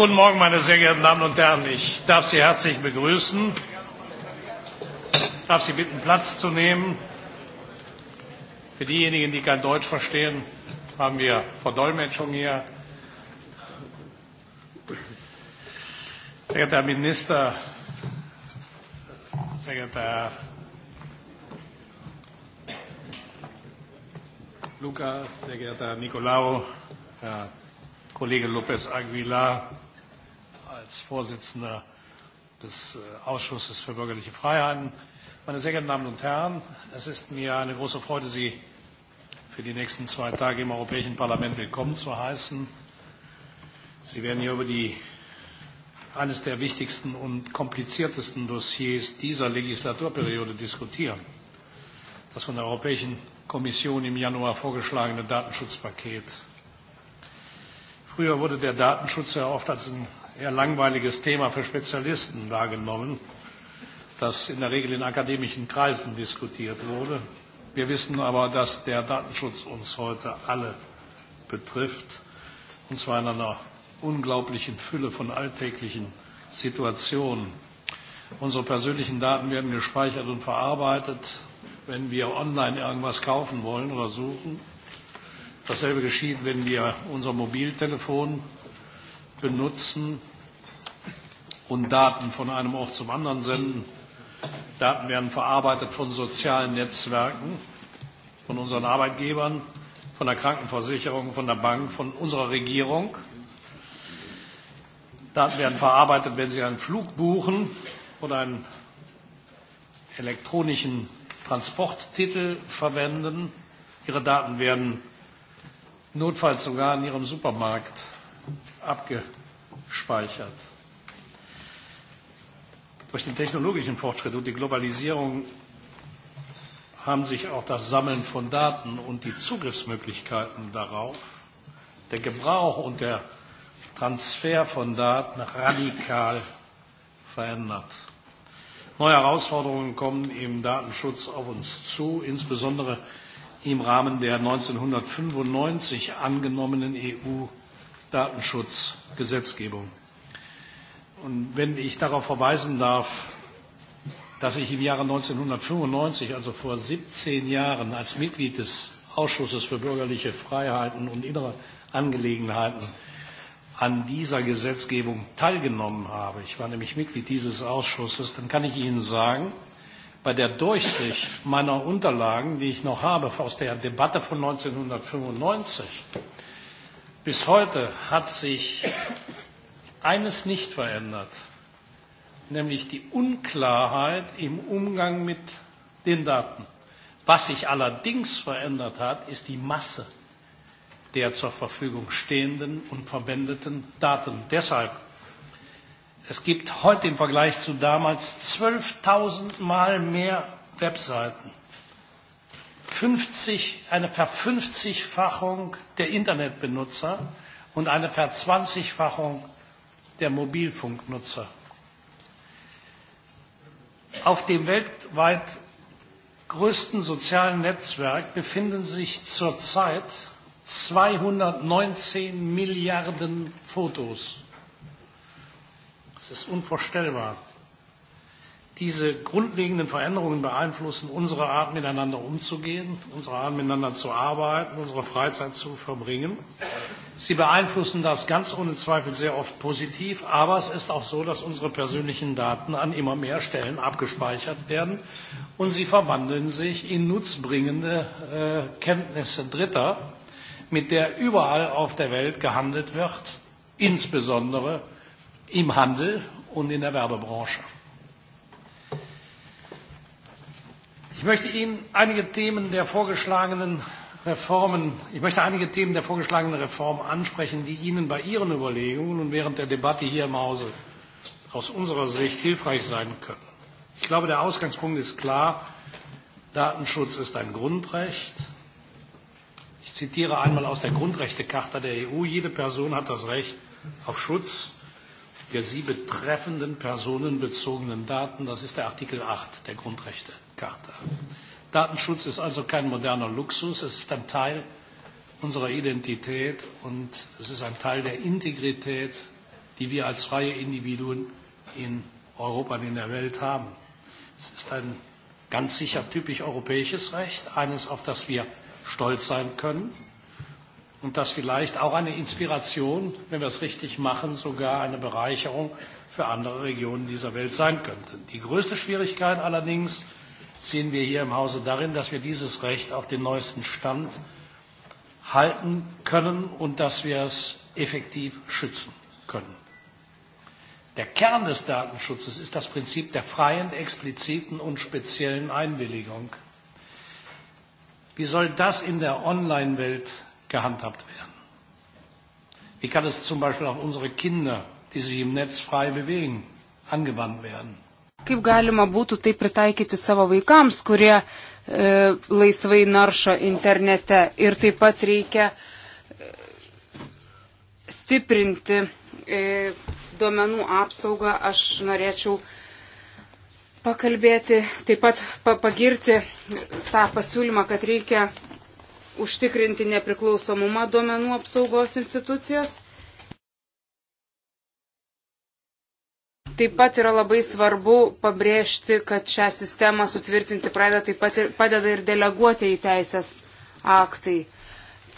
Guten Morgen, meine sehr geehrten Damen und Herren. Ich darf Sie herzlich begrüßen. Ich darf Sie bitten, Platz zu nehmen. Für diejenigen, die kein Deutsch verstehen, haben wir Verdolmetschung hier. Sehr geehrter Herr Minister, sehr geehrter Herr Luca, sehr geehrter Herr Nicolaou, Herr Kollege López Aguilar, als Vorsitzender des äh, Ausschusses für bürgerliche Freiheiten. Meine sehr geehrten Damen und Herren, es ist mir eine große Freude, Sie für die nächsten zwei Tage im Europäischen Parlament willkommen zu heißen. Sie werden hier über die, eines der wichtigsten und kompliziertesten Dossiers dieser Legislaturperiode diskutieren. Das von der Europäischen Kommission im Januar vorgeschlagene Datenschutzpaket. Früher wurde der Datenschutz ja oft als ein eher langweiliges Thema für Spezialisten wahrgenommen, das in der Regel in akademischen Kreisen diskutiert wurde. Wir wissen aber, dass der Datenschutz uns heute alle betrifft, und zwar in einer unglaublichen Fülle von alltäglichen Situationen. Unsere persönlichen Daten werden gespeichert und verarbeitet, wenn wir online irgendwas kaufen wollen oder suchen. Dasselbe geschieht, wenn wir unser Mobiltelefon benutzen und Daten von einem Ort zum anderen senden. Daten werden verarbeitet von sozialen Netzwerken, von unseren Arbeitgebern, von der Krankenversicherung, von der Bank, von unserer Regierung. Daten werden verarbeitet, wenn Sie einen Flug buchen oder einen elektronischen Transporttitel verwenden. Ihre Daten werden notfalls sogar in Ihrem Supermarkt abgespeichert. Durch den technologischen Fortschritt und die Globalisierung haben sich auch das Sammeln von Daten und die Zugriffsmöglichkeiten darauf, der Gebrauch und der Transfer von Daten radikal verändert. Neue Herausforderungen kommen im Datenschutz auf uns zu, insbesondere im Rahmen der 1995 angenommenen EU-Datenschutzgesetzgebung. Und wenn ich darauf verweisen darf, dass ich im Jahre 1995, also vor 17 Jahren, als Mitglied des Ausschusses für bürgerliche Freiheiten und innere Angelegenheiten an dieser Gesetzgebung teilgenommen habe, ich war nämlich Mitglied dieses Ausschusses, dann kann ich Ihnen sagen, bei der Durchsicht meiner Unterlagen, die ich noch habe aus der Debatte von 1995 bis heute hat sich eines nicht verändert, nämlich die Unklarheit im Umgang mit den Daten. Was sich allerdings verändert hat, ist die Masse der zur Verfügung stehenden und verwendeten Daten. Deshalb es gibt heute im Vergleich zu damals 12.000 Mal mehr Webseiten, 50, eine Verfünfzigfachung der Internetbenutzer und eine Verzwanzigfachung der Mobilfunknutzer. Auf dem weltweit größten sozialen Netzwerk befinden sich zurzeit 219 Milliarden Fotos. Das ist unvorstellbar. Diese grundlegenden Veränderungen beeinflussen unsere Art, miteinander umzugehen, unsere Art, miteinander zu arbeiten, unsere Freizeit zu verbringen. Sie beeinflussen das ganz ohne Zweifel sehr oft positiv, aber es ist auch so, dass unsere persönlichen Daten an immer mehr Stellen abgespeichert werden und sie verwandeln sich in nutzbringende äh, Kenntnisse Dritter, mit der überall auf der Welt gehandelt wird, insbesondere im Handel und in der Werbebranche. Ich möchte Ihnen einige Themen der vorgeschlagenen Reformen, ich möchte einige Themen der vorgeschlagenen Reform ansprechen, die Ihnen bei Ihren Überlegungen und während der Debatte hier im Hause aus unserer Sicht hilfreich sein können. Ich glaube, der Ausgangspunkt ist klar. Datenschutz ist ein Grundrecht. Ich zitiere einmal aus der Grundrechtecharta der EU. Jede Person hat das Recht auf Schutz der sie betreffenden personenbezogenen Daten. Das ist der Artikel 8 der Grundrechte. Charta. Datenschutz ist also kein moderner Luxus, es ist ein Teil unserer Identität und es ist ein Teil der Integrität, die wir als freie Individuen in Europa und in der Welt haben. Es ist ein ganz sicher typisch europäisches Recht, eines, auf das wir stolz sein können und das vielleicht auch eine Inspiration, wenn wir es richtig machen, sogar eine Bereicherung für andere Regionen dieser Welt sein könnte. Die größte Schwierigkeit allerdings sehen wir hier im Hause darin, dass wir dieses Recht auf den neuesten Stand halten können und dass wir es effektiv schützen können. Der Kern des Datenschutzes ist das Prinzip der freien, expliziten und speziellen Einwilligung. Wie soll das in der Online-Welt gehandhabt werden? Wie kann es zum Beispiel auf unsere Kinder, die sich im Netz frei bewegen, angewandt werden? Kaip galima būtų tai pritaikyti savo vaikams, kurie e, laisvai naršo internete ir taip pat reikia e, stiprinti e, duomenų apsaugą. Aš norėčiau pakalbėti, taip pat pagirti tą pasiūlymą, kad reikia užtikrinti nepriklausomumą duomenų apsaugos institucijos. Taip pat yra labai svarbu pabrėžti, kad šią sistemą sutvirtinti pradeda taip pat ir, padeda ir deleguoti į teisės aktai.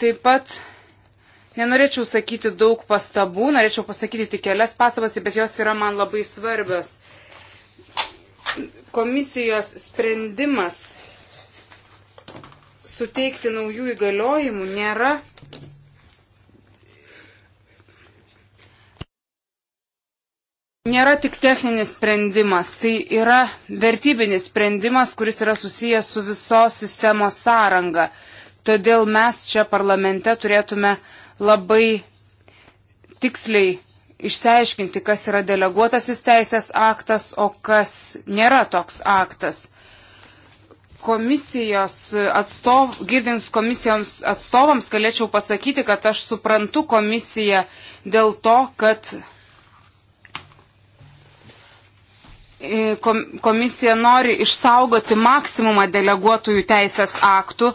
Taip pat nenorėčiau sakyti daug pastabų, norėčiau pasakyti tik kelias pastabas, bet jos yra man labai svarbios. Komisijos sprendimas suteikti naujų įgaliojimų nėra nėra tik techninis sprendimas, tai yra vertybinis sprendimas, kuris yra susijęs su visos sistemos sąranga. Todėl mes čia parlamente turėtume labai tiksliai išsiaiškinti, kas yra deleguotasis teisės aktas, o kas nėra toks aktas. Komisijos atstov, girdins komisijoms atstovams galėčiau pasakyti, kad aš suprantu komisiją dėl to, kad E, komisija nori išsaugoti maksimumą deleguotųjų teisės aktų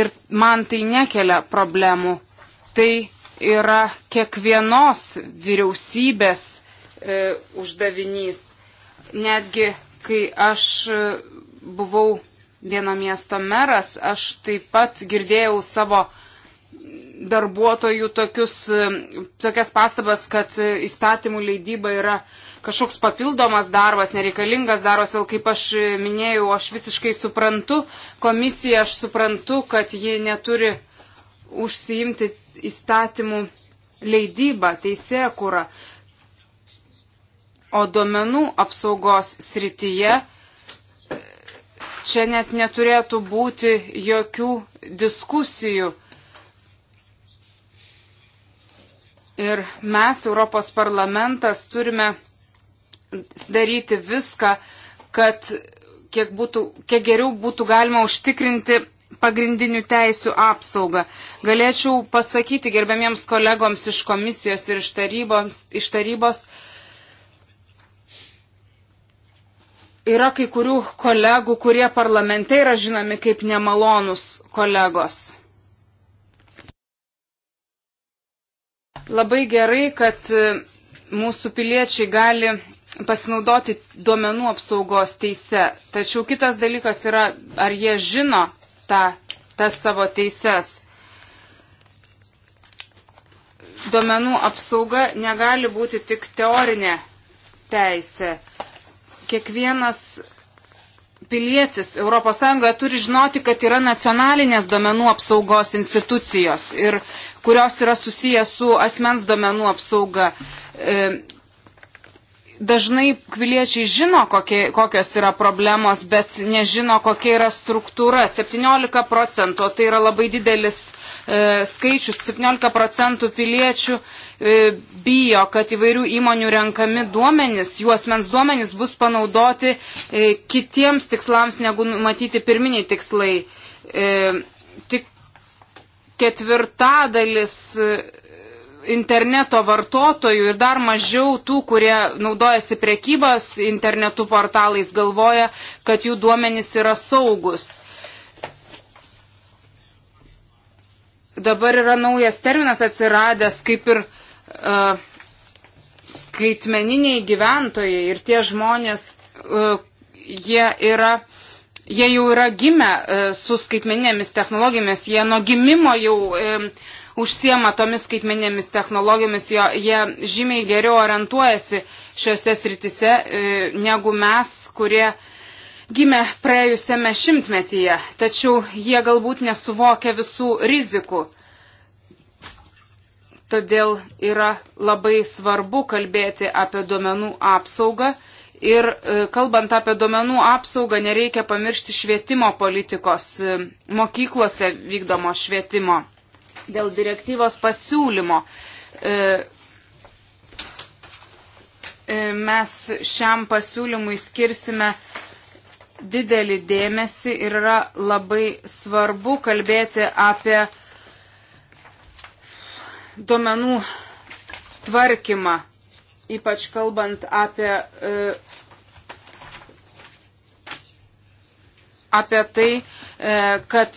ir man tai nekelia problemų. Tai yra kiekvienos vyriausybės e, uždavinys. Netgi kai aš e, buvau vieno miesto meras, aš taip pat girdėjau savo darbuotojų tokius, e, tokias pastabas, kad e, įstatymų leidyba yra kažkoks papildomas darbas, nereikalingas darbas, ir kaip aš e, minėjau, aš visiškai suprantu komisiją, aš suprantu, kad ji neturi užsiimti įstatymų leidybą, teisėkurą. O duomenų apsaugos srityje čia net neturėtų būti jokių diskusijų Ir mes, Europos parlamentas, turime daryti viską, kad kiek, būtų, kiek geriau būtų galima užtikrinti pagrindinių teisių apsaugą. Galėčiau pasakyti gerbėmiems kolegoms iš komisijos ir iš tarybos, iš tarybos yra kai kurių kolegų, kurie parlamente yra žinomi kaip nemalonus kolegos. Labai gerai, kad e, mūsų piliečiai gali pasinaudoti duomenų apsaugos teise. Tačiau kitas dalykas yra, ar jie žino tą, tas savo teises. Duomenų apsauga negali būti tik teorinė teisė. Kiekvienas pilietis ES turi žinoti, kad yra nacionalinės duomenų apsaugos institucijos ir kurios yra susijęs su asmens duomenų apsauga. E, dažnai piliečiai žino, kokie, kokios yra problemos, bet nežino, kokia yra struktūra. 17 procentų, tai yra labai didelis e, skaičius, 17 procentų piliečių e, bijo, kad įvairių įmonių renkami duomenys, jų asmens duomenys bus panaudoti e, kitiems tikslams, negu matyti pirminiai tikslai. E, tik ketvirtadalis e, interneto vartotojų ir dar mažiau tų, kurie naudojasi prekybos internetu portalais, galvoja, kad jų duomenys yra saugus. Dabar yra naujas terminas atsiradęs, kaip ir uh, skaitmeniniai gyventojai ir tie žmonės, uh, jie yra uh, jie jau yra gimę e, su skaitmeninėmis technologijomis, jie nuo gimimo jau e, užsiema tomis skaitmeninėmis technologijomis, jo, jie žymiai geriau orientuojasi šiuose sritise e, negu mes, kurie gimė praėjusiame šimtmetyje, tačiau jie galbūt nesuvokia visų rizikų. Todėl yra labai svarbu kalbėti apie duomenų apsaugą Ir e, kalbant apie duomenų apsaugą, nereikia pamiršti švietimo politikos, e, mokyklose vykdomo švietimo dėl direktyvos pasiūlymo. E, mes šiam pasiūlymui skirsime didelį dėmesį ir yra labai svarbu kalbėti apie duomenų tvarkymą ypač kalbant apie, e, apie tai, e, kad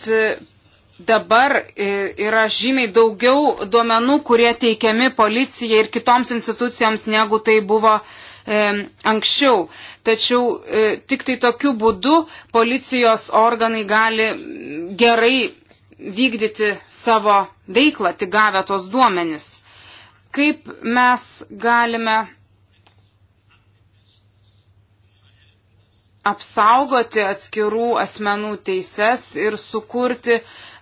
dabar e, yra žymiai daugiau duomenų, kurie teikiami policijai ir kitoms institucijoms, negu tai buvo anksčiau. Tačiau tik tai tokiu būdu policijos organai gali gerai vykdyti savo veiklą, tik gavę tos duomenis kaip mes galime apsaugoti atskirų asmenų teises ir sukurti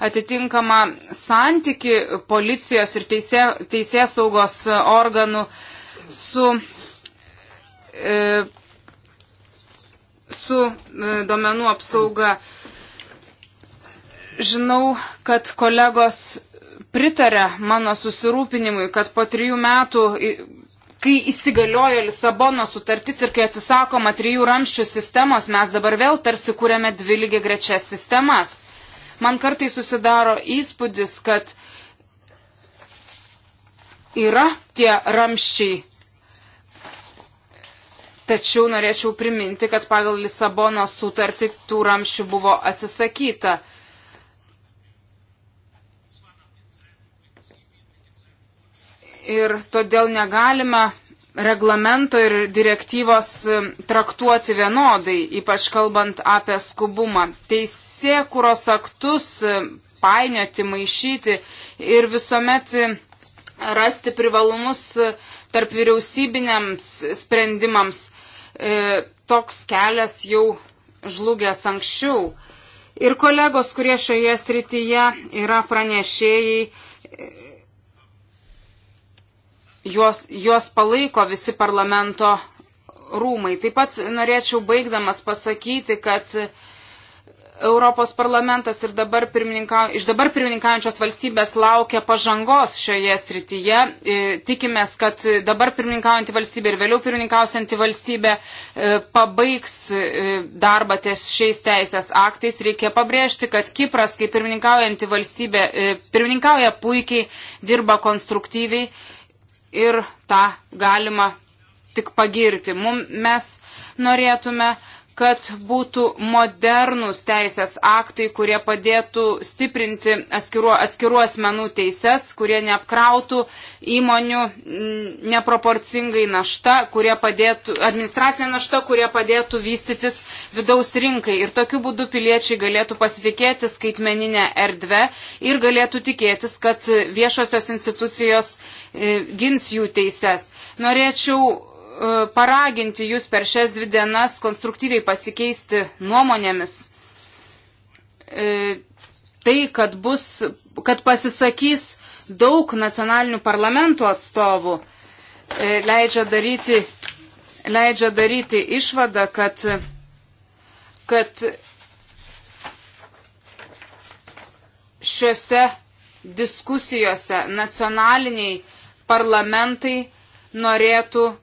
atitinkamą santyki policijos ir teisė, teisės saugos organų su, e, su e, domenų apsauga. Žinau, kad kolegos pritarė mano susirūpinimui, kad po trijų metų, kai įsigaliojo Lisabono sutartis ir kai atsisakoma trijų ramščių sistemos, mes dabar vėl tarsi kūrėme dvi lygiai grečias sistemas. Man kartai susidaro įspūdis, kad yra tie ramščiai. Tačiau norėčiau priminti, kad pagal Lisabono sutartį tų ramščių buvo atsisakyta. ir todėl negalima reglamento ir direktyvos e, traktuoti vienodai, ypač kalbant apie skubumą. Teisė, kuros aktus e, painioti, maišyti ir visuomet e, rasti privalumus tarp vyriausybiniams sprendimams. E, toks kelias jau žlugęs anksčiau. Ir kolegos, kurie šioje srityje yra pranešėjai, juos, juos palaiko visi parlamento rūmai. Taip pat norėčiau baigdamas pasakyti, kad Europos parlamentas ir dabar pirmininkau, iš dabar pirmininkaujančios valstybės laukia pažangos šioje srityje. E, tikimės, kad dabar pirmininkaujanti valstybė ir vėliau pirmininkausianti valstybė e, pabaigs e, darbą ties šiais teisės aktais. Reikia pabrėžti, kad Kipras, kaip pirmininkaujanti valstybė, pirmininkauja puikiai, dirba konstruktyviai ir tą galima tik pagirti. Mum, mes norėtume, kad būtų modernūs teisės aktai, kurie padėtų stiprinti atskiruo, atskiruo asmenų teises, kurie neapkrautų įmonių mm, neproporcingai našta, kurie padėtų, administracinė našta, kurie padėtų vystytis vidaus rinkai. Ir tokiu būdu piliečiai galėtų pasitikėti skaitmeninę erdvę ir galėtų tikėtis, kad viešosios institucijos E, gins jų teises. Norėčiau e, paraginti jūs per šias dvi dienas konstruktyviai pasikeisti nuomonėmis. E, tai, kad, bus, kad pasisakys daug nacionalinių parlamentų atstovų, leidžia daryti, leidžia daryti išvadą, kad, kad šiuose diskusijose nacionaliniai parlamentai norėtų e,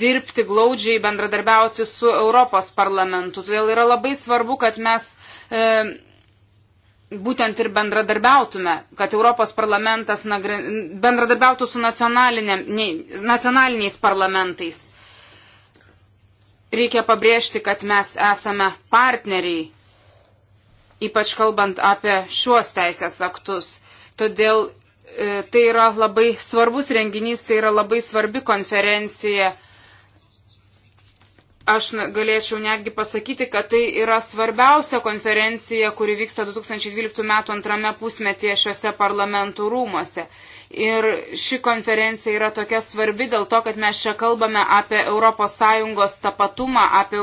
dirbti glaudžiai, bendradarbiauti su Europos parlamentu. Todėl yra labai svarbu, kad mes e, būtent ir bendradarbiautume, kad Europos parlamentas nagri... bendradarbiautų su nacionaliniais parlamentais. Reikia pabrėžti, kad mes esame partneriai, ypač kalbant apie šiuos teisės aktus. Todėl E, tai yra labai svarbus renginys, tai yra labai svarbi konferencija. Aš galėčiau netgi pasakyti, kad tai yra svarbiausia konferencija, kuri vyksta 2012 m. antrame pusmetyje šiuose parlamentų rūmose. Ir ši konferencija yra tokia svarbi dėl to, kad mes čia kalbame apie ES tapatumą, apie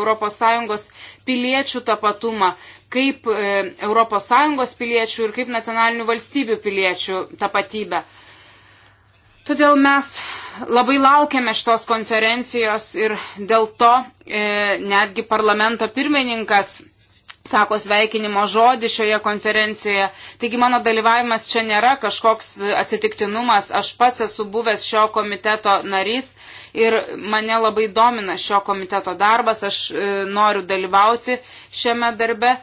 ES piliečių tapatumą, kaip ES piliečių ir kaip nacionalinių valstybių piliečių tapatybę. Todėl mes labai laukiame šitos konferencijos ir dėl to e, netgi parlamento pirmininkas sako sveikinimo žodį šioje konferencijoje. Taigi mano dalyvavimas čia nėra kažkoks atsitiktinumas. Aš pats esu buvęs šio komiteto narys ir mane labai domina šio komiteto darbas. Aš e, noriu dalyvauti šiame darbe.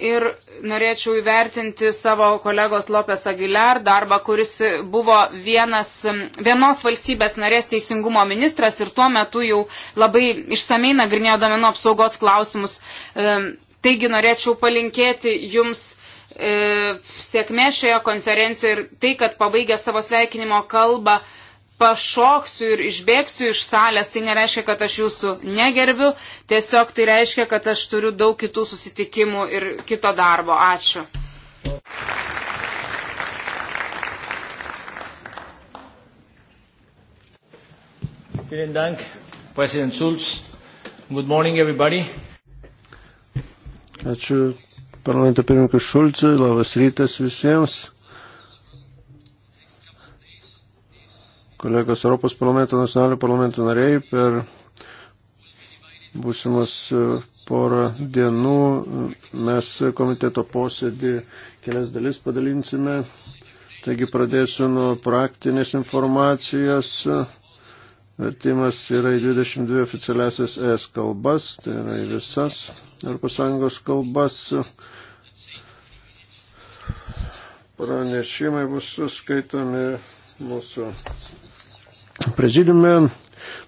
Ir norėčiau įvertinti savo kolegos Lopes Aguilar darbą, kuris buvo vienas, vienos valstybės narės teisingumo ministras ir tuo metu jau labai išsamei nagrinėjo domenų apsaugos klausimus. E, Taigi norėčiau palinkėti jums e, sėkmė šioje konferencijoje ir tai, kad pabaigę savo sveikinimo kalbą pašoksiu ir išbėgsiu iš salės, tai nereiškia, kad aš jūsų negerbiu, tiesiog tai reiškia, kad aš turiu daug kitų susitikimų ir kito darbo. Ačiū. Vielen Dank, President Schulz. Good morning, everybody. Ačiū parlamento pirmininkui Šulciui, labas rytas visiems. Kolegos Europos parlamento, nacionalinio parlamento nariai per būsimas e, porą dienų e, mes komiteto posėdį kelias dalis padalinsime. Taigi pradėsiu nuo praktinės informacijos Vertimas yra į 22 oficialiasias ES kalbas, tai yra į visas ES kalbas. Pranešimai bus skaitomi mūsų prezidiume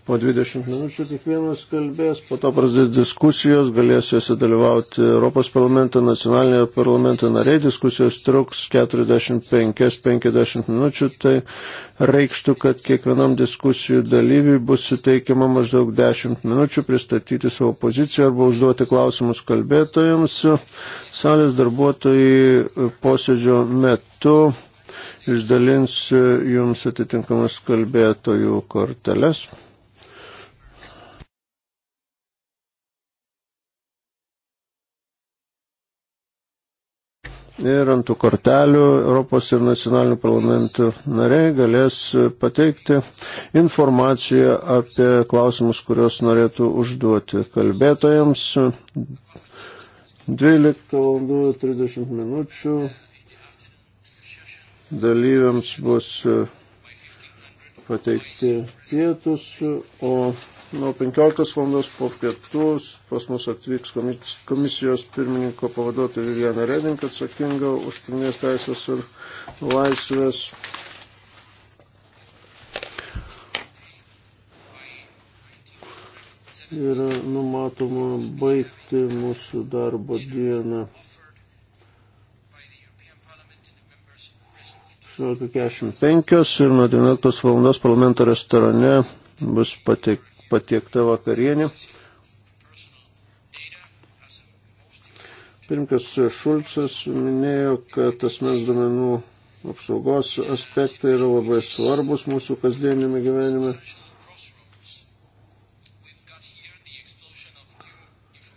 po 20 minučių kiekvienas kalbės, po to prasidės diskusijos, galės jose dalyvauti Europos parlamento, nacionalinio parlamento nariai, diskusijos truks 45-50 minučių, tai reikštų, kad kiekvienam diskusijų dalyviui bus suteikiama maždaug 10 minučių pristatyti savo poziciją arba užduoti klausimus kalbėtojams. Salės darbuotojai posėdžio metu išdalinsiu jums atitinkamas kalbėtojų korteles. ir ant tų kortelių Europos ir nacionalinių parlamentų nariai galės pateikti informaciją apie klausimus, kuriuos norėtų užduoti kalbėtojams. 12.30 minučių dalyviams bus pateikti pietus, o nuo 15 val. po pietus pas mus atvyks komisijos pirmininko pavaduotoja Viviana Redink atsakinga už pirminės teisės ir laisvės. Ir numatoma baigti mūsų darbo dieną 18.45 ir nuo 19 val. parlamento restorane bus pateikti patiekta vakarienė. Pirmkas Šulcas minėjo, kad asmens domenų apsaugos aspektai yra labai svarbus mūsų kasdienėme gyvenime.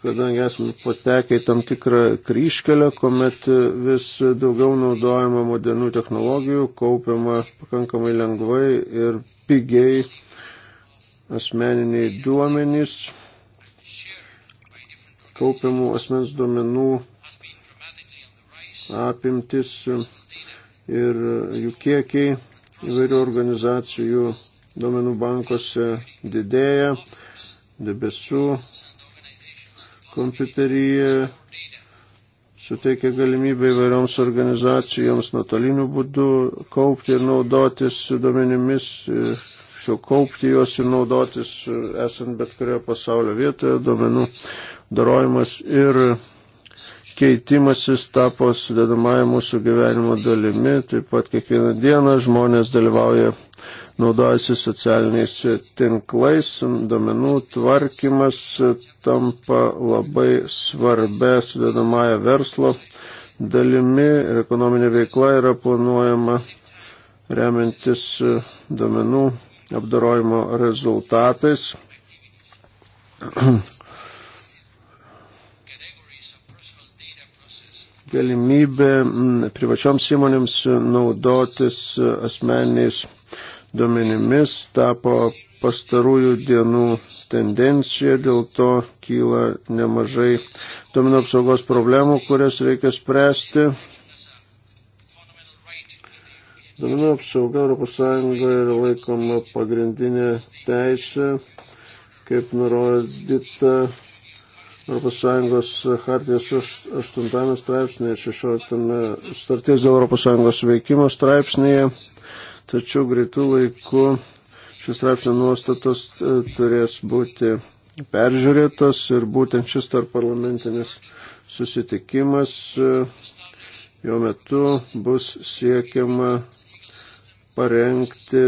kadangi esame patekę į tam tikrą kryškelę, kuomet vis daugiau naudojama modernių technologijų, kaupiama pakankamai lengvai ir pigiai asmeniniai duomenys, kaupiamų asmens duomenų apimtis ir jų kiekiai įvairių organizacijų duomenų bankose didėja, debesų kompiuteryje suteikia galimybę įvairioms organizacijoms nuotoliniu būdu kaupti ir naudotis duomenimis sukaupti juos ir naudotis esant bet kurioje pasaulio vietoje duomenų darojimas ir keitimasis tapo sudėdamąją mūsų gyvenimo dalimi. Taip pat kiekvieną dieną žmonės dalyvauja, naudojasi socialiniais tinklais, domenų tvarkymas tampa labai svarbia sudėdamąją verslo dalimi ir ekonominė veikla yra planuojama remiantis domenų apdarojimo rezultatais. Galimybė mm, privačioms įmonėms naudotis asmeniais duomenimis tapo pastarųjų dienų tendencija, dėl to kyla nemažai duomenų apsaugos problemų, kurias reikia spręsti. Duomenų apsauga ES yra laikoma pagrindinė teisė, kaip nurodyta ES hartijos 8 straipsnėje, 16 starties dėl ES veikimo straipsnėje, tačiau greitų laikų šis straipsnio nuostatos e, turės būti peržiūrėtos ir būtent šis tarp parlamentinis susitikimas e, jo metu bus siekiama parengti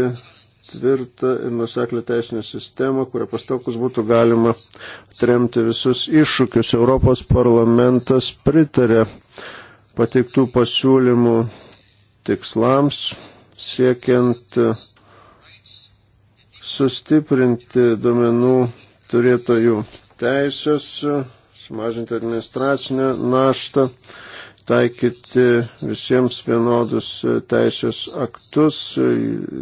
tvirtą ir nuseklę teisinę sistemą, kurią pastokus būtų galima atremti visus iššūkius. Europos parlamentas pritarė pateiktų pasiūlymų tikslams, siekiant sustiprinti domenų turėtojų teisės, sumažinti administracinę naštą taikyti visiems vienodus teisės aktus,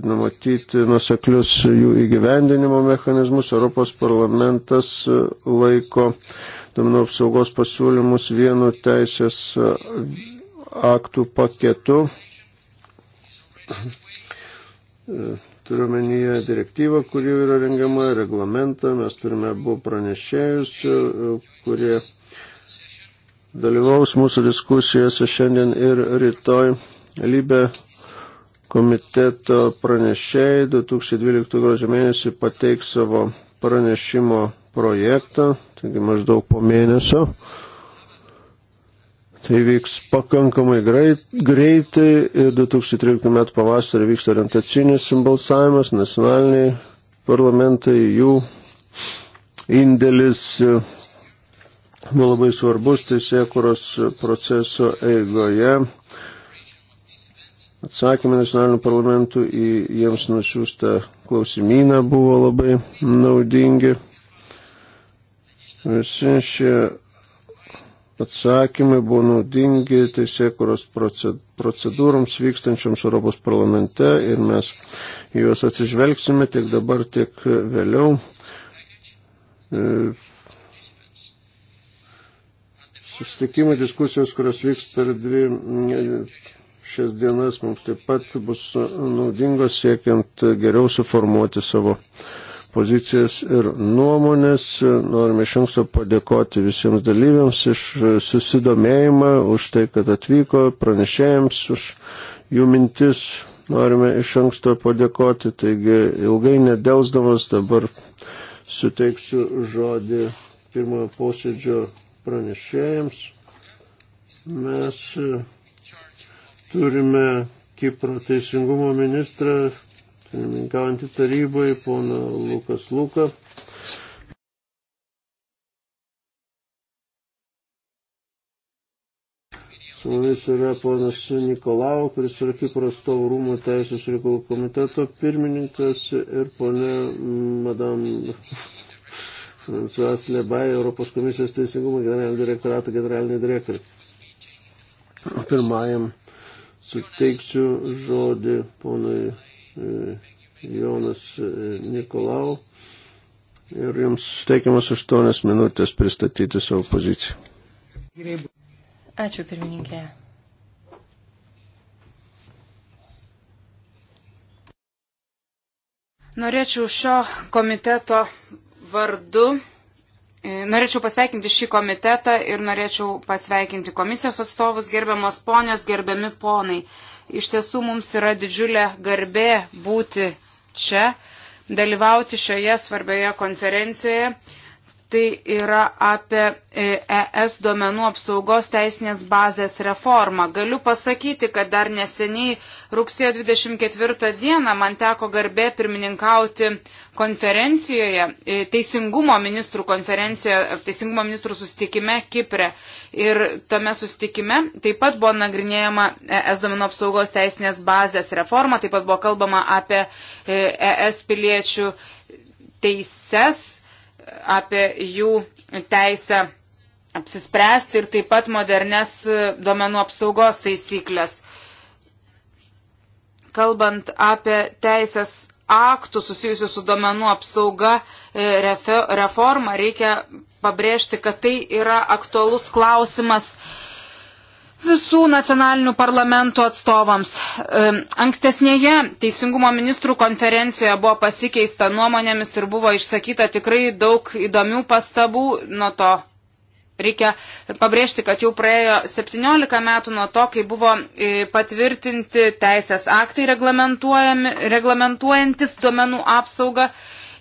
numatyti nuseklius jų įgyvendinimo mechanizmus. Europos parlamentas laiko duomenų apsaugos pasiūlymus vienu teisės aktų paketu. Turiu menyje direktyvą, kuri yra rengiama, reglamentą, mes turime abu pranešėjus, kurie dalyvaus mūsų diskusijose šiandien ir rytoj Lybė komiteto pranešėjai 2012 gruodžio mėnesį pateiks savo pranešimo projektą, taigi maždaug po mėnesio. Tai vyks pakankamai greitai ir 2013 metų pavasarį vyks orientacinis balsavimas, nacionaliniai parlamentai, jų indėlis buvo labai svarbus teisėkuros proceso eigoje. Atsakymai nacionalinių parlamentų į jiems nusiųstą klausimyną buvo labai naudingi. Visi šie atsakymai buvo naudingi teisėkuros procedūroms vykstančioms Europos parlamente ir mes juos atsižvelgsime tiek dabar, tiek vėliau. E, Susitikimai, diskusijos, kurios vyks per dvi šias dienas, mums taip pat bus naudingos siekiant geriau suformuoti savo pozicijas ir nuomonės. Norime iš anksto padėkoti visiems dalyviams iš susidomėjimą, už tai, kad atvyko, pranešėjams, už jų mintis. Norime iš anksto padėkoti, taigi ilgai nedelsdamas dabar suteiksiu žodį pirmojo posėdžio pranešėjams. Mes e, turime Kipro teisingumo ministrą, pirmininkaujantį tarybai, poną Lukas Luką. Su mumis yra ponas Nikolau, kuris yra Kipro atstovų rūmų teisės reikalų komiteto pirmininkas ir ponė Madame Svens Lebai, Europos komisijos teisingumo generalinio direktorato generalinį direktorių. Pirmajam suteiksiu žodį ponui e, Jonas e, Nikolau ir jums suteikiamas aštuonias minutės pristatyti savo poziciją. Ačiū pirmininkė. Norėčiau šio komiteto vardu e, Norėčiau pasveikinti šį komitetą ir norėčiau pasveikinti komisijos atstovus, gerbiamos ponės, gerbiami ponai. Iš tiesų mums yra didžiulė garbė būti čia, dalyvauti šioje svarbioje konferencijoje tai yra apie ES e duomenų apsaugos teisinės bazės reformą. Galiu pasakyti, kad dar neseniai rugsėjo 24 dieną man teko garbė pirmininkauti konferencijoje, e, teisingumo ministrų konferencijoje, teisingumo ministrų susitikime Kipre. Ir tame susitikime taip pat buvo nagrinėjama ES duomenų apsaugos teisinės bazės reforma, taip pat buvo kalbama apie ES e piliečių teises apie jų teisę apsispręsti ir taip pat modernes duomenų apsaugos taisyklės. Kalbant apie teisės aktų susijusių su duomenų apsauga e, reforma, reikia pabrėžti, kad tai yra aktualus klausimas visų nacionalinių parlamentų atstovams. Ankstesnėje Teisingumo ministrų konferencijoje buvo pasikeista nuomonėmis ir buvo išsakyta tikrai daug įdomių pastabų. Nuo to reikia pabrėžti, kad jau praėjo 17 metų nuo to, kai buvo e, patvirtinti teisės aktai reglamentuojantis duomenų apsaugą.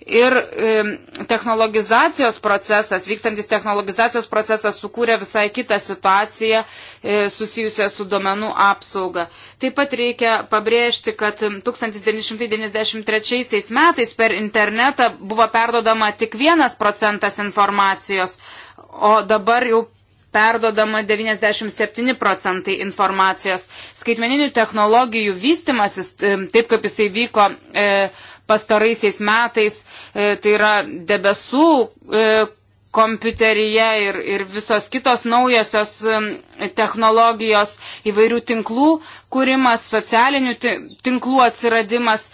Ir e, technologizacijos procesas, vykstantis technologizacijos procesas sukūrė visai kitą situaciją e, susijusią su domenų apsauga. Taip pat reikia pabrėžti, kad 1993 metais per internetą buvo perdodama tik vienas procentas informacijos, o dabar jau perdodama 97 procentai informacijos. Skaitmeninių technologijų vystimasis, e, taip kaip jisai vyko e, pastaraisiais metais, e, tai yra debesų kompiuteryje ir, ir visos kitos naujosios technologijos, įvairių tinklų kūrimas, socialinių tinklų atsiradimas.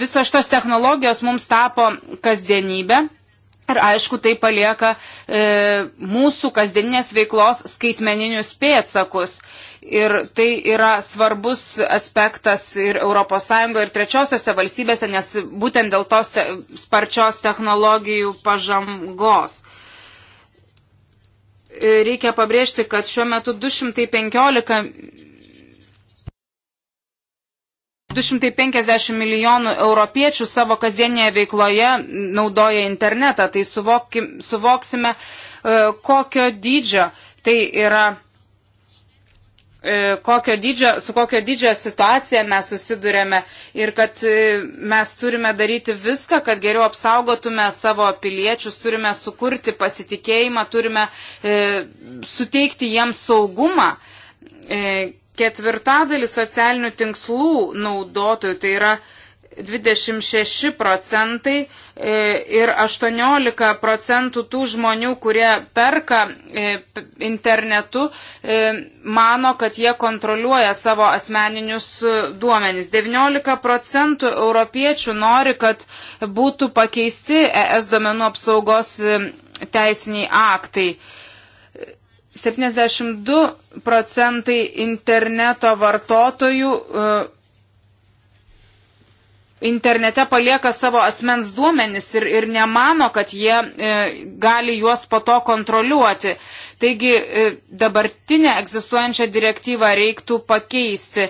Visos šitos technologijos mums tapo kasdienybė. Ir aišku, tai palieka e, mūsų kasdieninės veiklos skaitmeninius pėtsakus. Ir tai yra svarbus aspektas ir ES, ir trečiosiose valstybėse, nes būtent dėl tos te, sparčios technologijų pažangos. E, reikia pabrėžti, kad šiuo metu 215 250 milijonų europiečių savo kasdienėje veikloje naudoja internetą, tai suvokim, suvoksime, e, kokio dydžio tai yra. E, kokio dydžio, su kokio dydžio situacija mes susidurėme ir kad e, mes turime daryti viską, kad geriau apsaugotume savo piliečius, turime sukurti pasitikėjimą, turime e, suteikti jiems saugumą. E, ketvirtadalis socialinių tinklų naudotojų, tai yra 26 procentai e, ir 18 procentų tų žmonių, kurie perka e, internetu, e, mano, kad jie kontroliuoja savo asmeninius duomenys. 19 procentų europiečių nori, kad būtų pakeisti ES duomenų apsaugos teisiniai aktai. 72 procentai interneto vartotojų e, internete palieka savo asmens duomenis ir, ir nemano, kad jie e, gali juos po to kontroliuoti. Taigi e, dabartinę egzistuojančią direktyvą reiktų pakeisti.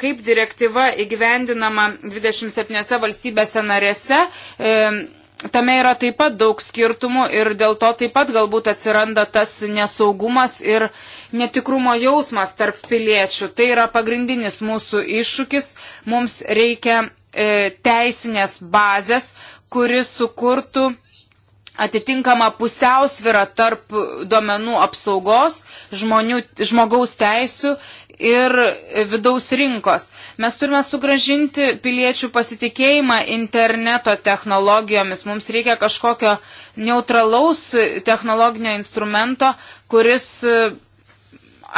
Kaip direktyva įgyvendinama 27 valstybėse narėse, e, tame yra taip pat daug skirtumų ir dėl to taip pat galbūt atsiranda tas nesaugumas ir netikrumo jausmas tarp piliečių. Tai yra pagrindinis mūsų iššūkis. Mums reikia e, teisinės bazės, kuris sukurtų atitinkamą pusiausvirą tarp duomenų apsaugos, žmonių, žmogaus teisų ir vidaus rinkos. Mes turime sugražinti piliečių pasitikėjimą interneto technologijomis. Mums reikia kažkokio neutralaus technologinio instrumento, kuris e,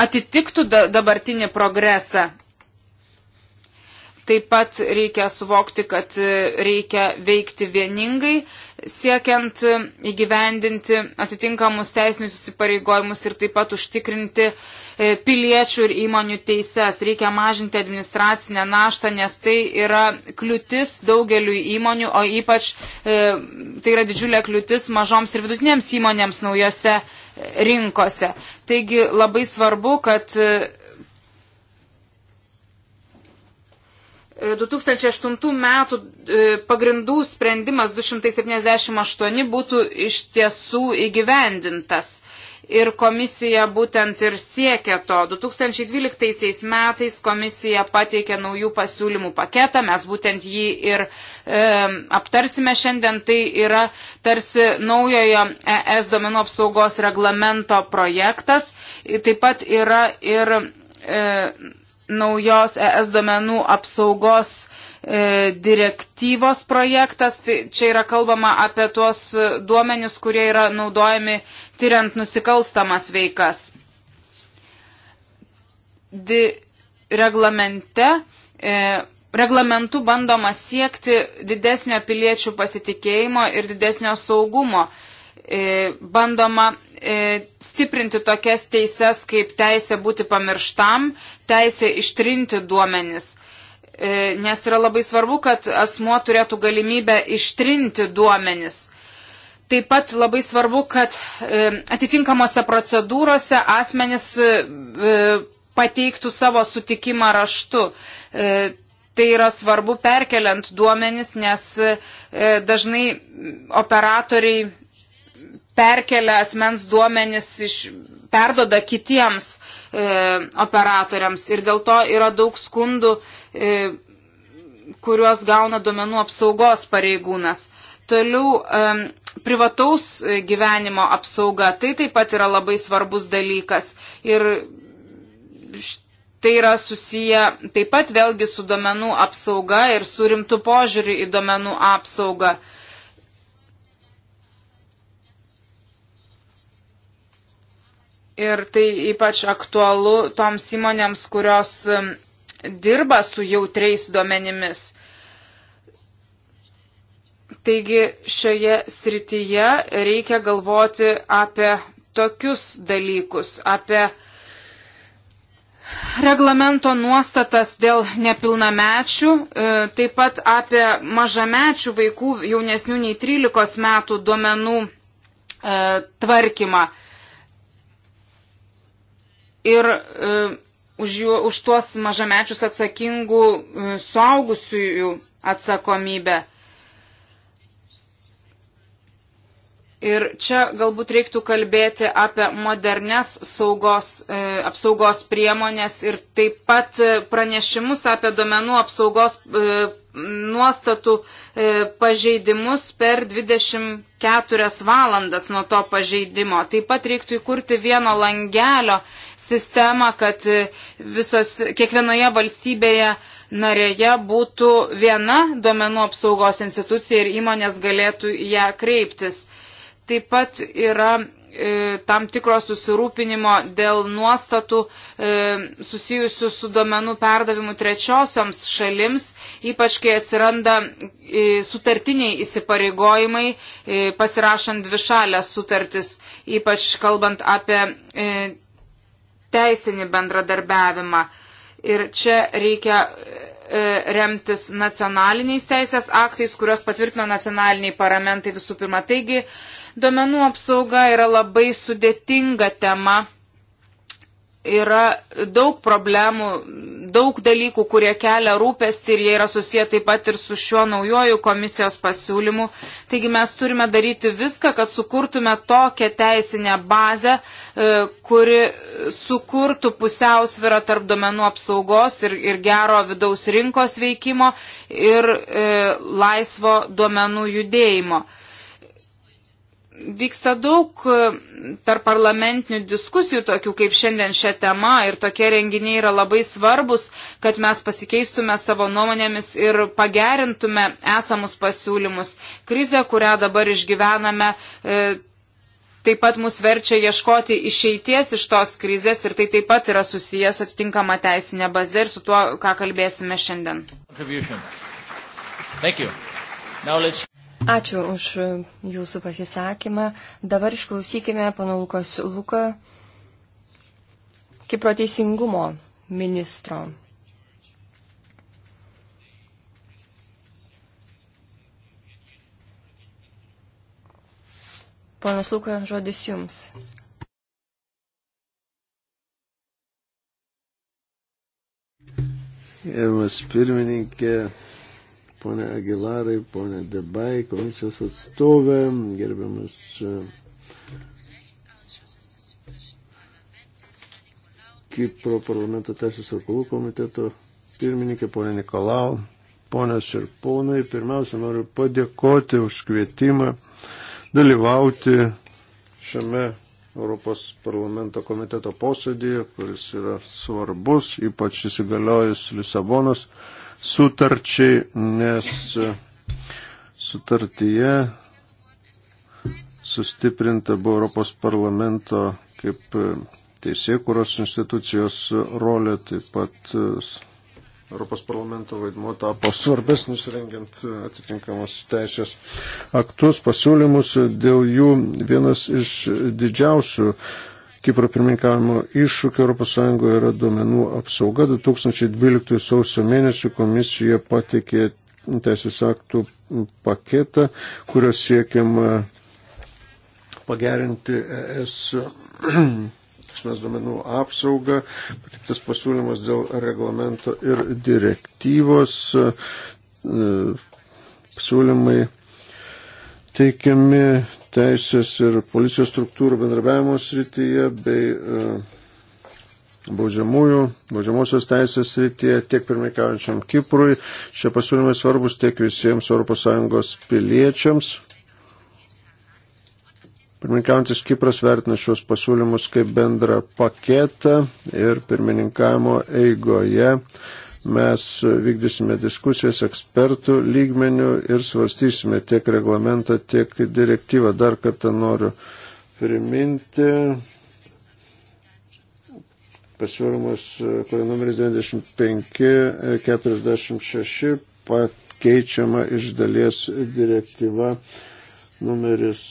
atitiktų dabartinį progresą. Taip pat reikia suvokti, kad e, reikia veikti vieningai siekiant įgyvendinti atitinkamus teisinius įsipareigojimus ir taip pat užtikrinti e, piliečių ir įmonių teises. Reikia mažinti administracinę naštą, nes tai yra kliūtis daugeliu įmonių, o ypač e, tai yra didžiulė kliūtis mažoms ir vidutinėms įmonėms naujose e, rinkose. Taigi labai svarbu, kad 2008 metų e, pagrindų sprendimas 278 būtų iš tiesų įgyvendintas. Ir komisija būtent ir siekia to. 2012 metais komisija pateikė naujų pasiūlymų paketą, mes būtent jį ir e, aptarsime šiandien. Tai yra tarsi naujojo ES domenų apsaugos reglamento projektas. Taip pat yra ir. E, naujos ES duomenų apsaugos e, direktyvos projektas. Tai čia yra kalbama apie tuos duomenis, kurie yra naudojami tyriant nusikalstamas veikas. Di reglamente, e, reglamentu bandoma siekti didesnio piliečių pasitikėjimo ir didesnio saugumo. E, E, bandoma e, stiprinti tokias teises kaip teisė būti pamirštam, teisė ištrinti duomenis. E, nes yra labai svarbu, kad asmuo turėtų galimybę ištrinti duomenis. Taip pat labai svarbu, kad atitinkamose procedūrose asmenis pateiktų savo sutikimą raštu. Tai yra svarbu perkeliant duomenis, nes dažnai operatoriai perkelia asmens duomenis iš, perdoda kitiems e, operatoriams ir dėl to yra daug skundų, e, kuriuos gauna duomenų apsaugos pareigūnas. Toliau e, privataus gyvenimo apsauga, tai taip pat yra labai svarbus dalykas ir tai yra susiję taip pat vėlgi su duomenų apsauga ir su rimtu požiūriu į duomenų apsaugą. E, Ir tai ypač aktualu toms įmonėms, kurios um, dirba su jautriais duomenimis. Taigi šioje srityje reikia galvoti apie tokius dalykus, apie reglamento nuostatas dėl nepilnamečių, e, taip pat apie mažamečių vaikų jaunesnių nei 13 metų duomenų e, tvarkymą ir e, už, jų, už tuos mažamečius atsakingų e, suaugusiųjų atsakomybę. Ir čia galbūt reiktų kalbėti apie modernes saugos, e, apsaugos priemonės ir taip pat e, pranešimus apie duomenų apsaugos e, nuostatų e, pažeidimus per 24 valandas nuo to pažeidimo. Taip pat reiktų įkurti vieno langelio sistemą, kad e, visos, kiekvienoje valstybėje narėje būtų viena duomenų apsaugos institucija ir įmonės galėtų ją kreiptis taip pat yra e, tam tikro susirūpinimo dėl nuostatų e, susijusių su duomenų perdavimu trečiosioms šalims, ypač kai atsiranda e, sutartiniai įsipareigojimai pasirašant dvišalės sutartis, ypač kalbant apie teisinį bendradarbiavimą. Ir čia reikia E, remtis nacionaliniais teisės aktais, kurios patvirtino nacionaliniai parlamentai visų pirma. Taigi, duomenų apsauga yra labai sudėtinga tema yra daug problemų, daug dalykų, kurie kelia rūpestį ir jie yra susiję taip pat ir su šiuo naujoju komisijos pasiūlymu. Taigi mes turime daryti viską, kad sukurtume tokią teisinę bazę, e, kuri sukurtų pusiausvirą tarp domenų apsaugos ir, ir gero vidaus rinkos veikimo ir e, laisvo duomenų judėjimo. E, vyksta daug e, tarp parlamentinių diskusijų, tokių kaip šiandien šią temą, ir tokie renginiai yra labai svarbus, kad mes pasikeistume savo nuomonėmis ir pagerintume esamus pasiūlymus. Krize, kurią dabar išgyvename, e, taip pat mus verčia ieškoti išeities iš tos krizės ir tai taip pat yra susijęs su atitinkama teisinė bazė ir su tuo, ką kalbėsime šiandien. Thank you. Now let's... Ačiū už jūsų pasisakymą. Dabar išklausykime pana Lukas Luka, Kipro teisingumo ministro. Ponas Luka, žodis jums. Gerbiamas pirmininkė, ponė Agilarai, ponė Debai, komisijos atstovė, gerbiamas e, Kipro parlamento teisės reikalų komiteto pirmininkė, ponė Nikolau, ponės ir ponai, pirmiausia noriu padėkoti už kvietimą dalyvauti šiame Europos parlamento komiteto posėdėje, kuris yra svarbus, ypač įsigaliojus Lisabonos sutarčiai, nes sutartyje sustiprinta buvo Europos parlamento kaip teisėkuros institucijos rolė, taip pat Europos parlamento vaidmuo tapo svarbesnis rengiant atitinkamus teisės aktus, pasiūlymus dėl jų vienas iš didžiausių Kipro pirmininkavimo iššūkių ES yra duomenų apsauga. 2012 sausio mėnesį komisija patikė teisės aktų paketą, kurio siekiama pagerinti e ES asmens duomenų apsaugą, patiktas pasiūlymas dėl reglamento ir direktyvos e, pasiūlymai teikiami teisės ir policijos struktūrų bendrabiavimo srityje bei e, baudžiamųjų, baudžiamosios teisės srityje tiek pirmikaujančiam Kiprui. Šie pasiūlymai svarbus tiek visiems ES piliečiams. Pirmininkaujantis Kipras vertina šios pasiūlymus kaip bendrą paketą ir pirmininkavimo eigoje Mes vykdysime diskusijas ekspertų lygmenių ir svarstysime tiek reglamentą, tiek direktyvą. Dar kartą noriu priminti pasiūlymas, kurio numeris 95-46 pakeičiama iš dalies direktyva numeris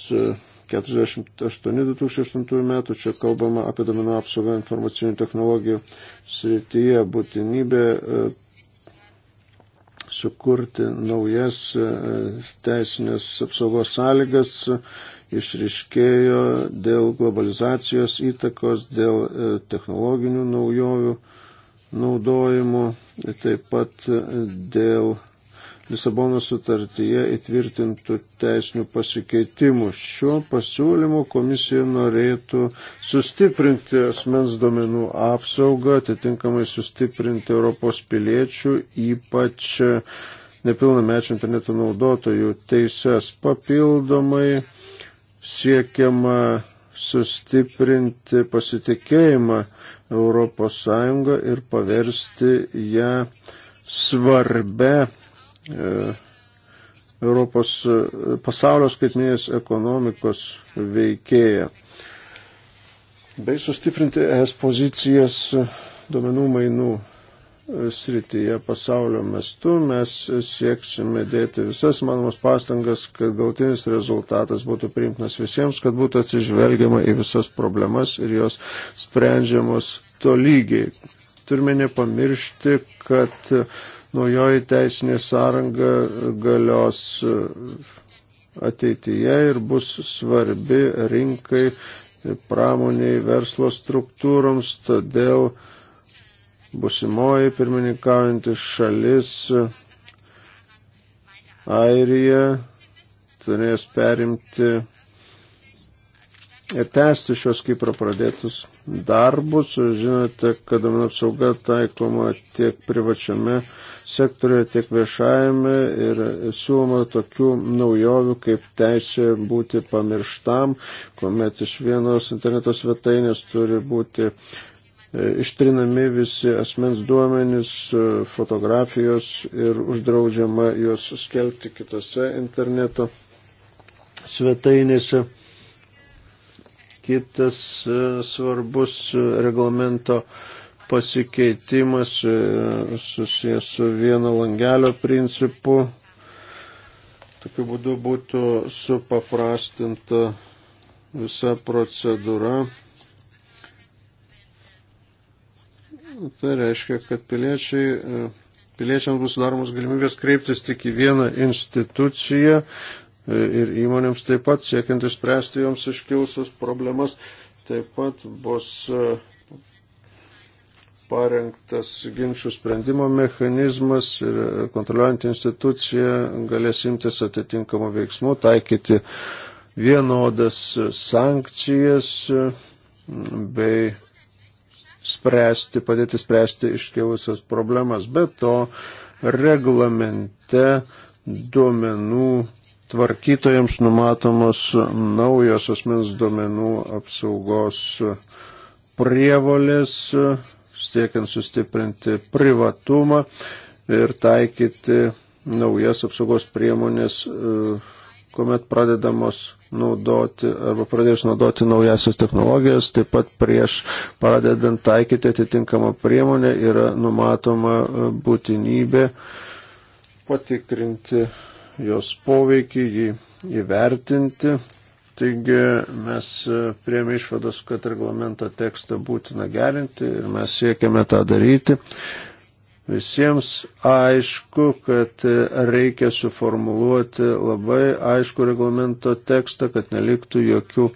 48-2008 metų. Čia kalbama apie domenų apsaugą informacinių technologijų srityje būtinybė e, sukurti naujas e, teisinės apsaugos sąlygas išriškėjo dėl globalizacijos įtakos, dėl e, technologinių naujovių naudojimo, taip pat dėl Lisabono sutartyje įtvirtintų teisinių pasikeitimų. Šiuo pasiūlymu komisija norėtų sustiprinti asmens duomenų apsaugą, atitinkamai sustiprinti Europos piliečių, ypač nepilnamečių interneto naudotojų teises papildomai siekiama sustiprinti pasitikėjimą ES ir paversti ją svarbę E, Europos e, pasaulio skaitminės ekonomikos veikėja. Bei sustiprinti es pozicijas duomenų mainų e, srityje pasaulio mestu mes sieksime dėti visas manomas pastangas, kad gautinis rezultatas būtų priimtinas visiems, kad būtų atsižvelgiama į visas problemas ir jos sprendžiamos tolygiai. Turime nepamiršti, kad uh, naujoji teisinė sąranga galios e, ateityje ir bus svarbi rinkai, pramoniai, verslo struktūroms, todėl busimoji pirmininkaujantis šalis Airija turės perimti tęsti šios Kipro pradėtus darbus. Žinote, kad duomenų apsauga taikoma tiek privačiame sektoriuje, tiek viešajame ir siūloma tokių naujovių kaip teisė būti pamirštam, kuomet iš vienos interneto svetainės turi būti e, ištrinami visi asmens duomenys, e, fotografijos ir uždraudžiama juos skelbti kitose interneto svetainėse Kitas e, svarbus e, reglamento pasikeitimas e, susijęs su vieno langelio principu. Tokiu būdu būtų supaprastinta visa procedūra. Tai reiškia, kad piliečiai piliečiams bus sudaromos galimybės kreiptis tik į vieną instituciją, ir įmonėms taip pat siekiant išspręsti joms iškilusius problemas. Taip pat bus e, parengtas ginčių sprendimo mechanizmas ir kontroliuojant instituciją galės imtis atitinkamų veiksmų, taikyti vienodas sankcijas bei spręsti, padėti spręsti iškilusias problemas. Be to, reglamente duomenų tvarkytojams numatomos naujos asmens duomenų apsaugos prievolės, siekiant sustiprinti privatumą ir taikyti naujas apsaugos priemonės, kuomet pradedamos naudoti arba pradėjus naudoti naujasias technologijas, taip pat prieš pradedant taikyti atitinkamą priemonę yra numatoma būtinybė patikrinti jos poveikį, jį įvertinti. Taigi mes e, prieėmė išvados, kad reglamento tekstą būtina gerinti ir mes siekiame tą daryti. Visiems aišku, kad e, reikia suformuluoti labai aišku reglamento tekstą, kad neliktų jokių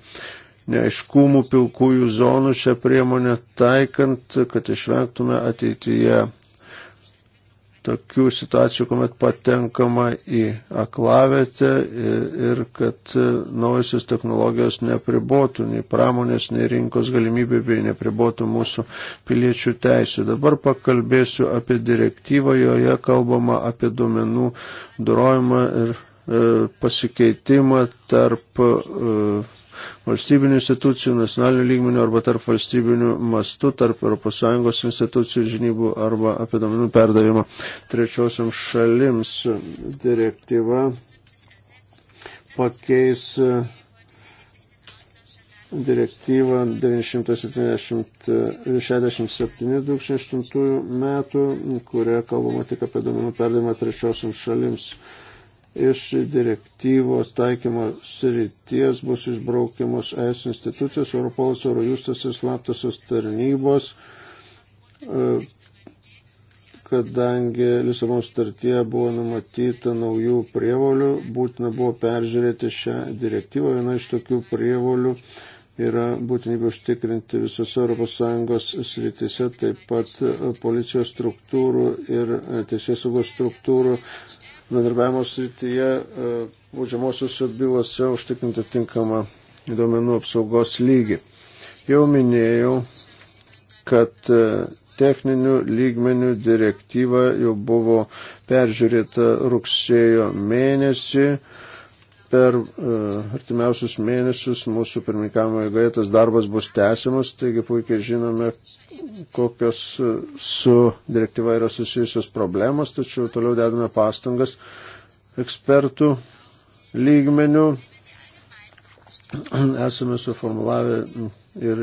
neaiškumų, pilkųjų zonų šią priemonę taikant, kad išvengtume ateityje tokių situacijų, kuomet patenkama į aklavietę ir kad e, naujasis technologijos nepribotų nei pramonės, nei rinkos galimybė bei nepribotų mūsų piliečių teisų. Dabar pakalbėsiu apie direktyvą, joje kalbama apie duomenų durojimą ir e, pasikeitimą tarp e, valstybinių institucijų, nacionalinių lygmenių arba tarp valstybinių mastų, tarp ES institucijų žinybų arba apie domenų perdavimą trečiosiam šalims. Direktyva pakeis direktyvą 967-2008 metų, kurioje kalbama tik apie domenų perdavimą trečiosiam šalims iš direktyvos taikymo srities bus išbraukiamos ES institucijos, Europolas, Eurojustas ir slaptosios tarnybos, e, kadangi Lisabono startyje buvo numatyta naujų prievolių, būtina buvo peržiūrėti šią direktyvą. Viena iš tokių prievolių yra būtinybė užtikrinti visose ES srityse, taip pat policijos struktūrų ir e, teisės saugos struktūrų bendradarbiavimo srityje e, baudžiamosiuose bylose užtikrinti tinkamą duomenų apsaugos lygį. Jau minėjau, kad e, techninių lygmenių direktyva jau buvo peržiūrėta rugsėjo mėnesį per e, artimiausius mėnesius mūsų pirmininkavimo eigoje tas darbas bus tęsiamas, taigi puikiai žinome, kokios e, su direktyva yra susijusios problemos, tačiau toliau dedame pastangas ekspertų lygmenių. Esame suformulavę ir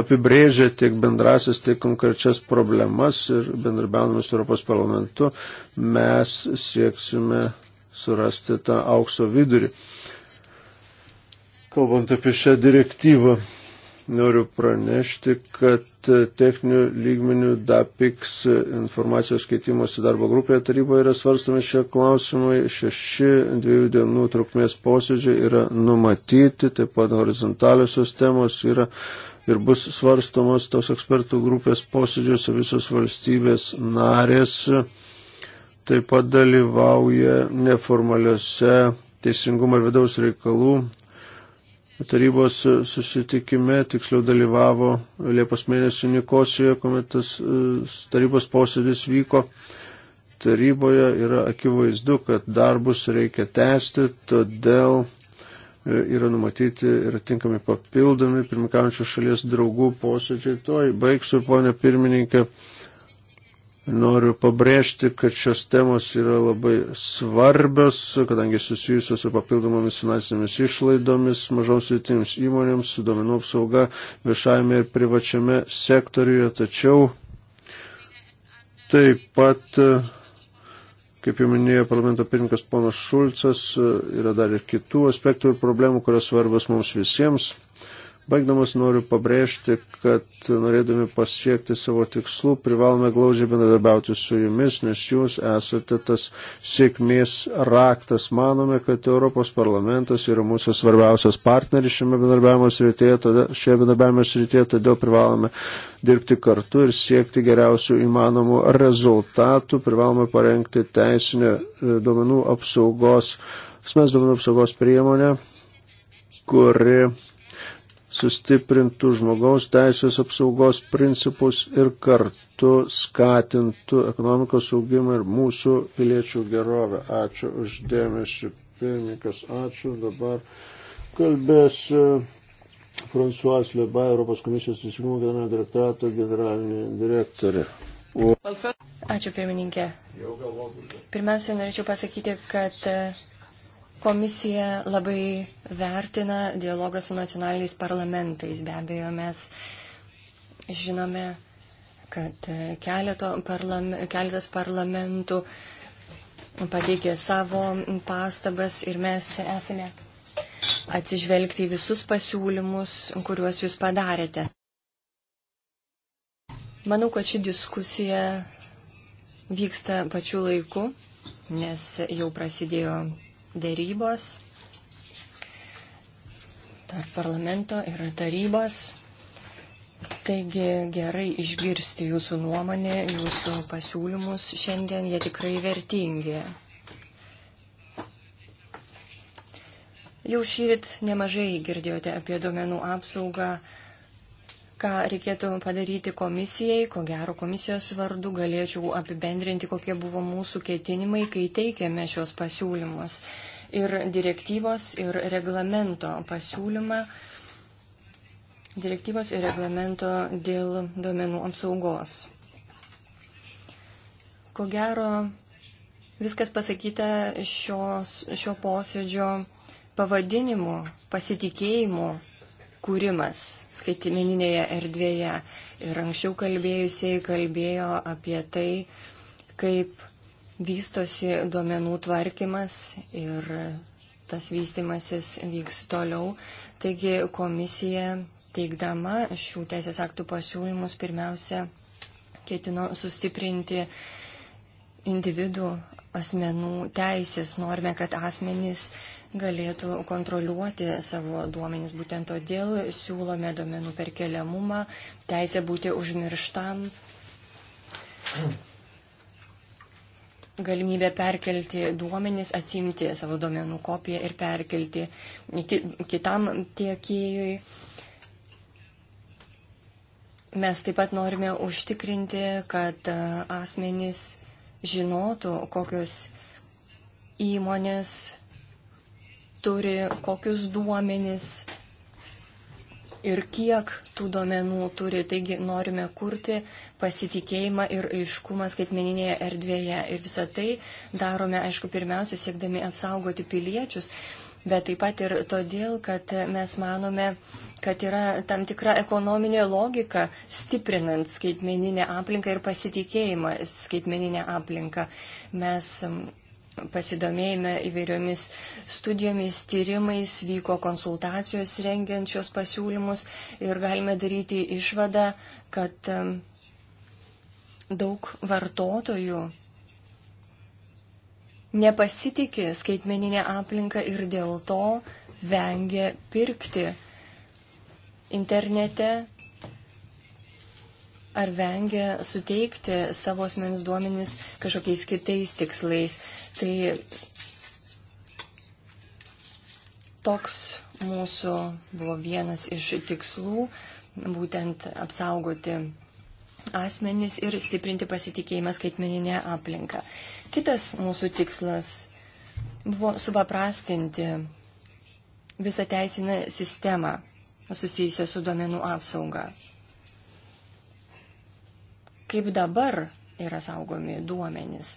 apibrėžia tiek bendrasis, tiek konkrečias problemas ir bendrabiavimus Europos parlamentu mes sieksime surasti tą aukso vidurį. Kalbant apie šią direktyvą, noriu pranešti, kad techninių lygmenių DAPIX informacijos keitimosi darbo grupėje taryboje yra svarstami šie klausimai. Šeši dviejų dienų trukmės posėdžiai yra numatyti, taip pat horizontaliosios temos yra ir bus svarstomos tos ekspertų grupės posėdžiuose visos valstybės narės taip pat dalyvauja neformaliuose teisingumo ir vidaus reikalų tarybos susitikime, tiksliau dalyvavo Liepos mėnesį Nikosijoje, kuomet tas tarybos posėdis vyko. Taryboje yra akivaizdu, kad darbus reikia tęsti, todėl e, yra numatyti ir tinkami papildomi pirmikaujančių šalies draugų posėdžiai. Toj baigsiu, ponė pirmininkė. Noriu pabrėžti, kad šios temos yra labai svarbios, kadangi susijusios su papildomomis finansinėmis išlaidomis, mažoms rytims įmonėms, su domenų apsauga viešajame ir privačiame sektoriuje, tačiau taip pat, kaip jau minėjo parlamento pirmininkas ponas Šulcas, yra dar ir kitų aspektų ir problemų, kurios svarbios mums visiems. Baigdamas noriu pabrėžti, kad norėdami pasiekti savo tikslų, privalome glaudžiai bendradarbiauti su jumis, nes jūs esate tas sėkmės raktas. Manome, kad Europos parlamentas yra mūsų svarbiausias partneris šiame bendradarbiavimo srityje, todėl, šioje bendradarbiavimo srityje, todėl privalome dirbti kartu ir siekti geriausių įmanomų rezultatų. Privalome parengti teisinę e, duomenų apsaugos, asmens duomenų apsaugos priemonę kuri sustiprintų žmogaus teisės apsaugos principus ir kartu skatintų ekonomikos augimą ir mūsų piliečių gerovę. Ačiū uždėmesi, pirmininkas, ačiū. Dabar kalbės e, Fransuas Leba, Europos komisijos teisingumo generalinio direktorato generalinė direktorė. Ačiū pirmininkė. Pirmiausia, norėčiau pasakyti, kad e, Komisija labai vertina dialogą su nacionaliniais parlamentais. Be abejo, mes žinome, kad e, parlam, keletas parlamentų pateikė savo pastabas ir mes esame atsižvelgti į visus pasiūlymus, kuriuos jūs padarėte. Manau, kad ši diskusija vyksta pačiu laiku, nes jau prasidėjo dėrybos tarp parlamento ir tarybos. Taigi gerai išgirsti jūsų nuomonę, jūsų pasiūlymus šiandien, jie tikrai vertingi. Jau šyrit nemažai girdėjote apie duomenų apsaugą ką reikėtų padaryti komisijai. Ko gero komisijos vardu galėčiau apibendrinti, kokie buvo mūsų ketinimai, kai teikėme šios pasiūlymus. Ir direktyvos, ir reglamento pasiūlymą. Direktyvos ir reglamento dėl duomenų apsaugos. Ko gero, viskas pasakyta šios, šio posėdžio pavadinimu, pasitikėjimu kūrimas skaitmeninėje erdvėje. Ir anksčiau kalbėjusiai kalbėjo apie tai, kaip vystosi duomenų tvarkymas ir tas vystimasis vyks toliau. Taigi komisija teikdama šių teisės aktų pasiūlymus pirmiausia ketino sustiprinti individų asmenų teisės. Norime, kad asmenys galėtų kontroliuoti savo duomenys. Būtent todėl siūlome domenų perkeliamumą, teisę būti užmirštam, galimybę perkelti duomenys, atsimti savo duomenų kopiją ir perkelti kitam tiekėjui. Mes taip pat norime užtikrinti, kad e, asmenys žinotų, kokios įmonės turi kokius duomenis ir kiek tų duomenų turi. Taigi norime kurti pasitikėjimą ir aiškumą skaitmeninėje erdvėje. Ir visą tai darome, aišku, pirmiausia, siekdami apsaugoti piliečius. Bet taip pat ir todėl, kad mes manome, kad yra tam tikra ekonominė logika stiprinant skaitmeninę aplinką ir pasitikėjimą skaitmeninę aplinką. Mes pasidomėjome įvairiomis studijomis, tyrimais, vyko konsultacijos rengiančios pasiūlymus ir galime daryti išvadą, kad daug vartotojų nepasitikė skaitmeninę aplinką ir dėl to vengia pirkti internete ar vengia suteikti savo asmens duomenis kažkokiais kitais tikslais. Tai toks mūsų buvo vienas iš tikslų, būtent apsaugoti asmenys ir stiprinti pasitikėjimą skaitmeninę aplinką. Kitas mūsų tikslas buvo supaprastinti visą teisinę sistemą susijusią su duomenų apsauga kaip dabar yra saugomi duomenys.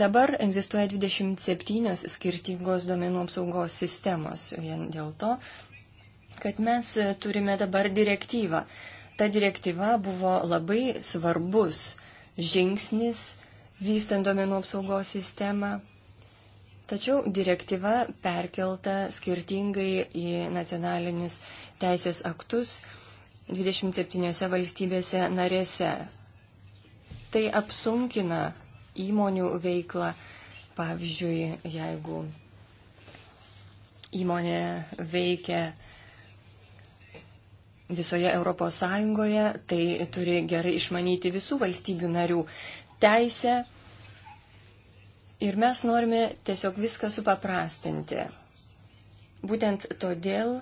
Dabar egzistuoja 27 skirtingos duomenų apsaugos sistemos vien dėl to, kad mes turime dabar direktyvą. Ta direktyva buvo labai svarbus žingsnis vystant duomenų apsaugos sistemą, Tačiau direktyva perkelta skirtingai į nacionalinius teisės aktus 27 valstybėse narėse tai apsunkina įmonių veiklą. Pavyzdžiui, jeigu įmonė veikia visoje Europos Sąjungoje, tai turi gerai išmanyti visų valstybių narių teisę. Ir mes norime tiesiog viską supaprastinti. Būtent todėl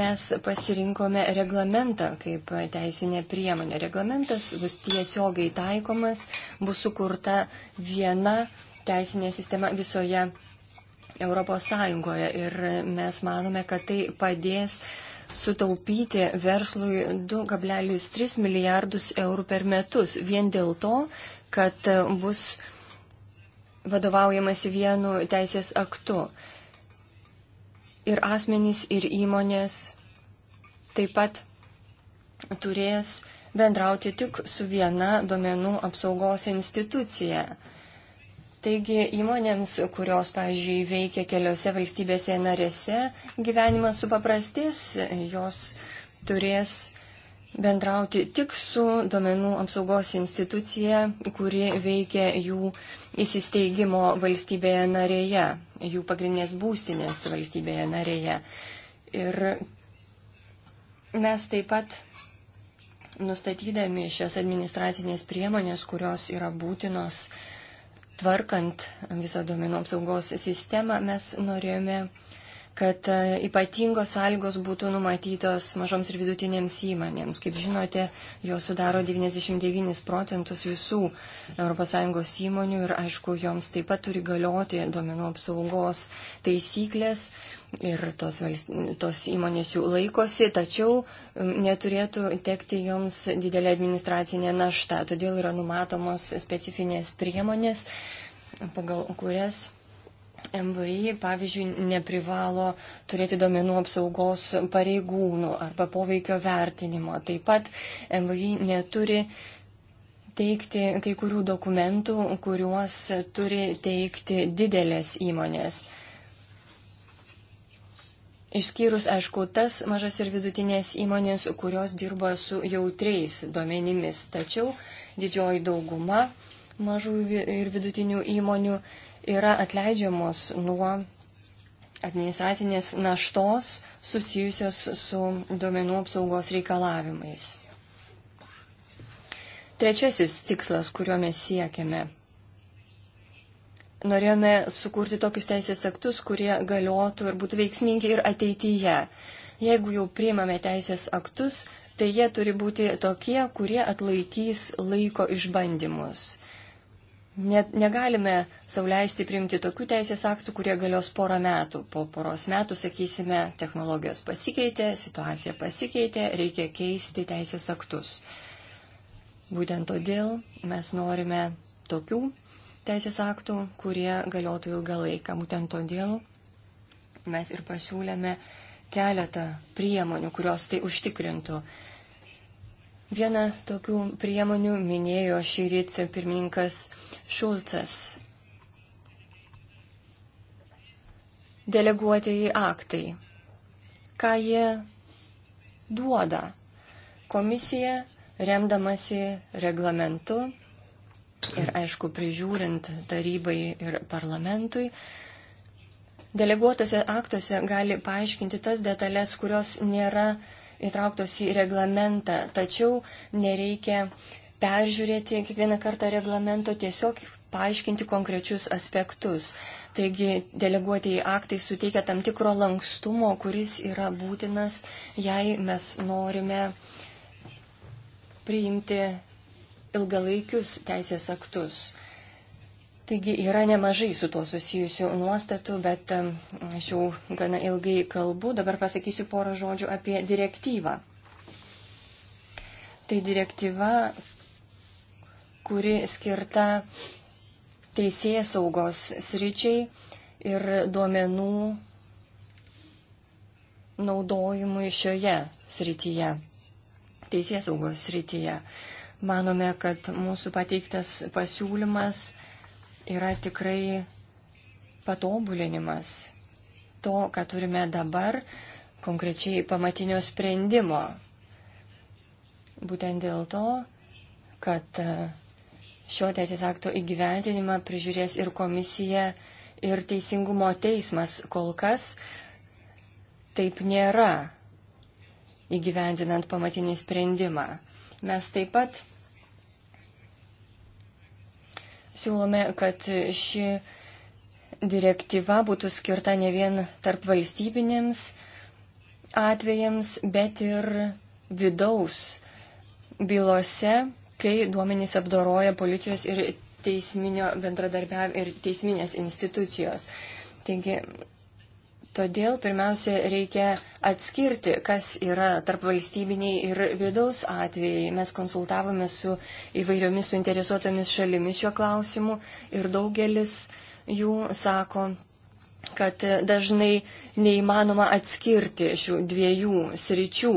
mes pasirinkome reglamentą kaip teisinę priemonę. Reglamentas bus tiesiogiai taikomas, bus sukurta viena teisinė sistema visoje Europos Sąjungoje ir mes manome, kad tai padės sutaupyti verslui 2,3 milijardus eurų per metus vien dėl to, kad bus vadovaujamasi vienu teisės aktu ir asmenys, ir įmonės taip pat turės bendrauti tik su viena duomenų apsaugos institucija. Taigi įmonėms, kurios, pavyzdžiui, veikia keliose valstybėse narėse, gyvenimas supaprastės, jos turės bendrauti tik su duomenų apsaugos institucija, kuri veikia jų įsisteigimo valstybėje narėje, jų pagrindinės būstinės valstybėje narėje. Ir mes taip pat nustatydami šias administracinės priemonės, kurios yra būtinos tvarkant visą duomenų apsaugos sistemą, mes norėjome kad e, ypatingos sąlygos būtų numatytos mažoms ir vidutinėms įmonėms. Kaip žinote, jos sudaro 99 procentus visų ES įmonių ir, aišku, joms taip pat turi galioti duomenų apsaugos taisyklės ir tos, tos įmonės jų laikosi, tačiau neturėtų tekti joms didelė administracinė našta. Todėl yra numatomos specifinės priemonės, pagal kurias MVI, pavyzdžiui, neprivalo turėti domenų apsaugos pareigūnų arba poveikio vertinimo. Taip pat MVI neturi teikti kai kurių dokumentų, kuriuos turi teikti didelės įmonės. Išskyrus, aišku, tas mažas ir vidutinės įmonės, kurios dirba su jautriais duomenimis, tačiau didžioji dauguma mažų ir vidutinių įmonių yra atleidžiamos nuo administracinės naštos susijusios su duomenų apsaugos reikalavimais. Trečiasis tikslas, kuriuo mes siekiame. Norėjome sukurti tokius teisės aktus, kurie galiotų ir būtų veiksmingi ir ateityje. Jeigu jau priimame teisės aktus, tai jie turi būti tokie, kurie atlaikys laiko išbandymus. Net negalime sauliaisti priimti tokių teisės aktų, kurie galios porą metų. Po poros metų, sakysime, technologijos pasikeitė, situacija pasikeitė, reikia keisti teisės aktus. Būtent todėl mes norime tokių teisės aktų, kurie galiotų ilgą laiką. Būtent todėl mes ir pasiūlėme keletą priemonių, kurios tai užtikrintų. Vieną tokių priemonių minėjo šį rytį pirmininkas Šulcas. Deleguotieji aktai. Ką jie duoda? Komisija, remdamasi reglamentu ir, aišku, prižiūrint tarybai ir parlamentui, deleguotose aktuose gali paaiškinti tas detalės, kurios nėra įtrauktos į reglamentą, tačiau nereikia peržiūrėti kiekvieną kartą reglamento, tiesiog paaiškinti konkrečius aspektus. Taigi deleguotieji aktai suteikia tam tikro lankstumo, kuris yra būtinas, jei mes norime priimti ilgalaikius teisės aktus. Taigi yra nemažai su tuo susijusių nuostatų, bet aš jau gana ilgai kalbu, dabar pasakysiu porą žodžių apie direktyvą. Tai direktyva, kuri skirta teisėjas saugos sričiai ir duomenų naudojimui šioje srityje, teisėjas saugos srityje. Manome, kad mūsų pateiktas pasiūlymas yra tikrai patobulinimas to, ką turime dabar, konkrečiai pamatinio sprendimo. Būtent dėl to, kad e, šio teisės akto įgyventinimą prižiūrės ir komisija, ir teisingumo teismas. Kol kas taip nėra įgyvendinant pamatinį sprendimą. Mes taip pat siūlome, kad ši direktyva būtų skirta ne vien tarp valstybinėms atvejams, bet ir vidaus bylose, kai duomenys apdoroja policijos ir teisminio bendradarbiavimo ir teisminės institucijos. Taigi Todėl pirmiausia reikia atskirti, kas yra tarp valstybiniai ir vidaus atvejai. Mes konsultavome su įvairiomis suinteresuotomis šalimis šiuo klausimu ir daugelis jų sako, kad dažnai neįmanoma atskirti šių dviejų sričių.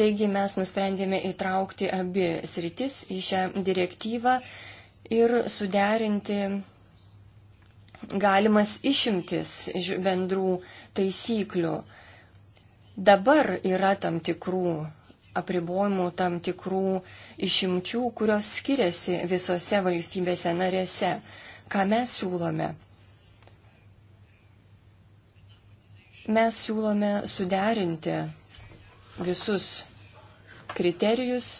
Taigi mes nusprendėme įtraukti abi sritis į šią direktyvą ir suderinti galimas išimtis iš bendrų taisyklių. Dabar yra tam tikrų apribojimų, tam tikrų išimčių, kurios skiriasi visose valstybėse narėse. Ką mes siūlome? Mes siūlome suderinti visus kriterijus,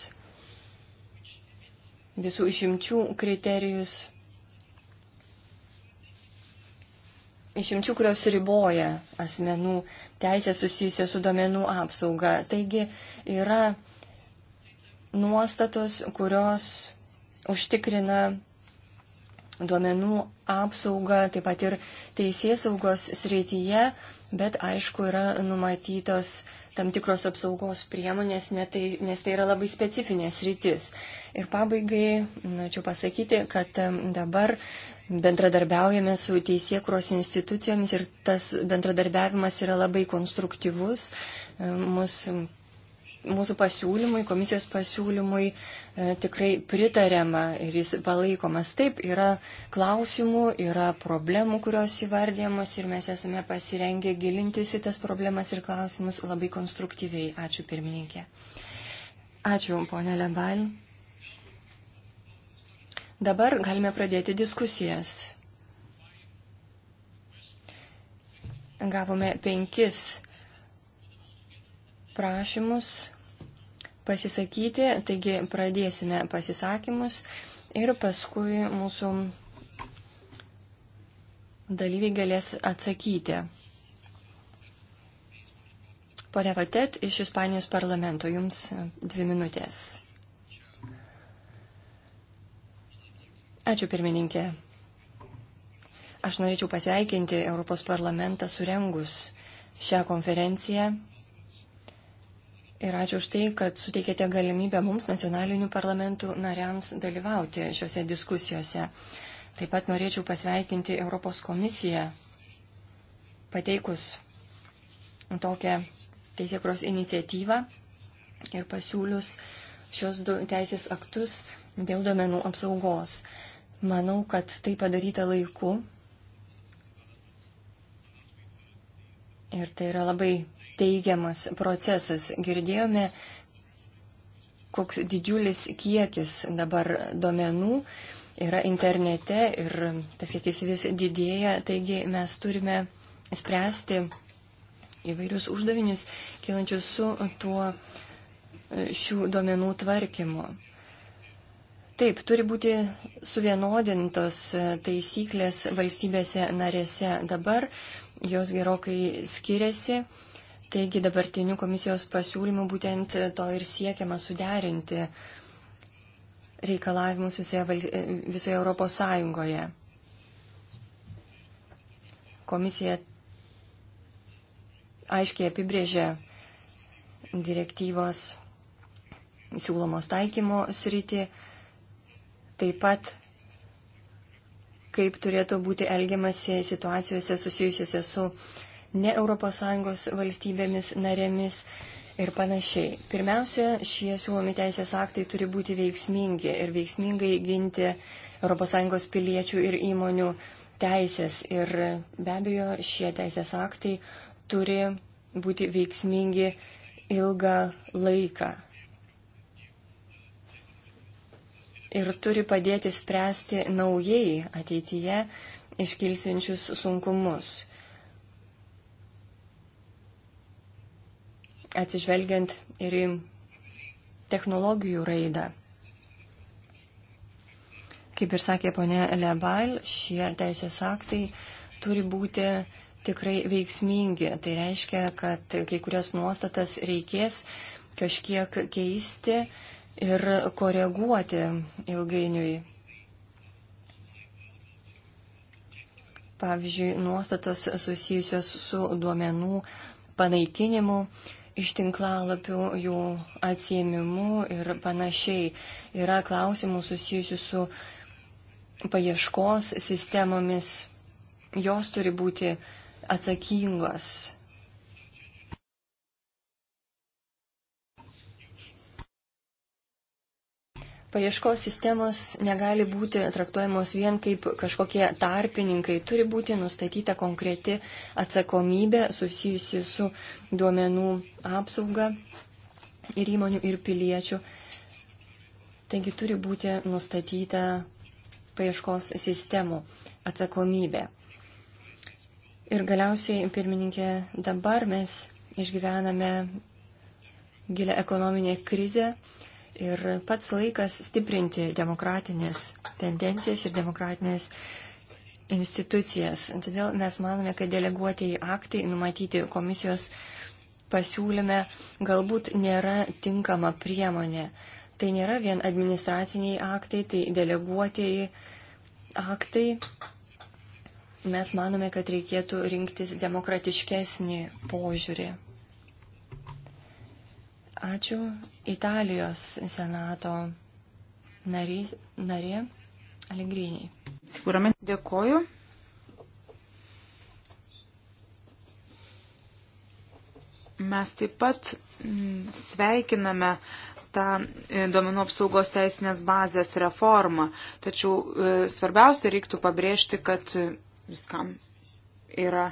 visų išimčių kriterijus išimčių, kurios riboja asmenų teisę susijusią su domenų apsauga. Taigi yra nuostatos, kurios užtikrina duomenų apsaugą, taip pat ir teisės saugos srityje, bet aišku yra numatytos tam tikros apsaugos priemonės, tai, nes tai yra labai specifinės rytis. Ir pabaigai norėčiau pasakyti, kad dabar bendradarbiaujame su teisėkros institucijomis ir tas bendradarbiavimas yra labai konstruktyvus. Mūsų, mūsų pasiūlymui, komisijos pasiūlymui e, tikrai pritariama ir jis palaikomas. Taip, yra klausimų, yra problemų, kurios įvardėmos ir mes esame pasirengę gilintis į tas problemas ir klausimus labai konstruktyviai. Ačiū pirmininkė. Ačiū, ponė Lebal. Dabar galime pradėti diskusijas. Gavome penkis prašymus pasisakyti, taigi pradėsime pasisakymus ir paskui mūsų dalyviai galės atsakyti. Pone Vatet iš Ispanijos parlamento, jums dvi minutės. Ačiū pirmininkė. Aš norėčiau pasveikinti Europos parlamentą surengus šią konferenciją. Ir ačiū už tai, kad suteikėte galimybę mums, nacionalinių parlamentų nariams, dalyvauti šiuose diskusijose. Taip pat norėčiau pasveikinti Europos komisiją, pateikus tokią teisėkros iniciatyvą ir pasiūlius šios du teisės aktus dėl domenų apsaugos. Manau, kad tai padaryta laiku. Ir tai yra labai teigiamas procesas. Girdėjome, koks didžiulis kiekis dabar duomenų yra internete ir tas kiekis vis didėja. Taigi mes turime spręsti įvairius uždavinius, kilančius su tuo šių duomenų tvarkymu. Taip, turi būti suvienodintos taisyklės valstybėse narėse. Dabar jos gerokai skiriasi. Taigi dabartiniu komisijos pasiūlymu būtent to ir siekiama suderinti reikalavimus visoje, visoje Europos Sąjungoje. Komisija aiškiai apibrėžė direktyvos siūlomos taikymo sritį Taip pat, kaip turėtų būti elgiamasi situacijose susijusiuose su ne ES valstybėmis narėmis ir panašiai. Pirmiausia, šie siūlomi teisės aktai turi būti veiksmingi ir veiksmingai ginti ES piliečių ir įmonių teisės. Ir be abejo, šie teisės aktai turi būti veiksmingi ilgą laiką. ir turi padėti spręsti naujai ateityje iškilsiančius sunkumus. Atsižvelgiant ir į technologijų raidą. Kaip ir sakė ponė Lebail, šie teisės aktai turi būti tikrai veiksmingi. Tai reiškia, kad kai kurias nuostatas reikės kažkiek keisti ir koreguoti ilgainiui. Pavyzdžiui, nuostatas susijusios su duomenų panaikinimu, iš tinklalapių, jų atsiemimu ir panašiai. Yra klausimų susijusių su paieškos sistemomis. Jos turi būti atsakingos Paieškos sistemos negali būti traktuojamos vien kaip kažkokie tarpininkai, turi būti nustatyta konkreti atsakomybė susijusi su duomenų apsauga ir įmonių ir piliečių. Taigi turi būti nustatyta paieškos sistemų atsakomybė. Ir galiausiai, pirmininkė, dabar mes išgyvename gilę ekonominę krizę Ir pats laikas stiprinti demokratinės tendencijas ir demokratinės institucijas. Todėl mes manome, kad deleguotieji aktai numatyti komisijos pasiūlyme galbūt nėra tinkama priemonė. Tai nėra vien administraciniai aktai, tai deleguotieji aktai. Mes manome, kad reikėtų rinktis demokratiškesnį požiūrį. Ačiū. Italijos senato narė, narė Alegrinį. Sicuramente dėkoju. Mes taip pat mm, sveikiname tą e, duomenų apsaugos teisinės bazės reformą, tačiau e, svarbiausia reiktų pabrėžti, kad viskam yra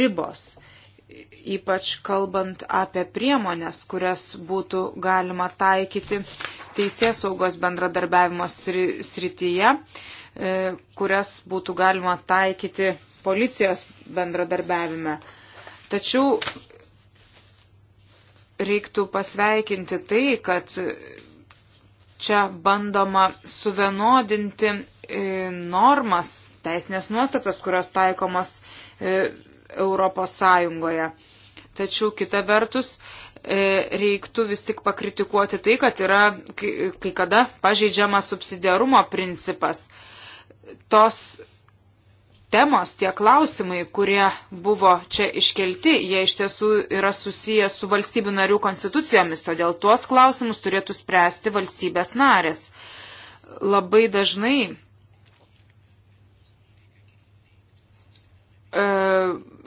ribos ypač kalbant apie priemonės, kurias būtų galima taikyti teisės saugos bendradarbiavimo srityje, e, kurias būtų galima taikyti policijos bendradarbiavime. Tačiau reiktų pasveikinti tai, kad čia bandoma suvienodinti e, normas, teisinės nuostatas, kurios taikomas e, Europos Sąjungoje. Tačiau kita vertus, e, reiktų vis tik pakritikuoti tai, kad yra kai kada pažeidžiamas subsidiarumo principas. Tos temos, tie klausimai, kurie buvo čia iškelti, jie iš tiesų yra susiję su valstybių narių konstitucijomis, todėl tuos klausimus turėtų spręsti valstybės narės. Labai dažnai e,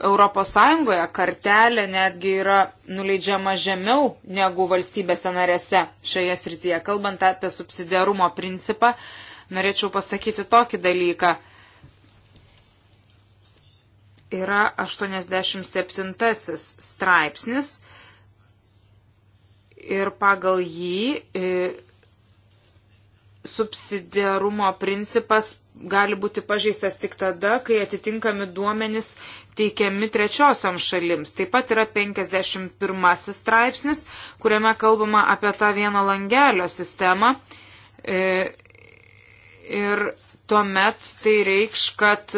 ES kartelė netgi yra nuleidžiama žemiau negu valstybėse narėse šioje srityje. Kalbant apie subsidiarumo principą, norėčiau pasakyti tokį dalyką. Yra 87 straipsnis ir pagal jį e, subsidiarumo principas gali būti pažeistas tik tada, kai atitinkami duomenys teikiami trečiosiom šalims. Taip pat yra 51 straipsnis, kuriame kalbama apie tą vieno langelio sistemą. E, ir tuomet tai reikš, kad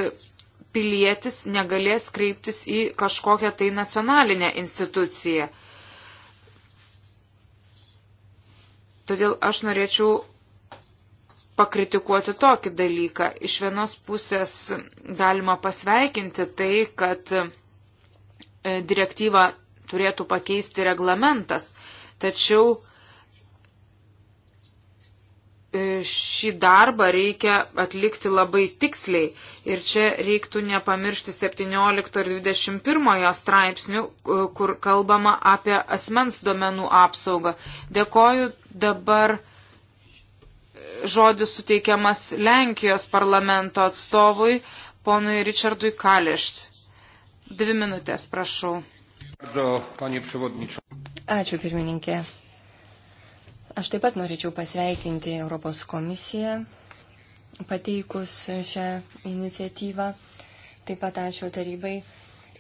pilietis negalės kreiptis į kažkokią tai nacionalinę instituciją. Todėl aš norėčiau pakritikuoti tokį dalyką. Iš vienos pusės galima pasveikinti tai, kad e, direktyvą turėtų pakeisti reglamentas, tačiau e, šį darbą reikia atlikti labai tiksliai. Ir čia reiktų nepamiršti 17 ir 21 straipsnių, e, kur kalbama apie asmens duomenų apsaugą. Dėkoju dabar žodis suteikiamas Lenkijos parlamento atstovui, ponui Richardui Kališt. Dvi minutės, prašau. Ačiū, pirmininkė. Aš taip pat norėčiau pasveikinti Europos komisiją pateikus šią iniciatyvą. Taip pat ačiū tarybai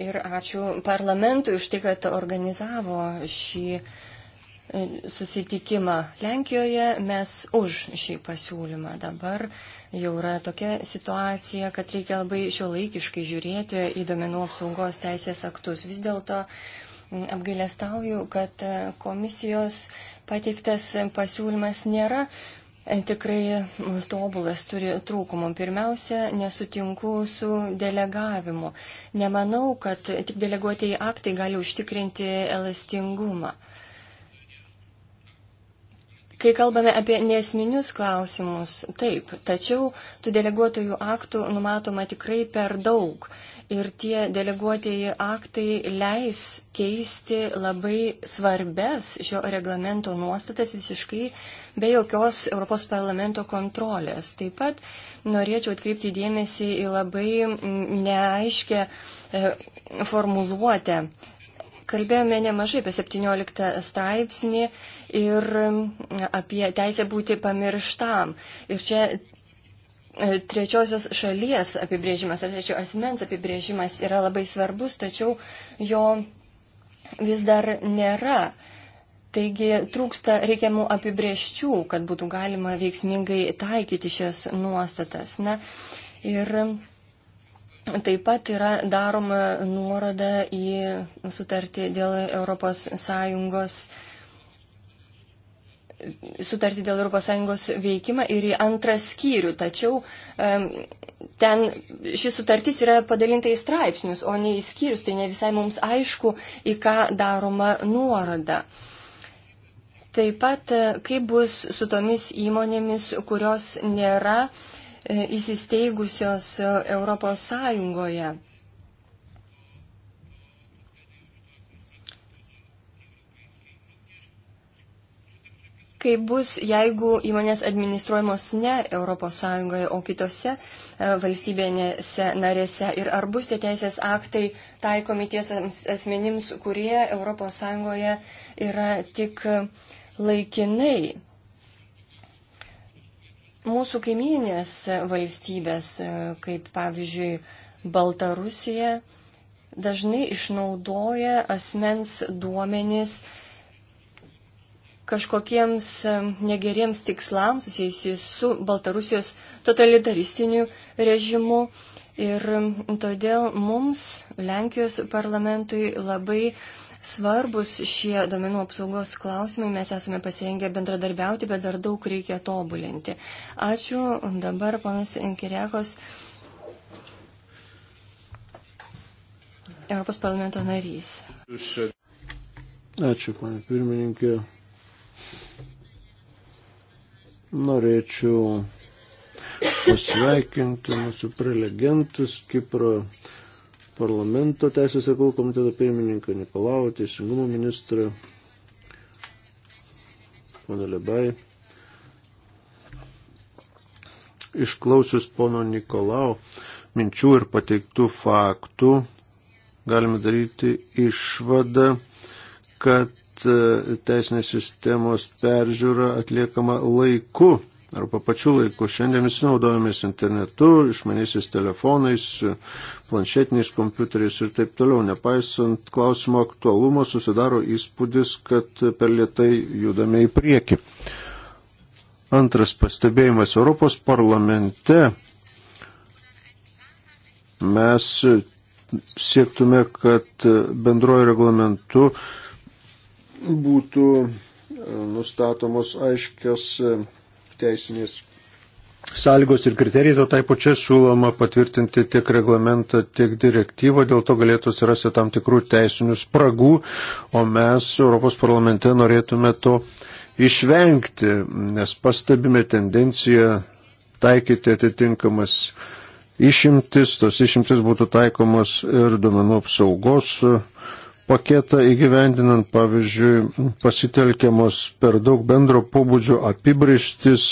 ir ačiū parlamentui už tai, kad organizavo šį E, susitikimą Lenkijoje, mes už šį pasiūlymą. Dabar jau yra tokia situacija, kad reikia labai šio laikiškai žiūrėti į domenų apsaugos teisės aktus. Vis dėlto apgailestauju, kad e, komisijos pateiktas pasiūlymas nėra e, tikrai tobulas turi trūkumų. Pirmiausia, nesutinku su delegavimu. Nemanau, kad tik deleguotieji aktai gali užtikrinti elastingumą. Kai kalbame apie nesminius klausimus, taip, tačiau tų deleguotojų aktų numatoma tikrai per daug. Ir tie deleguotieji aktai leis keisti labai svarbes šio reglamento nuostatas visiškai be jokios Europos parlamento kontrolės. Taip pat norėčiau atkreipti dėmesį į labai neaiškę e, formuluotę Kalbėjome nemažai apie 17 straipsnį ir apie teisę būti pamirštam. Ir čia e, trečiosios šalies apibrėžimas ar trečio asmens apibrėžimas yra labai svarbus, tačiau jo vis dar nėra. Taigi trūksta reikiamų apibrėžčių, kad būtų galima veiksmingai taikyti šias nuostatas. Na, ir Taip pat yra daroma nuoroda į sutartį dėl ES sutartį dėl ES veikimą ir į antrą skyrių. Tačiau ten ši sutartis yra padalinta į straipsnius, o ne į skyrius. Tai ne visai mums aišku, į ką daroma nuoroda. Taip pat, kaip bus su tomis įmonėmis, kurios nėra uh, E, įsisteigusios e, Europos Sąjungoje. kaip bus, jeigu įmonės administruojamos ne ES, o kitose e, valstybėse narėse. Ir ar bus tie teisės aktai taikomi ties asmenims, kurie ES yra tik laikinai mūsų kaimininės valstybės, kaip pavyzdžiui Baltarusija, dažnai išnaudoja asmens duomenis kažkokiems negeriems tikslams susijusiais su Baltarusijos totalitaristiniu režimu. Ir todėl mums, Lenkijos parlamentui, labai uh, svarbus šie domenų apsaugos klausimai. Mes esame pasirengę bendradarbiauti, bet dar daug reikia tobulinti. Ačiū. Dabar panas Inkiriakos, Europos parlamento narys. Ačiū, panė pirmininkė. Norėčiau pasveikinti mūsų prelegentus Kipro parlamento teisės reikalų komiteto pirmininką Nikolau, teisingumo ministrą, pana Lebai. Išklausius pono Nikolau minčių ir pateiktų faktų, galime daryti išvadą, kad e, teisinės sistemos peržiūra atliekama laiku arba pačiu laiku. Šiandien visi naudojamės internetu, išmanysis telefonais, planšetiniais kompiuteriais ir taip toliau. Nepaisant klausimo aktualumo, susidaro įspūdis, kad per lietai judame į priekį. Antras pastebėjimas Europos parlamente. Mes siektume, kad bendrojo reglamentu būtų nustatomos aiškios teisinės sąlygos ir kriterijai, to taip čia siūloma patvirtinti tiek reglamentą, tiek direktyvą, dėl to galėtų atsirasti tam tikrų teisinių spragų, o mes Europos parlamente norėtume to išvengti, nes pastebime tendenciją taikyti atitinkamas išimtis, tos išimtis būtų taikomos ir duomenų apsaugos paketą įgyvendinant, pavyzdžiui, pasitelkiamos per daug bendro pobūdžio apibrištis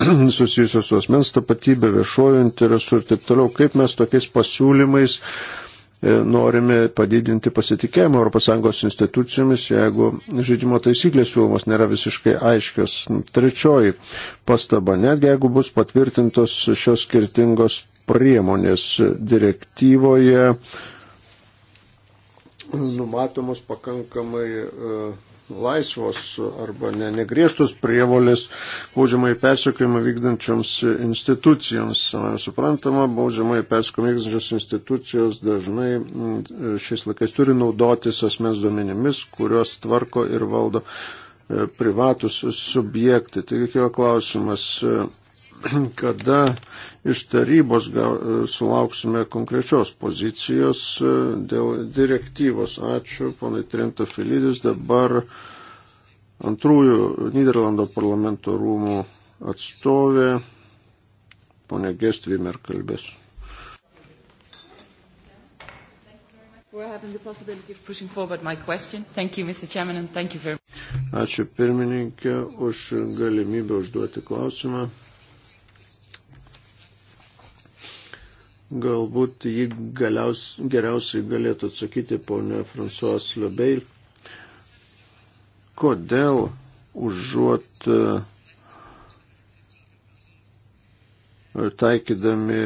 susijusios su asmens tapatybė, viešojo interesu ir taip toliau, kaip mes tokiais pasiūlymais e, norime padidinti pasitikėjimą ES institucijomis, jeigu žaidimo taisyklės siūlomos nėra visiškai aiškios. Trečioji pastaba, netgi jeigu bus patvirtintos šios skirtingos priemonės direktyvoje, numatomos pakankamai uh, laisvos arba ne, negriežtos prievolės baudžiamai persiekojimą vykdančioms institucijoms. Suprantama, baudžiamai persiekojimą vykdančios institucijos dažnai mm, šiais laikais turi naudotis asmens duomenimis, kuriuos tvarko ir valdo e, privatus subjektai. Taigi kilo klausimas, e, kada iš tarybos sulauksime konkrečios pozicijos e, dėl direktyvos. Ačiū, ponai Trento Filidis. Dabar antrųjų Niderlando parlamento rūmų atstovė, ponė Gestvimer kalbės. Ačiū pirmininkė už galimybę užduoti klausimą. Galbūt jį galiaus, geriausiai galėtų atsakyti ponė Fransuas Lebeil. Kodėl užuot e, taikydami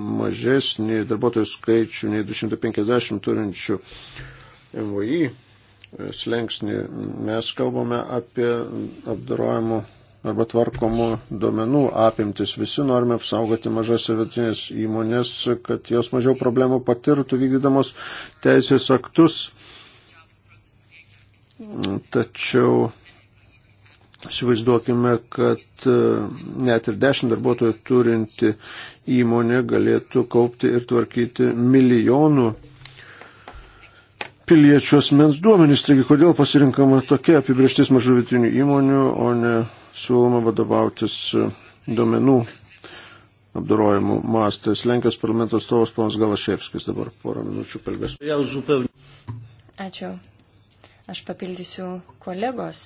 mažesnį darbuotojų skaičių nei 250 turinčių MVI e, slengsnį, mes kalbame apie apdarojimų arba tvarkomų duomenų apimtis. Visi norime apsaugoti mažas ir vidutinės įmonės, kad jos mažiau problemų patirtų vykdydamos teisės aktus. Tačiau Įsivaizduokime, kad e, net ir 10 darbuotojų turinti įmonė galėtų kaupti ir tvarkyti milijonų piliečių asmens duomenys. Taigi, kodėl pasirinkama tokia apibrieštis mažų vietinių įmonių, o ne siūloma vadovautis e, duomenų apdorojimų mastais. Lenkijos parlamento atstovas ponas Galaševskis dabar porą minučių kalbės. Ačiū. Aš papildysiu kolegos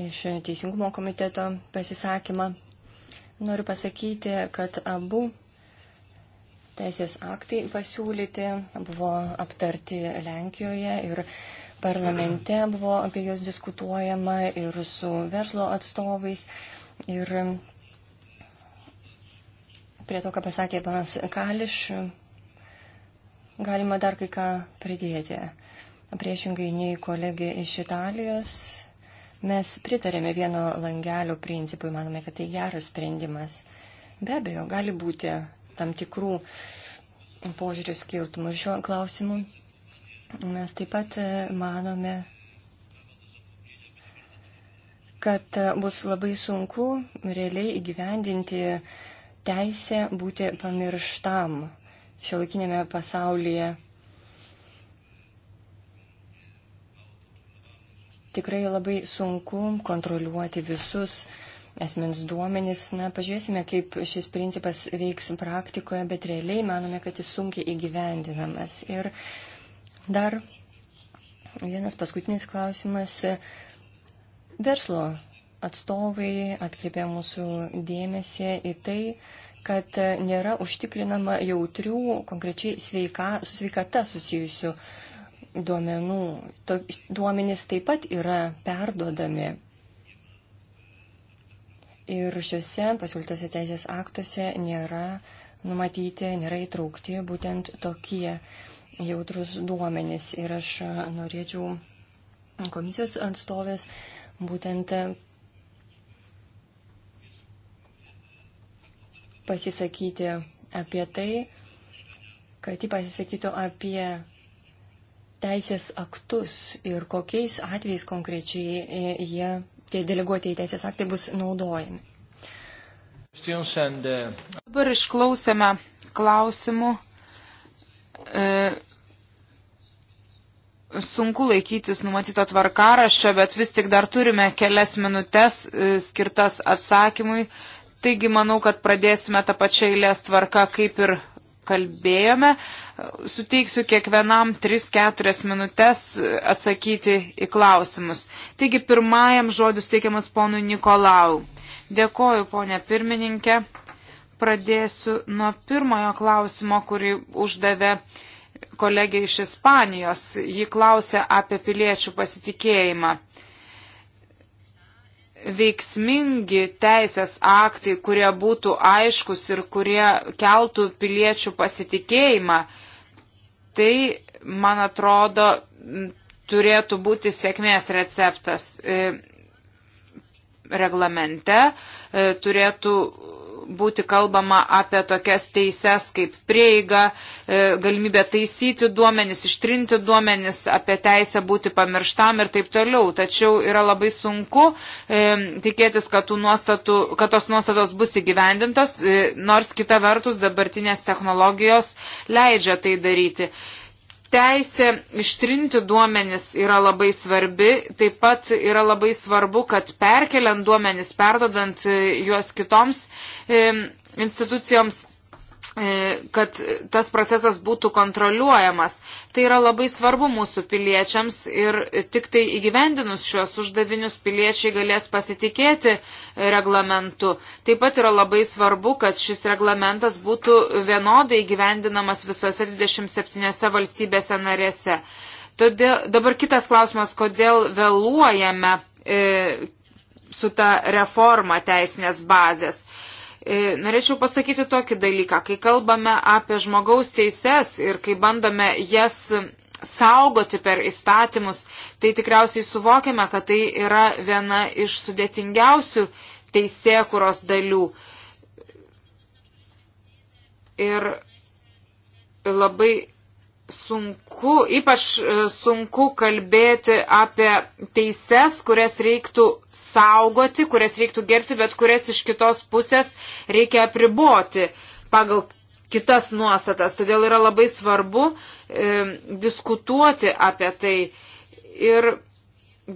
iš Teisingumo komiteto pasisakymą. Noriu pasakyti, kad abu teisės aktai pasiūlyti buvo aptarti Lenkijoje ir parlamente buvo apie juos diskutuojama ir su verslo atstovais. Ir prie to, ką pasakė panas Kališ, galima dar kai ką pridėti. Priešingai nei kolegė iš Italijos, mes pritarėme vieno langelio principui, manome, kad tai geras sprendimas. Be abejo, gali būti tam tikrų požiūrių skirtumų. Ir šiuo klausimu mes taip pat e, manome, kad e, bus labai sunku realiai įgyvendinti teisę būti pamirštam šiuolaikinėme pasaulyje. Tikrai labai sunku kontroliuoti visus esmens duomenys. Na, pažiūrėsime, kaip šis principas veiks praktikoje, bet realiai manome, kad jis sunkiai įgyvendinamas. Ir dar vienas paskutinis klausimas. Verslo atstovai atkreipė mūsų dėmesį į tai, kad nėra užtikrinama jautrių, konkrečiai sveika, su sveikata susijusių duomenų. To, duomenys taip pat yra perdodami Ir šiuose pasiūlytose teisės aktuose nėra numatyti, nėra įtraukti būtent tokie jautrus duomenys. Ir aš norėčiau komisijos atstovės būtent pasisakyti apie tai, kad ji pasisakytų apie teisės aktus ir kokiais atvejais konkrečiai jie tie deleguotieji teisės aktai bus naudojami. Uh, Dabar išklausėme klausimų. E, sunku laikytis numatyto tvarkaraščio, bet vis tik dar turime kelias minutės e, skirtas atsakymui. Taigi manau, kad pradėsime tą pačią eilės tvarką kaip ir kalbėjome. Suteiksiu kiekvienam 3-4 minutės atsakyti į klausimus. Taigi pirmajam žodis teikiamas ponui Nikolau. Dėkoju, ponė pirmininkė. Pradėsiu nuo pirmojo klausimo, kurį uždavė kolegė iš Ispanijos. Ji klausė apie piliečių pasitikėjimą veiksmingi teisės aktai, kurie būtų aiškus ir kurie keltų piliečių pasitikėjimą, tai, man atrodo, turėtų būti sėkmės receptas e, reglamente e, turėtų būti kalbama apie tokias teises kaip prieiga, e, galimybė taisyti duomenis, ištrinti duomenis, apie teisę būti pamirštam ir taip toliau. Tačiau yra labai sunku e, tikėtis, kad, nuostatų, kad tos nuostatos bus įgyvendintos, e, nors kita vertus dabartinės technologijos leidžia tai daryti. E, teisė ištrinti duomenis yra labai svarbi, taip pat yra labai svarbu, kad perkeliant duomenis, perdodant e, juos kitoms e, institucijoms, E, kad tas procesas būtų kontroliuojamas. Tai yra labai svarbu mūsų piliečiams ir tik tai įgyvendinus šios uždavinius piliečiai galės pasitikėti reglamentu. Taip pat yra labai svarbu, kad šis reglamentas būtų vienodai įgyvendinamas visose 27 valstybėse narėse. Todėl, dabar kitas klausimas, kodėl vėluojame e, su ta reforma teisinės bazės. E, norėčiau pasakyti tokį dalyką, kai kalbame apie žmogaus teises ir kai bandome jas saugoti per įstatymus, tai tikriausiai suvokiame, kad tai yra viena iš sudėtingiausių teisėkuros dalių. Ir labai sunku, ypač e, sunku kalbėti apie teises, kurias reiktų saugoti, kurias reiktų gerbti, bet kurias iš kitos pusės reikia apriboti pagal kitas nuostatas. Todėl yra labai svarbu e, diskutuoti apie tai ir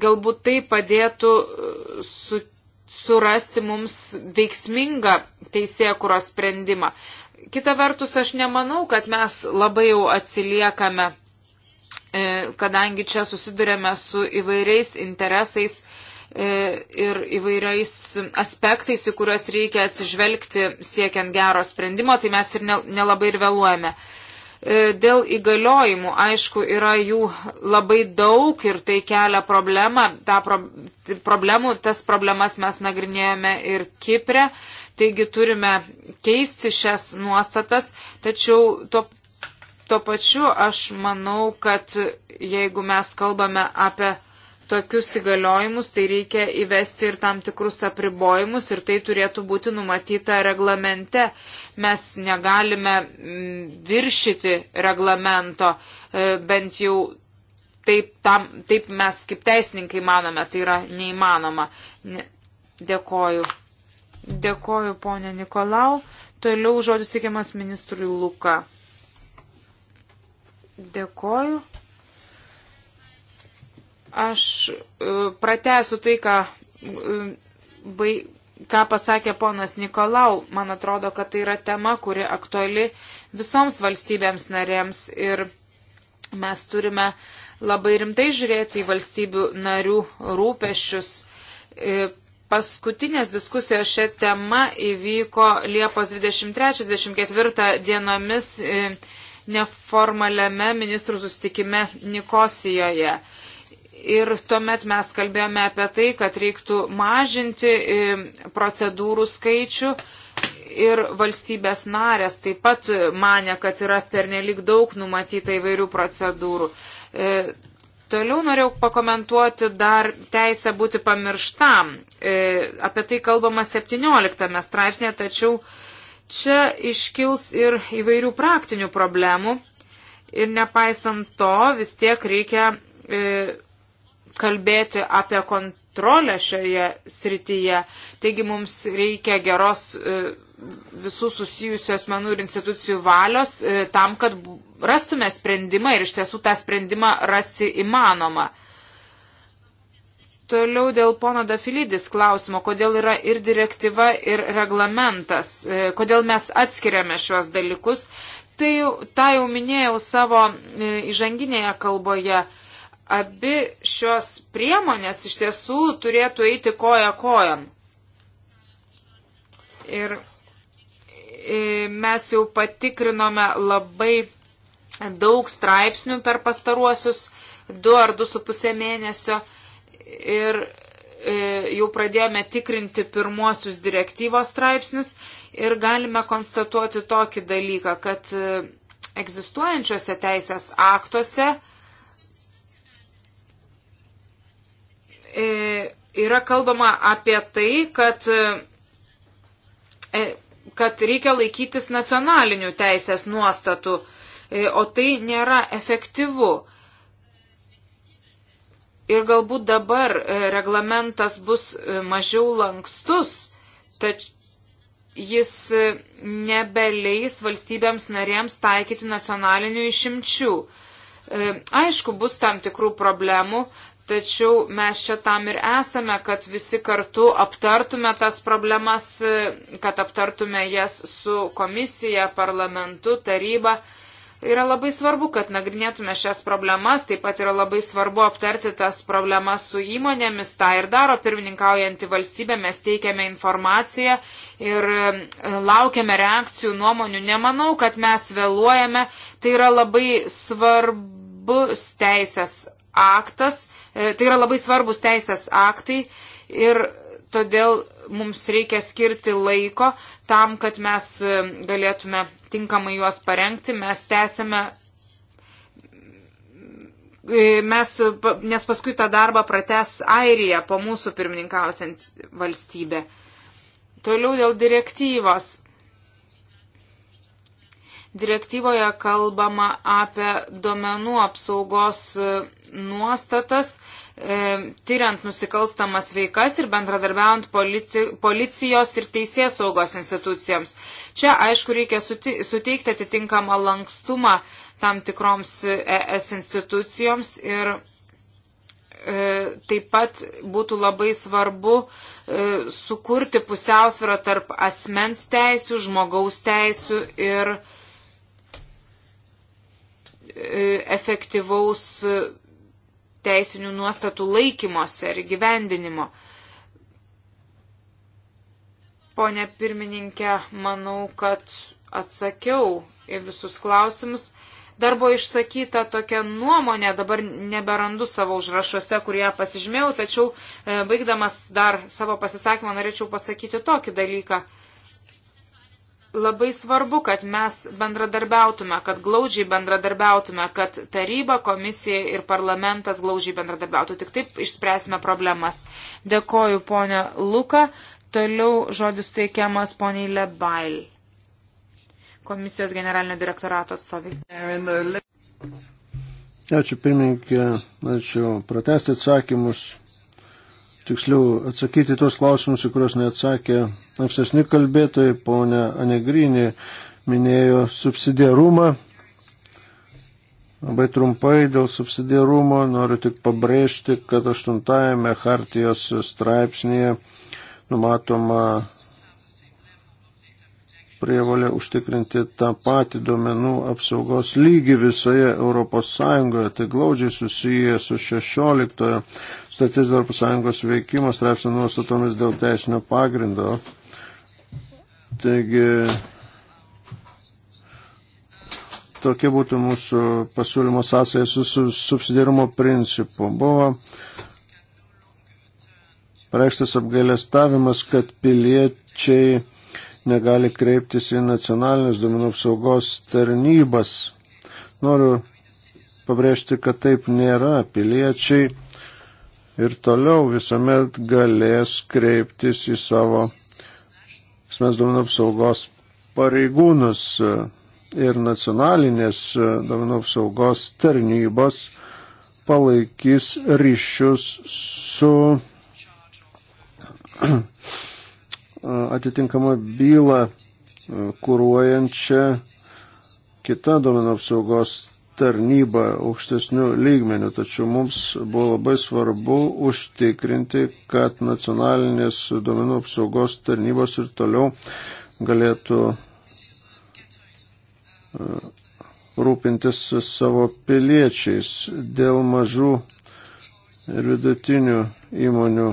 galbūt tai padėtų e, su, surasti mums veiksmingą teisėkuros sprendimą. Kita vertus, aš nemanau, kad mes labai jau atsiliekame, e, kadangi čia susidurėme su įvairiais interesais e, ir įvairiais aspektais, į kuriuos reikia atsižvelgti siekiant gero sprendimo, tai mes ir nelabai ir vėluojame. E, dėl įgaliojimų, aišku, yra jų labai daug ir tai kelia problemą. Ta pro, problemų, tas problemas mes nagrinėjome ir Kiprė. Taigi turime keisti šias nuostatas, tačiau tuo, tuo pačiu aš manau, kad jeigu mes kalbame apie tokius įgaliojimus, tai reikia įvesti ir tam tikrus apribojimus ir tai turėtų būti numatyta reglamente. Mes negalime mm, viršyti reglamento, e, bent jau taip, tam, taip mes kaip teisininkai manome, tai yra neįmanoma. Dėkoju. Dėkoju, ponė Nikolau. Toliau žodis teikiamas ministrui Luka. Dėkoju. Aš e, pratęsiu tai, ką, e, ką pasakė ponas Nikolau. Man atrodo, kad tai yra tema, kuri aktuali visoms valstybėms narėms ir mes turime labai rimtai žiūrėti į valstybių narių rūpešius e, Paskutinės diskusijos šią temą įvyko Liepos 23-24 dienomis e, neformaliame ministrų sustikime Nikosijoje. Ir tuomet mes kalbėjome apie tai, kad reiktų mažinti e, procedūrų skaičių ir valstybės narės taip pat mane, kad yra pernelik daug numatyta įvairių procedūrų. E, Toliau norėjau pakomentuoti dar teisę būti pamirštam. E, apie tai kalbama 17 straipsnė, tačiau čia iškils ir įvairių praktinių problemų. Ir nepaisant to, vis tiek reikia e, kalbėti apie kontrolę šioje srityje. Taigi mums reikia geros e, visų susijusių asmenų ir institucijų valios e, tam, kad rastume sprendimą ir iš tiesų tą sprendimą rasti įmanoma. Toliau dėl pono Dafilidis klausimo, kodėl yra ir direktyva, ir reglamentas, e, kodėl mes atskiriame šiuos dalykus. Tai tą jau minėjau savo e, įžanginėje kalboje. Abi šios priemonės iš tiesų turėtų eiti koja kojam. Ir E, mes jau patikrinome labai daug straipsnių per pastaruosius 2 ar 2,5 mėnesio ir e, jau pradėjome tikrinti pirmuosius direktyvos straipsnius ir galime konstatuoti tokį dalyką, kad e, egzistuojančiose teisės aktuose yra kalbama apie tai, kad kad reikia laikytis nacionalinių teisės nuostatų, e, o tai nėra efektyvu. Ir galbūt dabar e, reglamentas bus e, mažiau lankstus, tačiau jis nebeleis valstybėms narėms taikyti nacionalinių išimčių. Aišku, bus tam tikrų problemų, Tačiau mes čia tam ir esame, kad visi kartu aptartume tas problemas, kad aptartume jas su komisija, parlamentu, taryba. Yra labai svarbu, kad nagrinėtume šias problemas, taip pat yra labai svarbu aptarti tas problemas su įmonėmis, tą ir daro pirmininkaujantį valstybę, mes teikiame informaciją ir e, laukiame reakcijų nuomonių. Nemanau, kad mes vėluojame, tai yra labai svarbus teisės aktas, e, tai yra labai svarbus teisės aktai ir todėl mums reikia skirti laiko tam, kad mes e, galėtume tinkamai juos parengti. Mes tęsėme, e, mes, nes paskui tą darbą prates Airija po mūsų pirmininkausiant valstybė. Toliau dėl direktyvos. Direktyvoje kalbama apie duomenų apsaugos e, nuostatas, e, tyriant nusikalstamas veikas ir bendradarbiaujant polici, policijos ir teisės saugos institucijoms. Čia, aišku, reikia suteikti atitinkamą lankstumą tam tikroms ES e institucijoms ir e, taip pat būtų labai svarbu e, sukurti pusiausvyrą tarp asmens teisių, žmogaus teisių ir e, E, efektyvaus e, teisinių nuostatų laikymosi ir gyvendinimo. Pone pirmininkė, manau, kad atsakiau į visus klausimus. Dar buvo išsakyta tokia nuomonė, dabar neberandu savo užrašuose, kurie pasižymėjau, tačiau e, baigdamas dar savo pasisakymą norėčiau pasakyti tokį dalyką. E, labai svarbu, kad mes bendradarbiautume, kad glaudžiai bendradarbiautume, kad taryba, komisija ir parlamentas glaudžiai bendradarbiautų. Tik taip išspręsime problemas. Dėkoju, ponė Luka. Toliau žodis teikiamas poniai Lebail, komisijos generalinio direktorato atstovai. Ačiū pirmininkė, ačiū pratesti atsakymus tiksliau atsakyti tuos klausimus, į kuriuos neatsakė apsesni kalbėtojai, ponia Anegrinė minėjo subsidiarumą. Labai trumpai dėl subsidiarumo noriu tik pabrėžti, kad aštuntajame Hartijos straipsnėje numatoma prievalė užtikrinti tą patį duomenų apsaugos lygį visoje Europos Sąjungoje. Tai glaudžiai susiję su 16 statys Europos Sąjungos veikimo straipsnio nuostatomis dėl teisinio pagrindo. Taigi, tokia būtų mūsų pasiūlymo sąsaja su, su subsidiarumo principu. Buvo pareikštas apgailestavimas, kad piliečiai negali kreiptis į nacionalinius duomenų apsaugos tarnybas. Noriu pabrėžti, kad taip nėra. Piliečiai ir toliau visuomet galės kreiptis į savo asmens duomenų apsaugos pareigūnus ir nacionalinės duomenų apsaugos tarnybos palaikys ryšius su atitinkamą bylą kūruojančią kita duomenų apsaugos tarnyba aukštesnių lygmenių, tačiau mums buvo labai svarbu užtikrinti, kad nacionalinės duomenų apsaugos tarnybos ir toliau galėtų rūpintis savo piliečiais dėl mažų ir vidutinių įmonių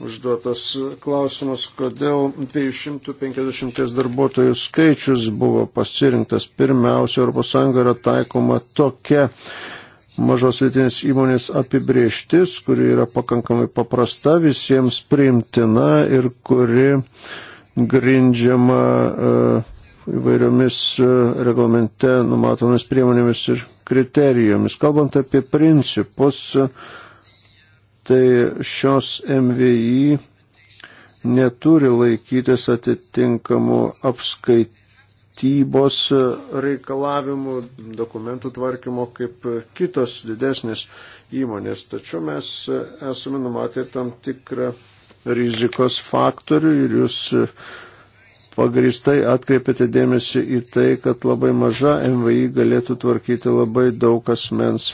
užduotas klausimas, kodėl 250 darbuotojų skaičius buvo pasirinktas. Pirmiausia, ES yra taikoma tokia mažos vietinės įmonės apibrieštis, kuri yra pakankamai paprasta, visiems priimtina ir kuri grindžiama e, įvairiomis e, reglamente numatomis priemonėmis ir kriterijomis. Kalbant apie principus, tai šios MVI neturi laikytis atitinkamų apskaitybos reikalavimų, dokumentų tvarkymo kaip kitos didesnės įmonės. Tačiau mes esame numatę tam tikrą rizikos faktorių ir jūs pagristai atkreipėte dėmesį į tai, kad labai maža MVI galėtų tvarkyti labai daug asmens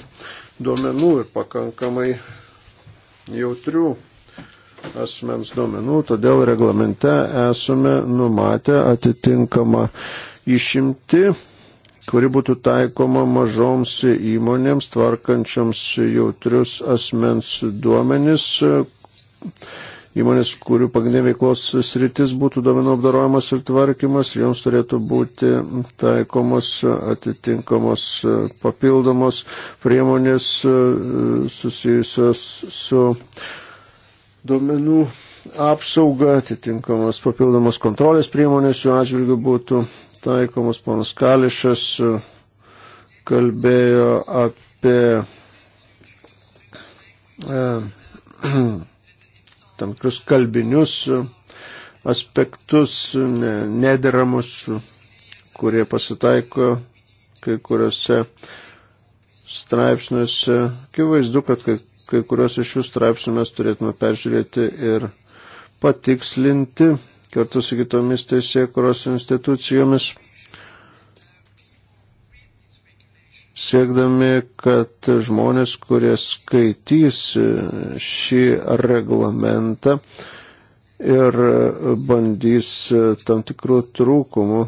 duomenų ir pakankamai jautrių asmens duomenų, todėl reglamente esame numatę atitinkamą išimti, kuri būtų taikoma mažoms įmonėms tvarkančioms jautrius asmens duomenis Įmonės, kurių pagrindinė veiklos sritis būtų duomenų apdarojimas ir tvarkymas, joms turėtų būti taikomos atitinkamos e, papildomos priemonės e, susijusios su duomenų apsauga, atitinkamos papildomos kontrolės priemonės jų atžvilgių būtų taikomos. Ponas Kališas e, kalbėjo apie. E, tam tikrus kalbinius e, aspektus nederamus, kurie pasitaiko kai kuriuose straipsniuose. Akivaizdu, kad kai, kai kuriuos iš šių straipsnių mes turėtume peržiūrėti ir patikslinti kartu su kitomis teisėkuros institucijomis siekdami, kad žmonės, kurie skaitys šį reglamentą ir bandys tam tikrų trūkumų,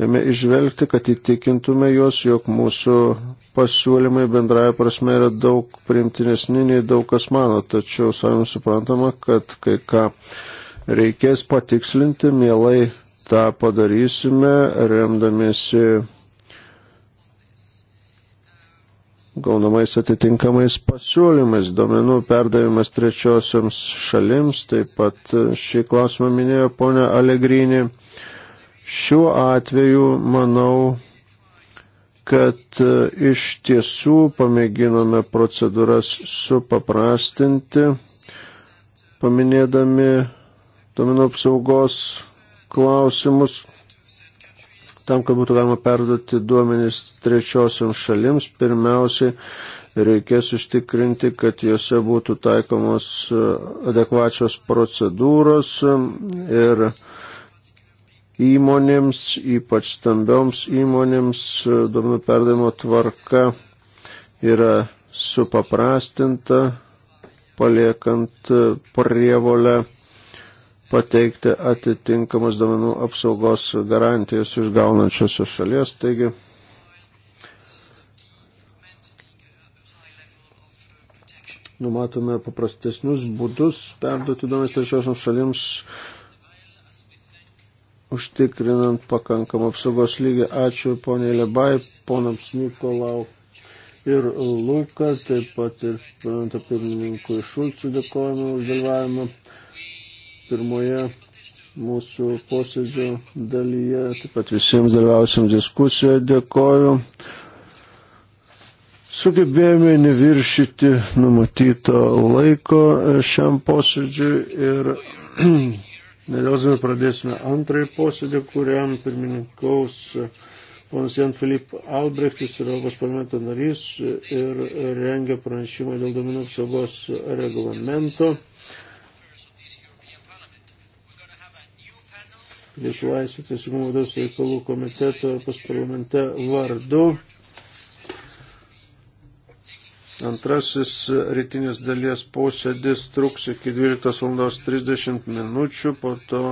jame išvelgti, kad įtikintume juos, jog mūsų pasiūlymai bendraja prasme yra daug primtinesni nei daug kas mano, tačiau savim suprantama, kad kai ką reikės patikslinti, mielai tą padarysime, remdamiesi gaunamais atitinkamais pasiūlymais, domenų perdavimas trečiosiams šalims, taip pat e, šį klausimą minėjo ponia Alegrinė. Šiuo atveju manau, kad e, iš tiesų pamėginome procedūras supaprastinti, paminėdami domenų apsaugos klausimus tam, kad būtų galima perduoti duomenys trečiosiams šalims, pirmiausiai reikės užtikrinti, kad juose būtų taikomos e, adekvačios procedūros e, ir įmonėms, ypač stambioms įmonėms, e, duomenų perdavimo tvarka yra supaprastinta, paliekant prievolę pateikti atitinkamas domenų apsaugos garantijas išgaunančios šalies. Taigi, numatome paprastesnius būdus perduoti duomenis trečiosioms šalims, užtikrinant pakankamą apsaugos lygį. Ačiū poniai Lebai, ponams Nikolau ir Lukas, taip pat ir pirmininkui Šulcų dėkojame už dalyvavimą pirmoje mūsų posėdžio dalyje. Taip pat visiems dalyvausiams diskusijoje dėkoju. Sugebėjome neviršyti numatyto laiko šiam posėdžiui ir neliausime pradėsime antrąjį posėdį, kuriam pirmininkaus ponas Jan Filip Albrechtis yra Europos parlamento narys ir rengia pranešimą dėl duomenų apsaugos reglamento. viešų laisvių teisingumo vidaus reikalų komiteto Europos parlamente vardu. Antrasis rytinis dalies posėdis truks iki 12.30 minučių, po to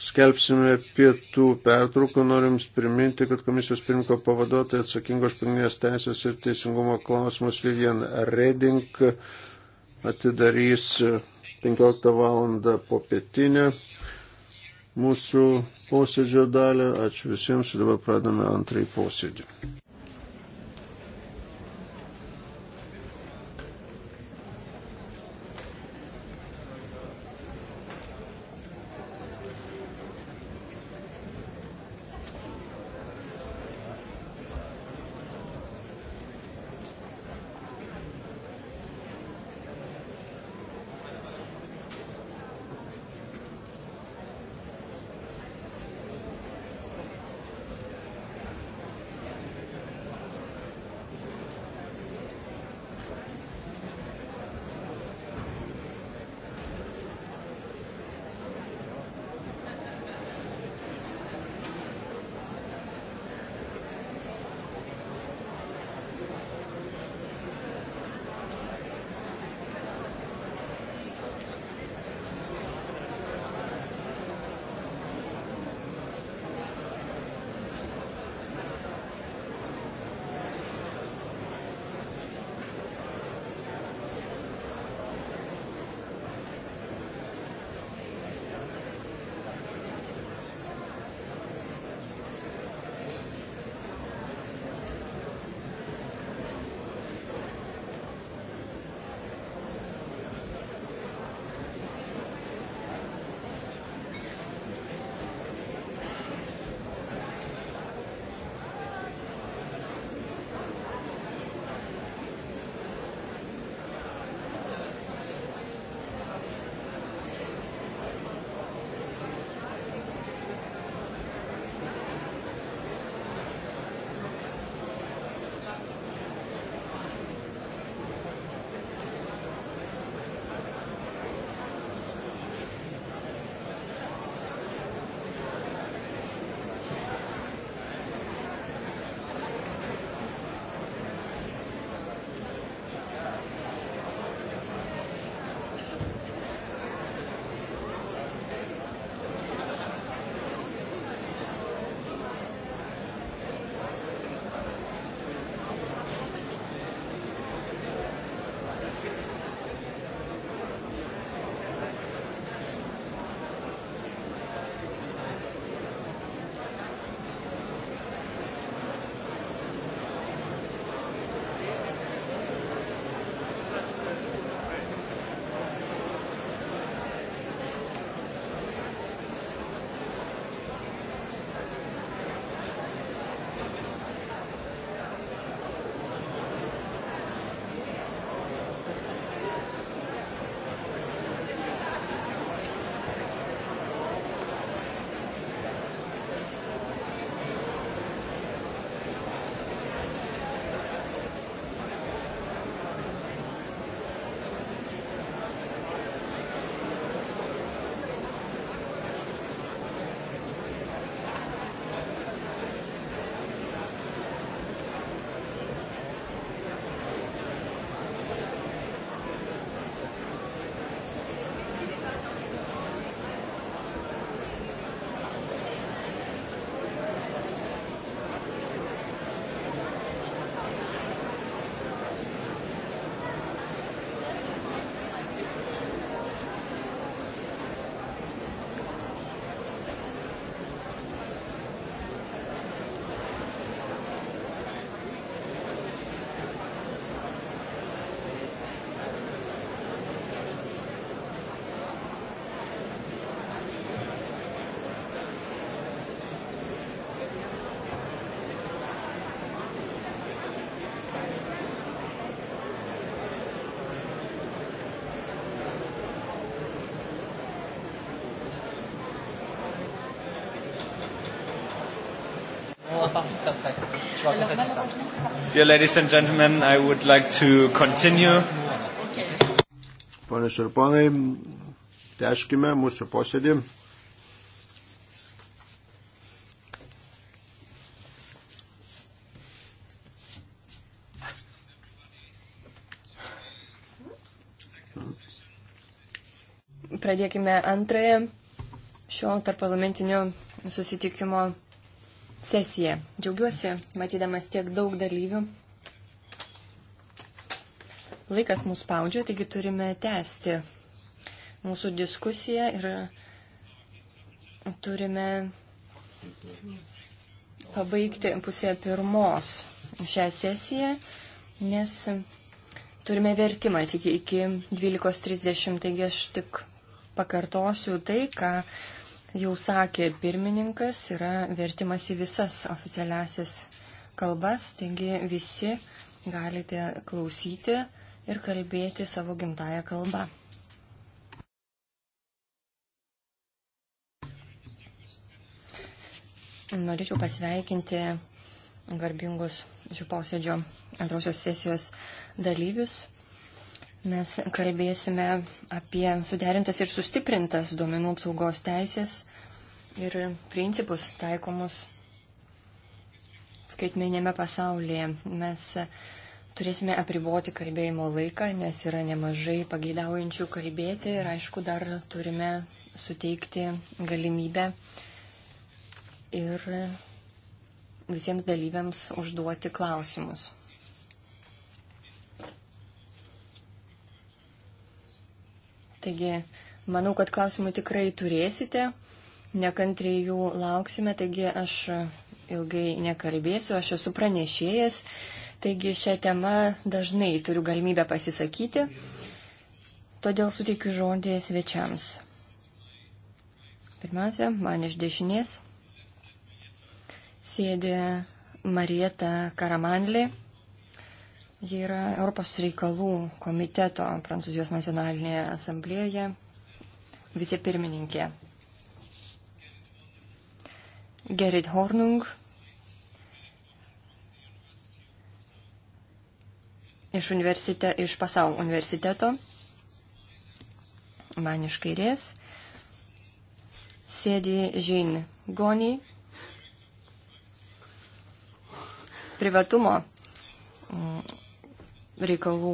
skelbsime pietų pertrauką. Norim priminti, kad komisijos pirmko pavaduotoja atsakingo už pagrindinės teisės ir teisingumo klausimus Vivian Reding atidarys 15 val. po pietinę mūsų posėdžio dalį. Ačiū visiems ir dabar pradame antrąjį posėdį. Dear ladies and gentlemen, I would like to continue. Pone ir ponai, teškime mūsų posėdį. Pradėkime antrąją šio tarp parlamentinio susitikimo sesiją. Džiaugiuosi, matydamas tiek daug dalyvių. Laikas mūsų spaudžia, taigi turime tęsti mūsų diskusiją ir turime pabaigti pusėje pirmos šią sesiją, nes turime vertimą tik iki 12.30, taigi aš tik pakartosiu tai, ką jau sakė pirmininkas, yra vertimas į visas oficialiasis kalbas, taigi visi galite klausyti ir kalbėti savo gimtają kalbą. Norėčiau pasveikinti garbingus šio posėdžio antrosios sesijos dalyvius. Mes kalbėsime apie suderintas ir sustiprintas duomenų apsaugos teisės ir principus taikomus skaitmenėme pasaulyje. Mes turėsime apriboti kalbėjimo laiką, nes yra nemažai pageidaujančių kalbėti ir aišku, dar turime suteikti galimybę ir visiems dalyviams užduoti klausimus. Taigi, manau, kad klausimų tikrai turėsite, nekantriai jų lauksime, taigi aš ilgai nekalbėsiu, aš esu pranešėjas, taigi šią temą dažnai turiu galimybę pasisakyti, todėl suteikiu žodį svečiams. Pirmiausia, man iš dešinės sėdi Marieta Karamanlė. Jie yra Europos reikalų komiteto Prancūzijos nacionalinėje asamblėje vicepirmininkė. Gerrit Hornung iš, universite, iš pasaulio universiteto, man iš kairės, sėdi Žin Goni, privatumo mm, reikalų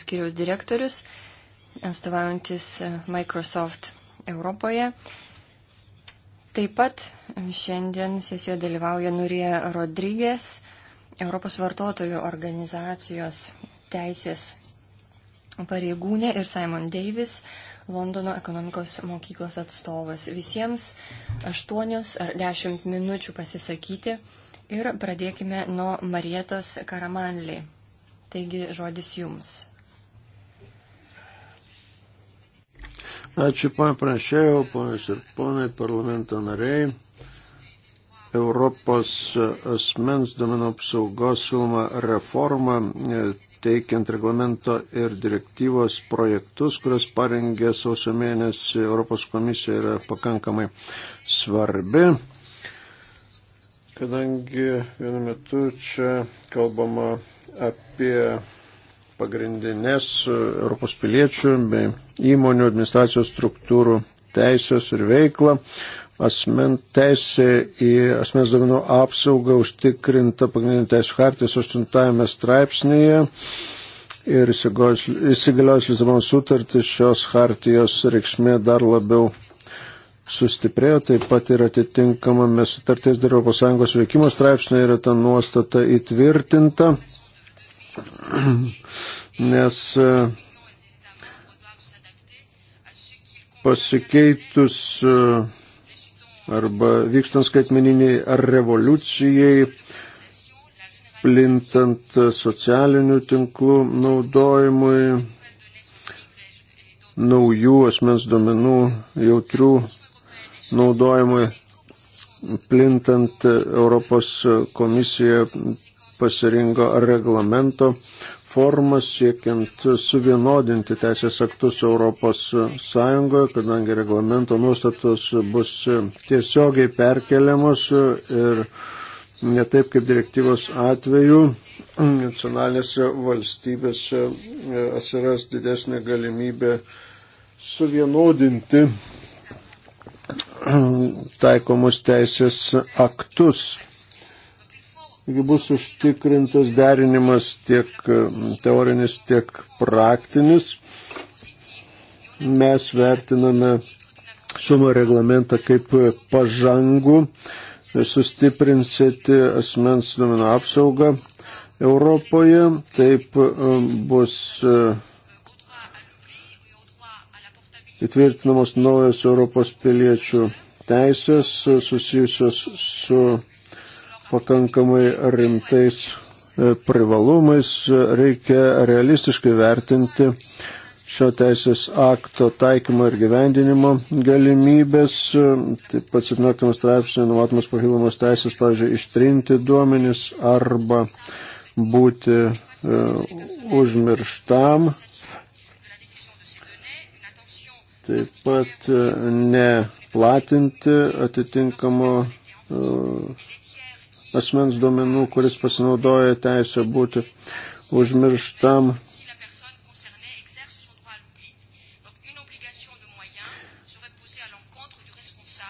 skiriaus direktorius, atstovaujantis Microsoft Europoje. Taip pat šiandien sesijoje dalyvauja Nurija Rodrygės, Europos vartotojų organizacijos teisės pareigūnė ir Simon Davis, Londono ekonomikos mokyklos atstovas. Visiems 8 ar 10 minučių pasisakyti ir pradėkime nuo Marietos Karamanlį. Taigi žodis jums. Ačiū, pana pranešėjau, ponas ir ponai, parlamento nariai. Europos asmens domenų apsaugos siūloma reforma, e, teikiant reglamento ir direktyvos projektus, kurias parengė sausio mėnesį Europos komisija, yra pakankamai svarbi. Kadangi vienu metu čia kalbama apie pagrindinės Europos piliečių bei įmonių administracijos struktūrų teisės ir veiklą. Asmen teisė į asmens duomenų apsaugą užtikrinta pagrindinė teisų hartijos 8 straipsnėje ir įsigaliojus Lisabono sutartis šios hartijos reikšmė dar labiau sustiprėjo, taip pat ir atitinkamame sutarties dėl ES veikimo straipsnėje yra ta nuostata įtvirtinta nes e, pasikeitus e, arba vykstant skaitmeniniai ar revoliucijai, plintant socialinių tinklų naudojimui, naujų asmens domenų jautrių naudojimui, plintant Europos komisija pasirinko reglamento formą siekiant suvienodinti teisės aktus Europos Sąjungoje, kadangi reglamento nuostatos bus tiesiogiai perkeliamos ir ne taip kaip direktyvos atveju nacionalinėse valstybėse atsiras didesnė galimybė suvienodinti taikomus teisės aktus Taigi bus užtikrintas derinimas tiek e, teorinis, tiek praktinis. Mes vertiname sumo reglamentą kaip pažangų, sustiprinsit asmens duomenų apsaugą Europoje, taip e, bus e, įtvirtinamos naujos Europos piliečių teisės susijusios su pakankamai rimtais e, privalumais. Reikia realistiškai vertinti šio teisės akto taikymo ir gyvendinimo galimybės. Taip pat 17 straipsnė numatomas papildomos teisės, pavyzdžiui, ištrinti duomenis arba būti e, užmirštam. Taip pat e, neplatinti atitinkamo e, asmens duomenų, kuris pasinaudoja teisę būti užmirštam.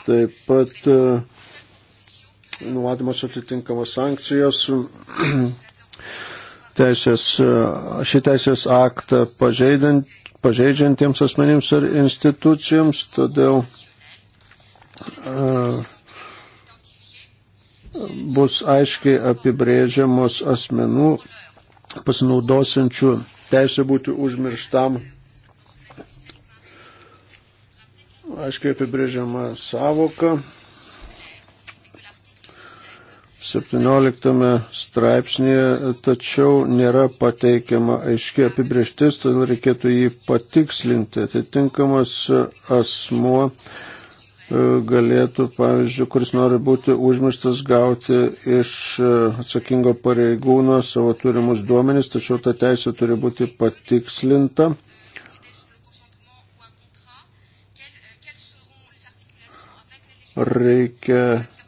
Taip pat e, numatomos atitinkamos sankcijos. Teisės, e, šį teisės aktą pažeidžiantiems asmenims ar institucijoms, todėl uh, bus aiškiai apibrėžiamos asmenų pasinaudosiančių teisę būti užmirštam. Aiškiai apibrėžiama savoka. 17 straipsnėje, tačiau nėra pateikiama aiškiai apibrieštis, todėl reikėtų jį patikslinti. Atitinkamas asmuo E, galėtų, pavyzdžiui, kuris nori būti užmirštas, gauti iš e, atsakingo pareigūno savo turimus duomenys, tačiau ta teisė turi būti patikslinta. Reikia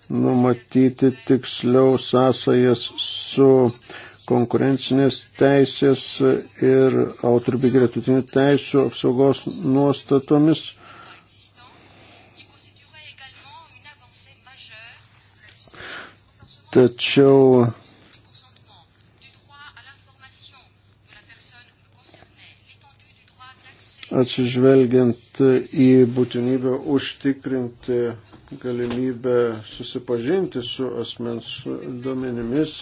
numatyti tiksliau sąsajas su konkurencinės teisės ir autorių bei gretutinių teisų apsaugos nuostatomis Tačiau atsižvelgiant į būtinybę užtikrinti galimybę susipažinti su asmens duomenimis,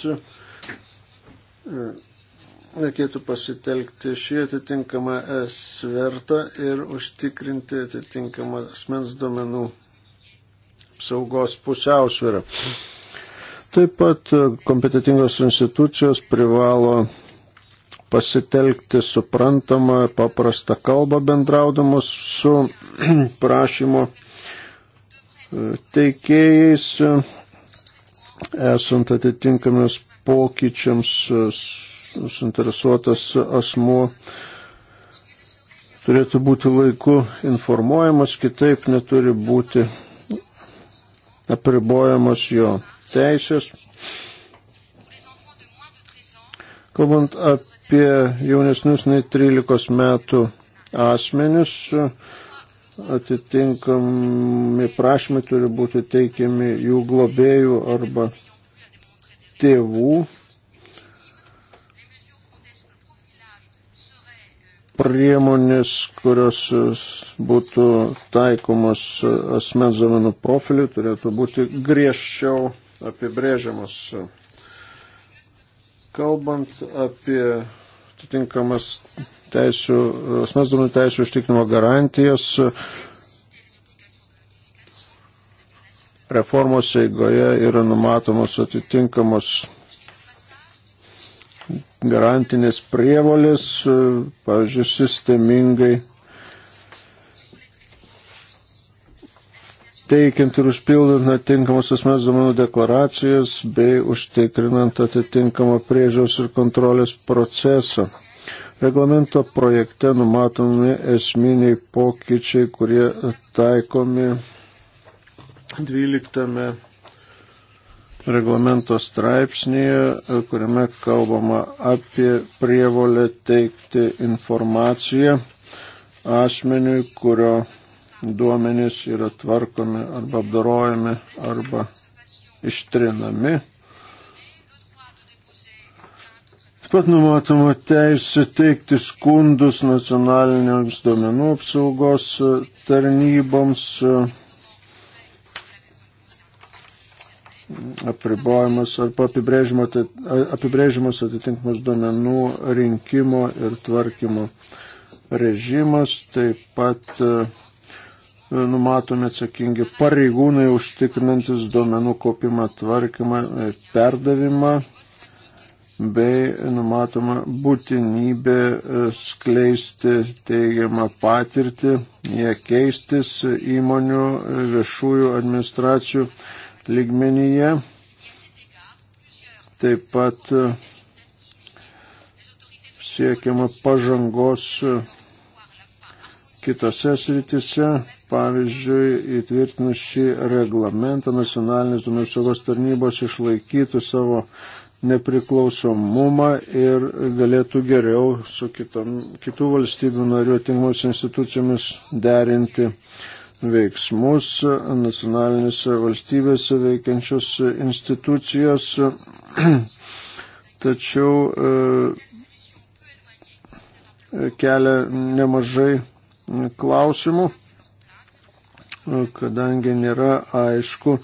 reikėtų pasitelkti šį atitinkamą svertą ir užtikrinti atitinkamą asmens duomenų apsaugos pusiausvyrą. Taip pat e, kompetitingos institucijos privalo pasitelkti suprantamą paprastą kalbą bendraudamus su prašymo e, teikėjais, e, esant atitinkamiems pokyčiams suinteresuotas asmuo turėtų būti laiku informuojamas, kitaip neturi būti apribojamas jo teisės. Kalbant apie jaunesnius nei 13 metų asmenis, atitinkami prašymai turi būti teikiami jų globėjų arba tėvų. Priemonės, kurios būtų taikomos asmens duomenų profiliui, turėtų būti griežčiau apibrėžiamos. Kalbant apie atitinkamas teisų, asmens duomenų teisų užtikrinimo garantijas, reformos eigoje yra numatomos atitinkamos garantinės prievolės, pavyzdžiui, sistemingai teikiant ir užpildant atitinkamus asmens duomenų deklaracijas bei užtikrinant atitinkamą priežiaus ir kontrolės procesą. Reglamento projekte numatomi esminiai pokyčiai, kurie taikomi 12 reglamento straipsnėje, kuriame kalbama apie prievolę teikti informaciją asmeniui, kurio duomenys yra tvarkomi arba apdarojami arba ištrinami. Taip pat numatoma teisė teikti skundus nacionaliniams duomenų apsaugos tarnyboms. Apribojimas arba apibrėžimas atitinkamas duomenų rinkimo ir tvarkymo režimas, taip pat uh, E, numatomi atsakingi pareigūnai užtikrinantis duomenų kopimą, tvarkymą, e, perdavimą bei numatoma būtinybė e, skleisti teigiamą patirtį, jie keistis įmonių viešųjų administracijų lygmenyje. Taip pat siekiama pažangos kitose sritise, Pavyzdžiui, įtvirtinus šį reglamentą, nacionalinės duomenų saugos tarnybos išlaikytų savo nepriklausomumą ir galėtų geriau su kitom, kitų valstybių narių atinkamos institucijomis derinti veiksmus. Nacionalinėse valstybėse veikiančios institucijos tačiau e, kelia nemažai klausimų kadangi nėra aišku,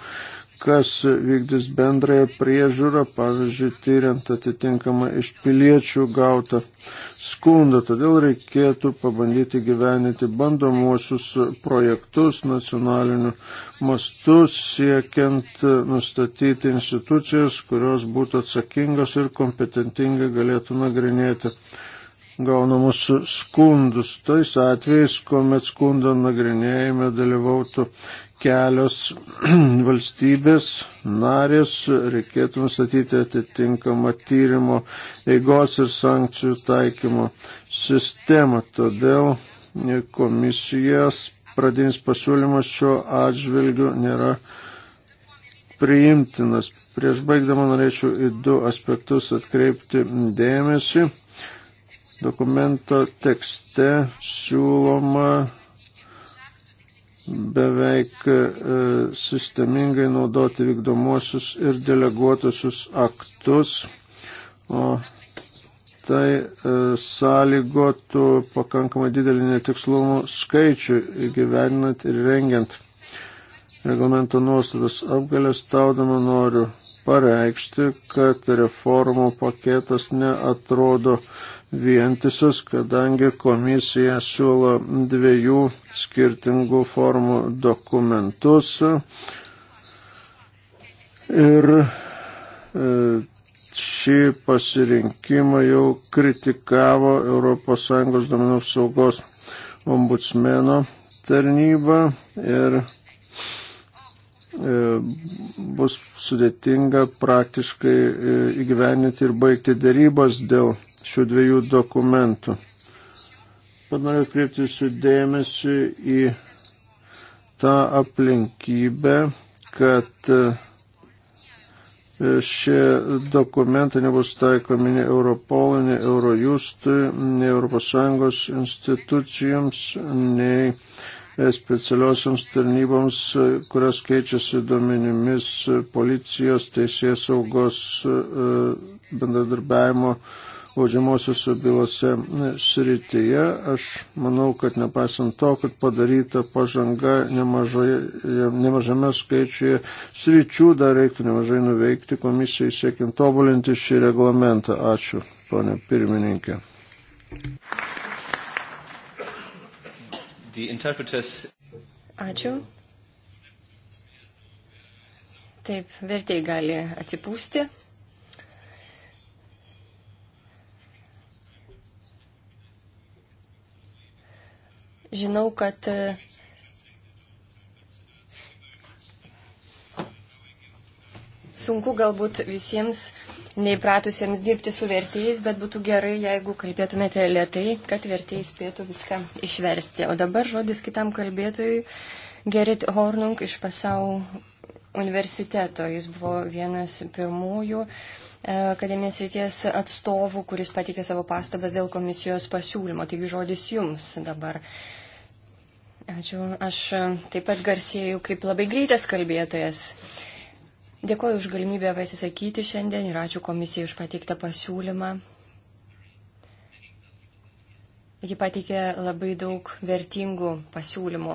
kas vykdys bendrąją priežiūrą, pavyzdžiui, tyriant atitinkamą iš piliečių gautą skundą. Todėl reikėtų pabandyti gyveninti bandomuosius projektus nacionaliniu mastu, siekiant nustatyti institucijas, kurios būtų atsakingos ir kompetentingai galėtų nagrinėti gaunamus skundus. Tais atvejais, kuomet skundo nagrinėjime dalyvautų kelios valstybės narės, reikėtų nustatyti atitinkamą tyrimo eigos ir sankcijų taikymo sistemą. Todėl komisijos pradinis pasiūlymas šiuo atžvilgiu nėra priimtinas. Prieš baigdama norėčiau į du aspektus atkreipti dėmesį. Dokumento tekste siūloma beveik e, sistemingai naudoti vykdomuosius ir deleguotusius aktus, o tai e, sąlygotų pakankamai didelį netikslumų skaičių įgyveninant ir rengiant reglamento nuostatas. Apgalės taudama noriu pareikšti, kad reformų paketas neatrodo vientisas, kadangi komisija siūlo dviejų skirtingų formų dokumentus. Ir e, šį pasirinkimą jau kritikavo ES duomenų apsaugos ombudsmeno tarnyba ir E, bus sudėtinga praktiškai e, įgyveninti ir baigti darybas dėl šių dviejų dokumentų. Pat noriu kreipti sudėmėsi į tą aplinkybę, kad e, šie dokumentai nebus taikomi nei Europolui, nei Eurojustui, nei ES institucijoms, nei specialiosioms tarnyboms, kurios keičiasi duomenimis policijos, teisės saugos bendradarbiavimo baudžiamosiuose bylose srityje. Aš manau, kad nepaisant to, kad padaryta pažanga nemažoje, nemažame skaičiuje sričių, dar reiktų nemažai nuveikti komisijai siekiant tobulinti šį reglamentą. Ačiū, ponė pirmininkė. Ačiū. Taip, vertėjai gali atsipūsti. Žinau, kad e, sunku galbūt visiems neįpratusiems dirbti su vertėjais, bet būtų gerai, jeigu kalbėtumėte lietai, kad vertėjai spėtų viską išversti. O dabar žodis kitam kalbėtojui Gerit Hornung iš pasaulio universiteto. Jis buvo vienas pirmųjų e, akademinės ryties atstovų, kuris patikė savo pastabas dėl komisijos pasiūlymo. Taigi žodis jums dabar. Ačiū. Aš e, taip pat garsėjau kaip labai greitas kalbėtojas. Uh, Dėkuoju už galimybę pasisakyti šiandien ir ačiū komisijai už pateiktą pasiūlymą. Ji pateikė labai daug vertingų pasiūlymų.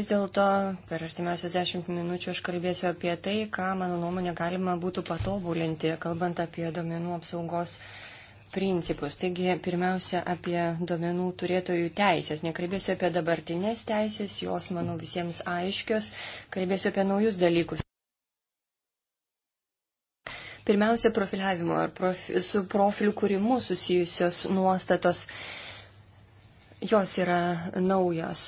Vis dėlto per artimiausias dešimt minučių aš kalbėsiu apie tai, ką, mano nuomonė, galima būtų patobulinti, kalbant apie domenų apsaugos principus. Taigi, pirmiausia, apie duomenų turėtojų teisės. Nekalbėsiu apie dabartinės teisės, jos, manau, visiems aiškios. Kalbėsiu apie naujus dalykus. Pirmiausia, profiliavimo ar profi, su profiliu kūrimu susijusios nuostatos. Jos yra naujos.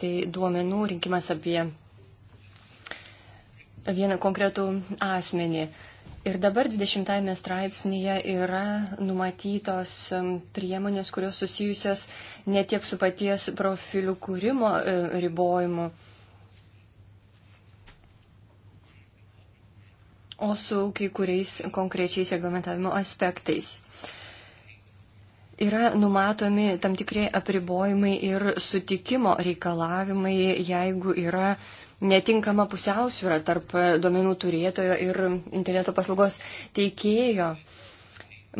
Tai duomenų rinkimas apie vieną konkretų asmenį. Ir dabar 20 straipsnėje yra numatytos um, priemonės, kurios susijusios ne tiek su paties profilių kūrimo e, ribojimu, o su kai kuriais konkrečiais reglamentavimo aspektais. Yra numatomi tam tikrie apribojimai ir sutikimo reikalavimai, jeigu yra netinkama pusiausvyrą tarp duomenų turėtojo ir interneto paslaugos teikėjo.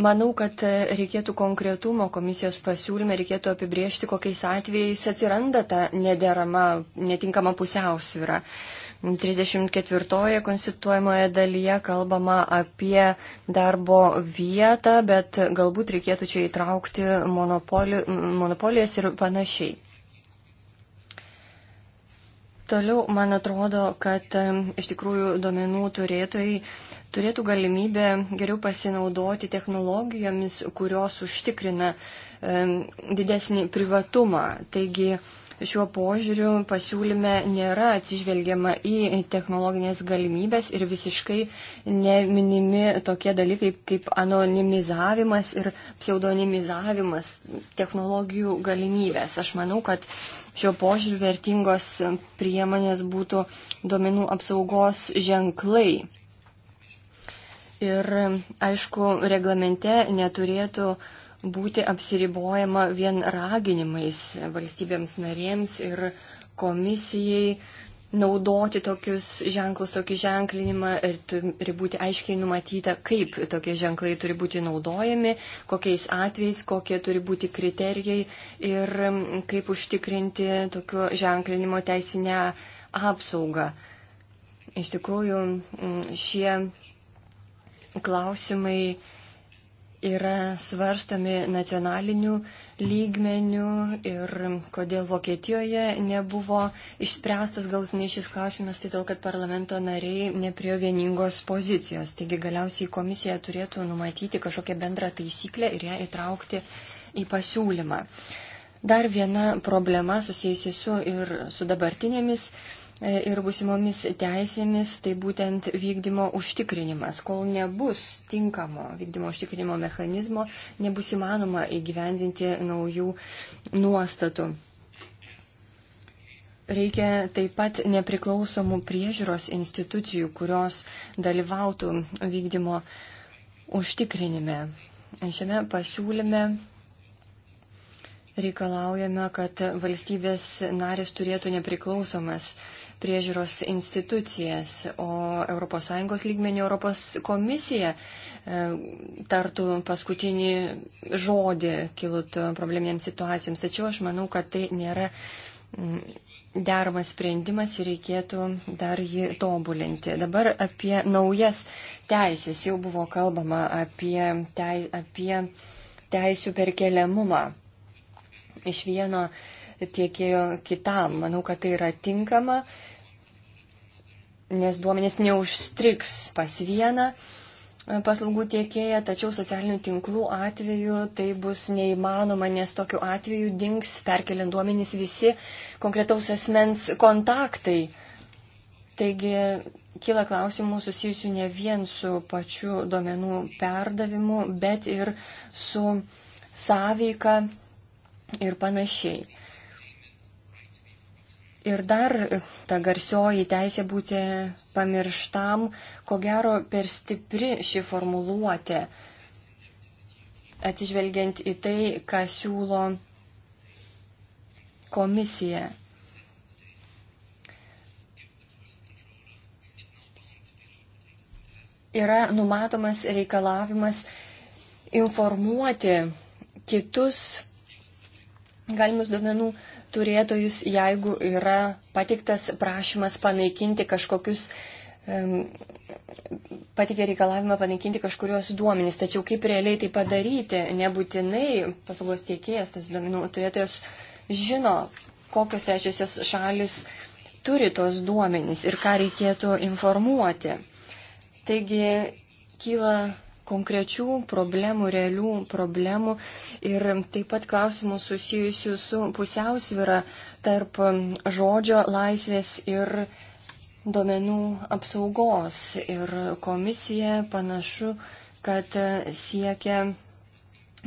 Manau, kad reikėtų konkretumo komisijos pasiūlyme, reikėtų apibriežti, kokiais atvejais atsiranda ta nederama, netinkama pusiausvyrą. Uh, 34 konstituojamoje dalyje kalbama apie darbo vietą, bet galbūt reikėtų čia įtraukti monopoli, monopolijas ir panašiai. Toliau, man atrodo, kad e, iš tikrųjų duomenų turėtojai turėtų galimybę geriau pasinaudoti technologijomis, kurios užtikrina e, didesnį privatumą. Taigi, šiuo požiūriu pasiūlyme nėra atsižvelgiama į technologinės galimybės ir visiškai neminimi tokie dalykai kaip anonimizavimas ir pseudonimizavimas technologijų galimybės. Aš manau, kad šio požiūriu vertingos priemonės būtų duomenų apsaugos ženklai. Ir aišku, reglamente neturėtų uh, būti apsiribojama vien raginimais valstybėms narėms ir komisijai naudoti tokius ženklus, tokį ženklinimą ir turi būti aiškiai numatyta, kaip tokie ženklai turi būti naudojami, kokiais atvejais, kokie turi būti kriterijai ir kaip užtikrinti tokio ženklinimo teisinę apsaugą. Iš tikrųjų, šie klausimai yra svarstami nacionaliniu lygmeniu ir kodėl Vokietijoje nebuvo išspręstas galtinai šis klausimas, tai tol, kad parlamento nariai nepriejo vieningos pozicijos. Taigi galiausiai komisija turėtų numatyti kažkokią bendrą taisyklę ir ją įtraukti į pasiūlymą. Dar viena problema susijusi su ir su dabartinėmis E, ir busimomis teisėmis, tai būtent vykdymo užtikrinimas. Kol nebus tinkamo vykdymo užtikrinimo mechanizmo, nebus įmanoma įgyvendinti naujų nuostatų. Reikia taip pat nepriklausomų priežiūros institucijų, kurios dalyvautų vykdymo užtikrinime. Šiame pasiūlyme reikalaujame, kad valstybės narės turėtų nepriklausomas priežiūros institucijas, o ES lygmenį Europos komisija e, tartų paskutinį žodį kilut probleminiams situacijoms. Tačiau aš manau, kad tai nėra mm, deramas sprendimas ir reikėtų dar jį tobulinti. Dabar apie naujas teisės. Jau buvo kalbama apie, tei, apie teisų perkeliamumą iš vieno tiekėjo kitam. Manau, kad tai yra tinkama, nes duomenės neužstriks pas vieną e, paslaugų tiekėją, tačiau socialinių tinklų atveju tai bus neįmanoma, nes tokiu atveju dinks perkeliant duomenys visi konkretaus asmens kontaktai. Taigi kyla klausimų susijusių ne vien su pačiu duomenų perdavimu, bet ir su sąveika ir panašiai. Ir dar ta garsioji teisė būti pamirštam, ko gero per stipri ši formuluotė, atsižvelgiant į tai, ką siūlo komisija. Yra numatomas reikalavimas informuoti kitus galimus duomenų turėtojus, jeigu yra patiktas prašymas panaikinti kažkokius patikė reikalavimą panaikinti kažkurios duomenys, tačiau kaip realiai tai padaryti, nebūtinai paslaugos tiekėjas, tas duomenų turėtojas žino, kokios trečiosios šalis turi tos duomenys ir ką reikėtų informuoti. Taigi kyla konkrečių problemų, realių problemų ir taip pat klausimų susijusių su pusiausvyra tarp um, žodžio laisvės ir duomenų apsaugos. Ir komisija panašu, kad uh, siekia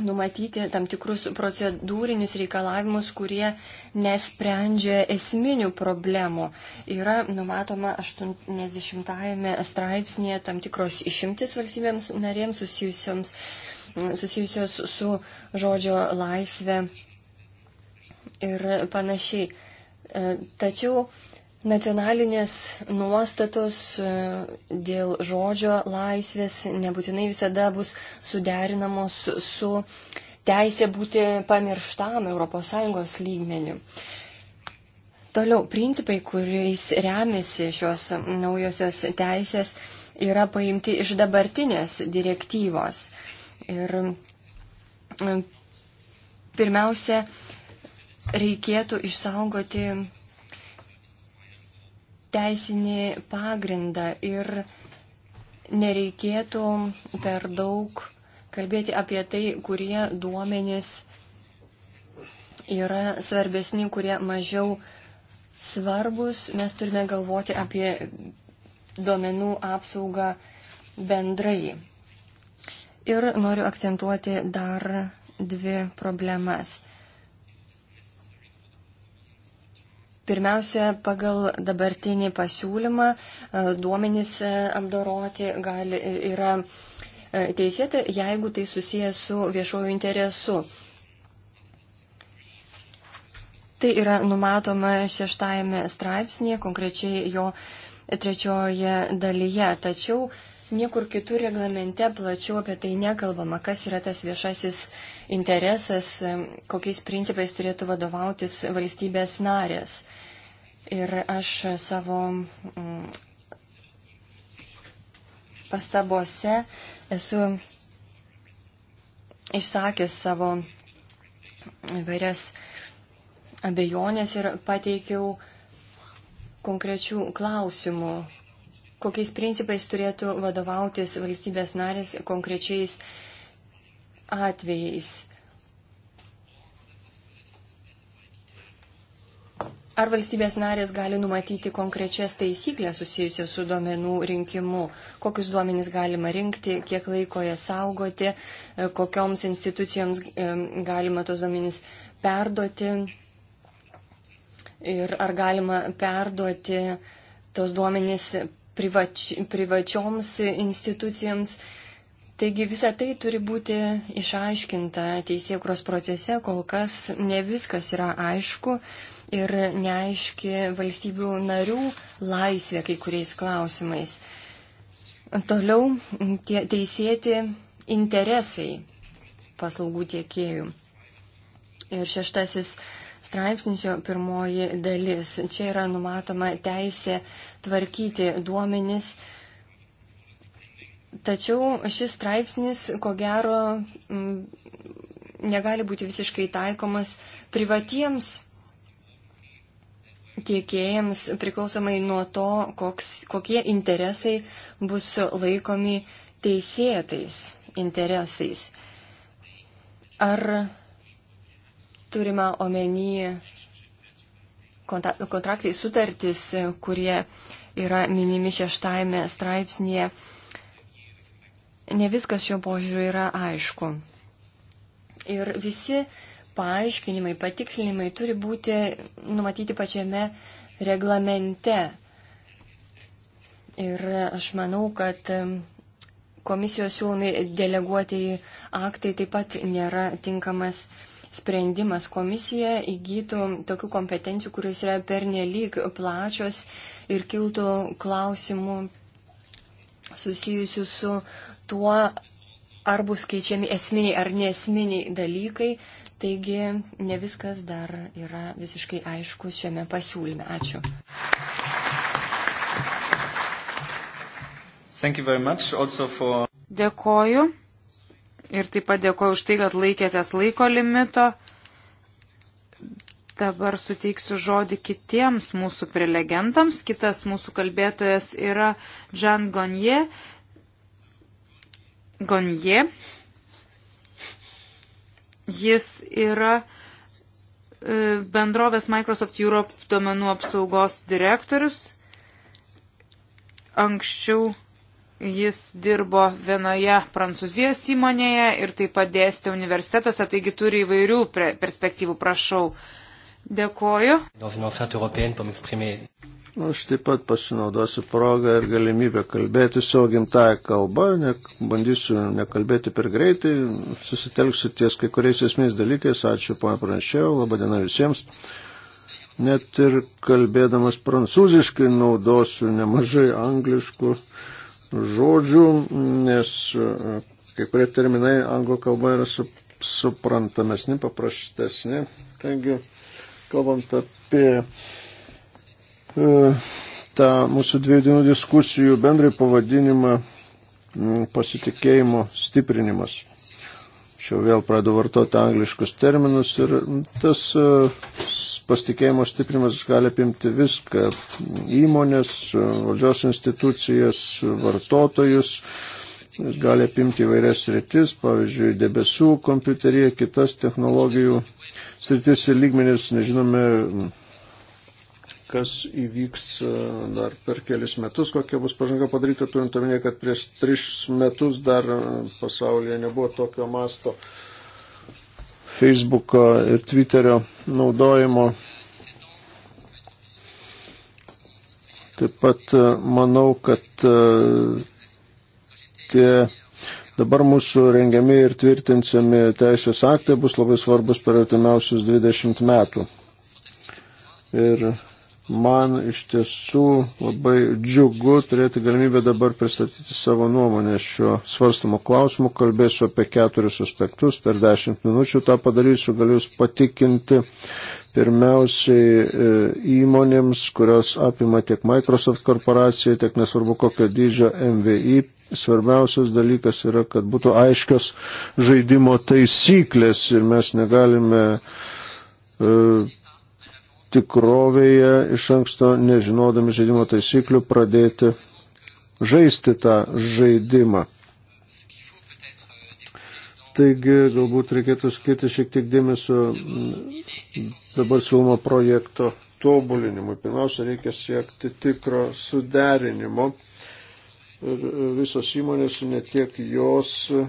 numatyti tam tikrus procedūrinius reikalavimus, kurie nesprendžia esminių problemų. Yra numatoma 80-ame straipsnėje tam tikros išimtis valstybėms narėms susijusios, susijusios su žodžio laisvė ir panašiai. E, tačiau Nacionalinės nuostatos e, dėl žodžio laisvės nebūtinai visada bus suderinamos su teisė būti pamirštam ES lygmeniu. Toliau, principai, kuriais remiasi šios naujosios teisės, yra paimti iš dabartinės direktyvos. Ir e, pirmiausia, reikėtų išsaugoti teisinį pagrindą ir nereikėtų per daug kalbėti apie tai, kurie duomenys yra svarbesni, kurie mažiau svarbus. Mes turime galvoti apie duomenų apsaugą bendrai. Ir noriu akcentuoti dar dvi problemas. Pirmiausia, pagal dabartinį pasiūlymą e, duomenys e, apdoroti gali, e, yra teisėta, jeigu tai susijęs su viešoju interesu. Tai yra numatoma šeštajame straipsnėje, konkrečiai jo trečioje dalyje. Tačiau niekur kitur reglamente plačiau apie tai nekalbama, kas yra tas viešasis interesas, kokiais principais turėtų vadovautis valstybės narės. Ir aš savo mm, pastabose esu išsakęs savo įvairias abejonės ir pateikiau konkrečių klausimų, kokiais principais turėtų vadovautis valstybės narės konkrečiais atvejais. Ar valstybės narės gali numatyti konkrečias taisyklės susijusias su duomenų rinkimu, kokius duomenys galima rinkti, kiek laiko jas saugoti, e, kokioms institucijoms e, galima tos duomenys perduoti ir ar galima perduoti tos duomenys privač, privačioms institucijoms. Taigi visa tai turi būti išaiškinta teisėkros procese, kol kas ne viskas yra aišku ir neaiški valstybių narių laisvė kai kuriais klausimais. Toliau tie, teisėti interesai paslaugų tiekėjų. Ir šeštasis straipsnis jo pirmoji dalis. Čia yra numatoma teisė tvarkyti duomenis. Tačiau šis straipsnis, ko gero, mm, negali būti visiškai taikomas privatiems tiekėjams priklausomai nuo to, koks, kokie interesai bus laikomi teisėtais interesais. Ar turima omeny kontraktai sutartis, kurie yra minimi šeštajame straipsnėje, ne viskas šio požiūriu yra aišku. Ir visi paaiškinimai, patikslinimai turi būti numatyti pačiame reglamente. Ir aš manau, kad komisijos siūlomi deleguotieji aktai taip pat nėra tinkamas sprendimas. Komisija įgytų tokių kompetencijų, kuris yra pernelyg plačios ir kiltų klausimų susijusių su tuo, ar bus keičiami esminiai ar nesminiai dalykai Taigi ne viskas dar yra visiškai aišku šiame pasiūlyme. Ačiū. For... Dėkoju. Ir taip pat dėkoju už tai, kad laikėtės laiko limito. Dabar suteiksiu žodį kitiems mūsų prelegentams. Kitas mūsų kalbėtojas yra Jean Gonje. Gonje Jis yra e, bendrovės Microsoft Europe duomenų apsaugos direktorius. Anksčiau jis dirbo vienoje Prancūzijos įmonėje ir taip pat dėstė universitetuose, taigi turi įvairių perspektyvų, prašau. Dėkoju. Aš taip pat pasinaudosiu progą ir galimybę kalbėti savo gimtają kalbą, ne, bandysiu nekalbėti per greitai, susitelksiu ties kai kuriais esmės dalykais. Ačiū, pana pranešėjau, laba diena visiems. Net ir kalbėdamas prancūziškai naudosiu nemažai angliškų žodžių, nes e, kai kurie terminai anglų kalba yra su, suprantamesni, paprastesni. Taigi, kalbant apie E, tą mūsų dviejų dienų diskusijų bendrai pavadinimą pasitikėjimo stiprinimas. Čia vėl pradedu vartoti angliškus terminus ir tas e, pasitikėjimo stiprinimas gali apimti viską - įmonės, e, valdžios institucijas, vartotojus, jis gali apimti įvairias sritis, pavyzdžiui, debesų kompiuterija, kitas technologijų sritis ir lygmenis, nežinome, kas įvyks e, dar per kelis metus, kokia bus pažanga padaryta, turint omenyje, kad prieš tris metus dar e, pasaulyje nebuvo tokio masto Facebooko ir Twitterio naudojimo. Taip pat e, manau, kad tie Dabar mūsų rengiami ir tvirtinsami teisės aktai bus labai svarbus per atimiausius 20 metų. Ir Man iš tiesų labai džiugu turėti galimybę dabar pristatyti savo nuomonę šiuo svarstamu klausimu. Kalbėsiu apie keturis aspektus, per dešimt minučių tą padarysiu, galiu jūs patikinti. Pirmiausiai e, įmonėms, kurios apima tiek Microsoft korporaciją, tiek nesvarbu kokio dydžio MVI, svarbiausias dalykas yra, kad būtų aiškios žaidimo taisyklės ir mes negalime. Uh, tikrovėje iš anksto nežinodami žaidimo taisyklių pradėti žaisti tą žaidimą. Taigi galbūt reikėtų skirti šiek tiek dėmesio mm, dabar siūlomo projekto tobulinimui. Pirmiausia, reikia siekti tikro suderinimo. Ir e, visos įmonės, ne tiek jos e,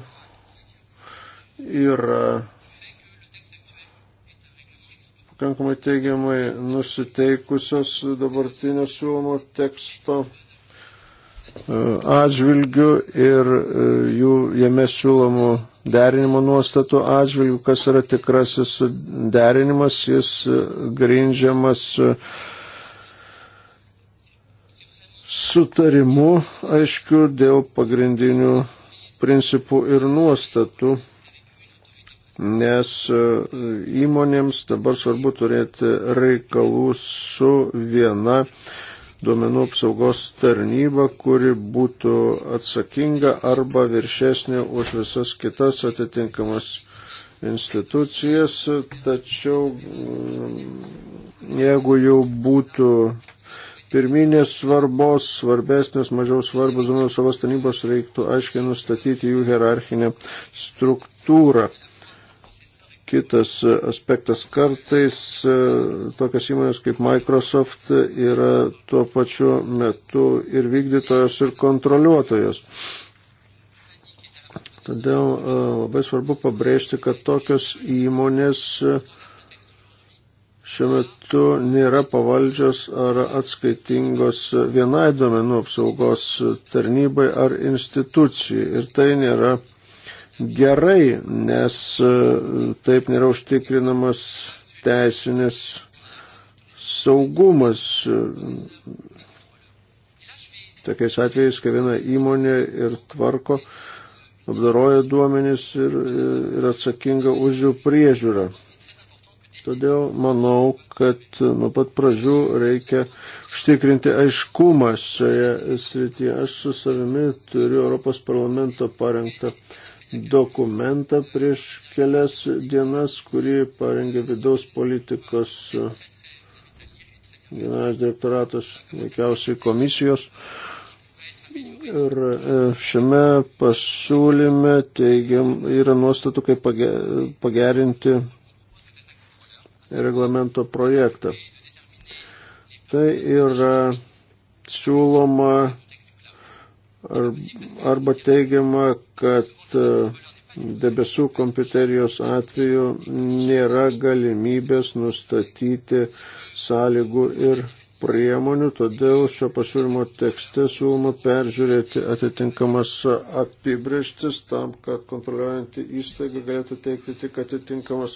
yra pakankamai teigiamai nusiteikusios dabartinio siūlomo teksto e, atžvilgių ir e, jų jame siūlomų derinimo nuostatų atžvilgių, kas yra tikrasis derinimas, jis e, grindžiamas sutarimu, aišku, dėl pagrindinių principų ir nuostatų nes e, įmonėms dabar svarbu turėti reikalų su viena duomenų apsaugos tarnyba, kuri būtų atsakinga arba viršesnė už visas kitas atitinkamas institucijas, tačiau mm, jeigu jau būtų pirminės svarbos, svarbesnės, mažiau svarbus duomenų apsaugos tarnybos, reiktų aiškiai nustatyti jų hierarchinę struktūrą. Kitas aspektas kartais e, tokios įmonės kaip Microsoft yra tuo pačiu metu ir vykdytojos, ir kontroliuotojos. Todėl e, labai svarbu pabrėžti, kad tokios įmonės e, šiuo metu nėra pavaldžios ar atskaitingos vienai domenų apsaugos tarnybai ar institucijai. Ir tai nėra gerai, nes e, taip nėra užtikrinamas teisinės saugumas. E, tokiais atvejais, kai viena įmonė ir tvarko, apdaroja duomenys ir, ir atsakinga už jų priežiūrą. Todėl manau, kad nuo pat pradžių reikia užtikrinti aiškumą šioje srityje. Aš su savimi turiu Europos parlamento parengtą dokumentą prieš kelias dienas, kurį parengė vidaus politikos e, generalinis direktoratas, veikiausiai komisijos. Ir e, šiame pasiūlyme teigiam, yra nuostatų, kaip pagerinti reglamento projektą. Tai yra siūloma arba teigiama, kad kad e, debesų kompiuterijos atveju nėra galimybės nustatyti sąlygų ir priemonių, todėl šio pasiūlymo tekste siūloma peržiūrėti atitinkamas apibrieštis tam, kad kontroliuojantį įstaigą galėtų teikti tik atitinkamas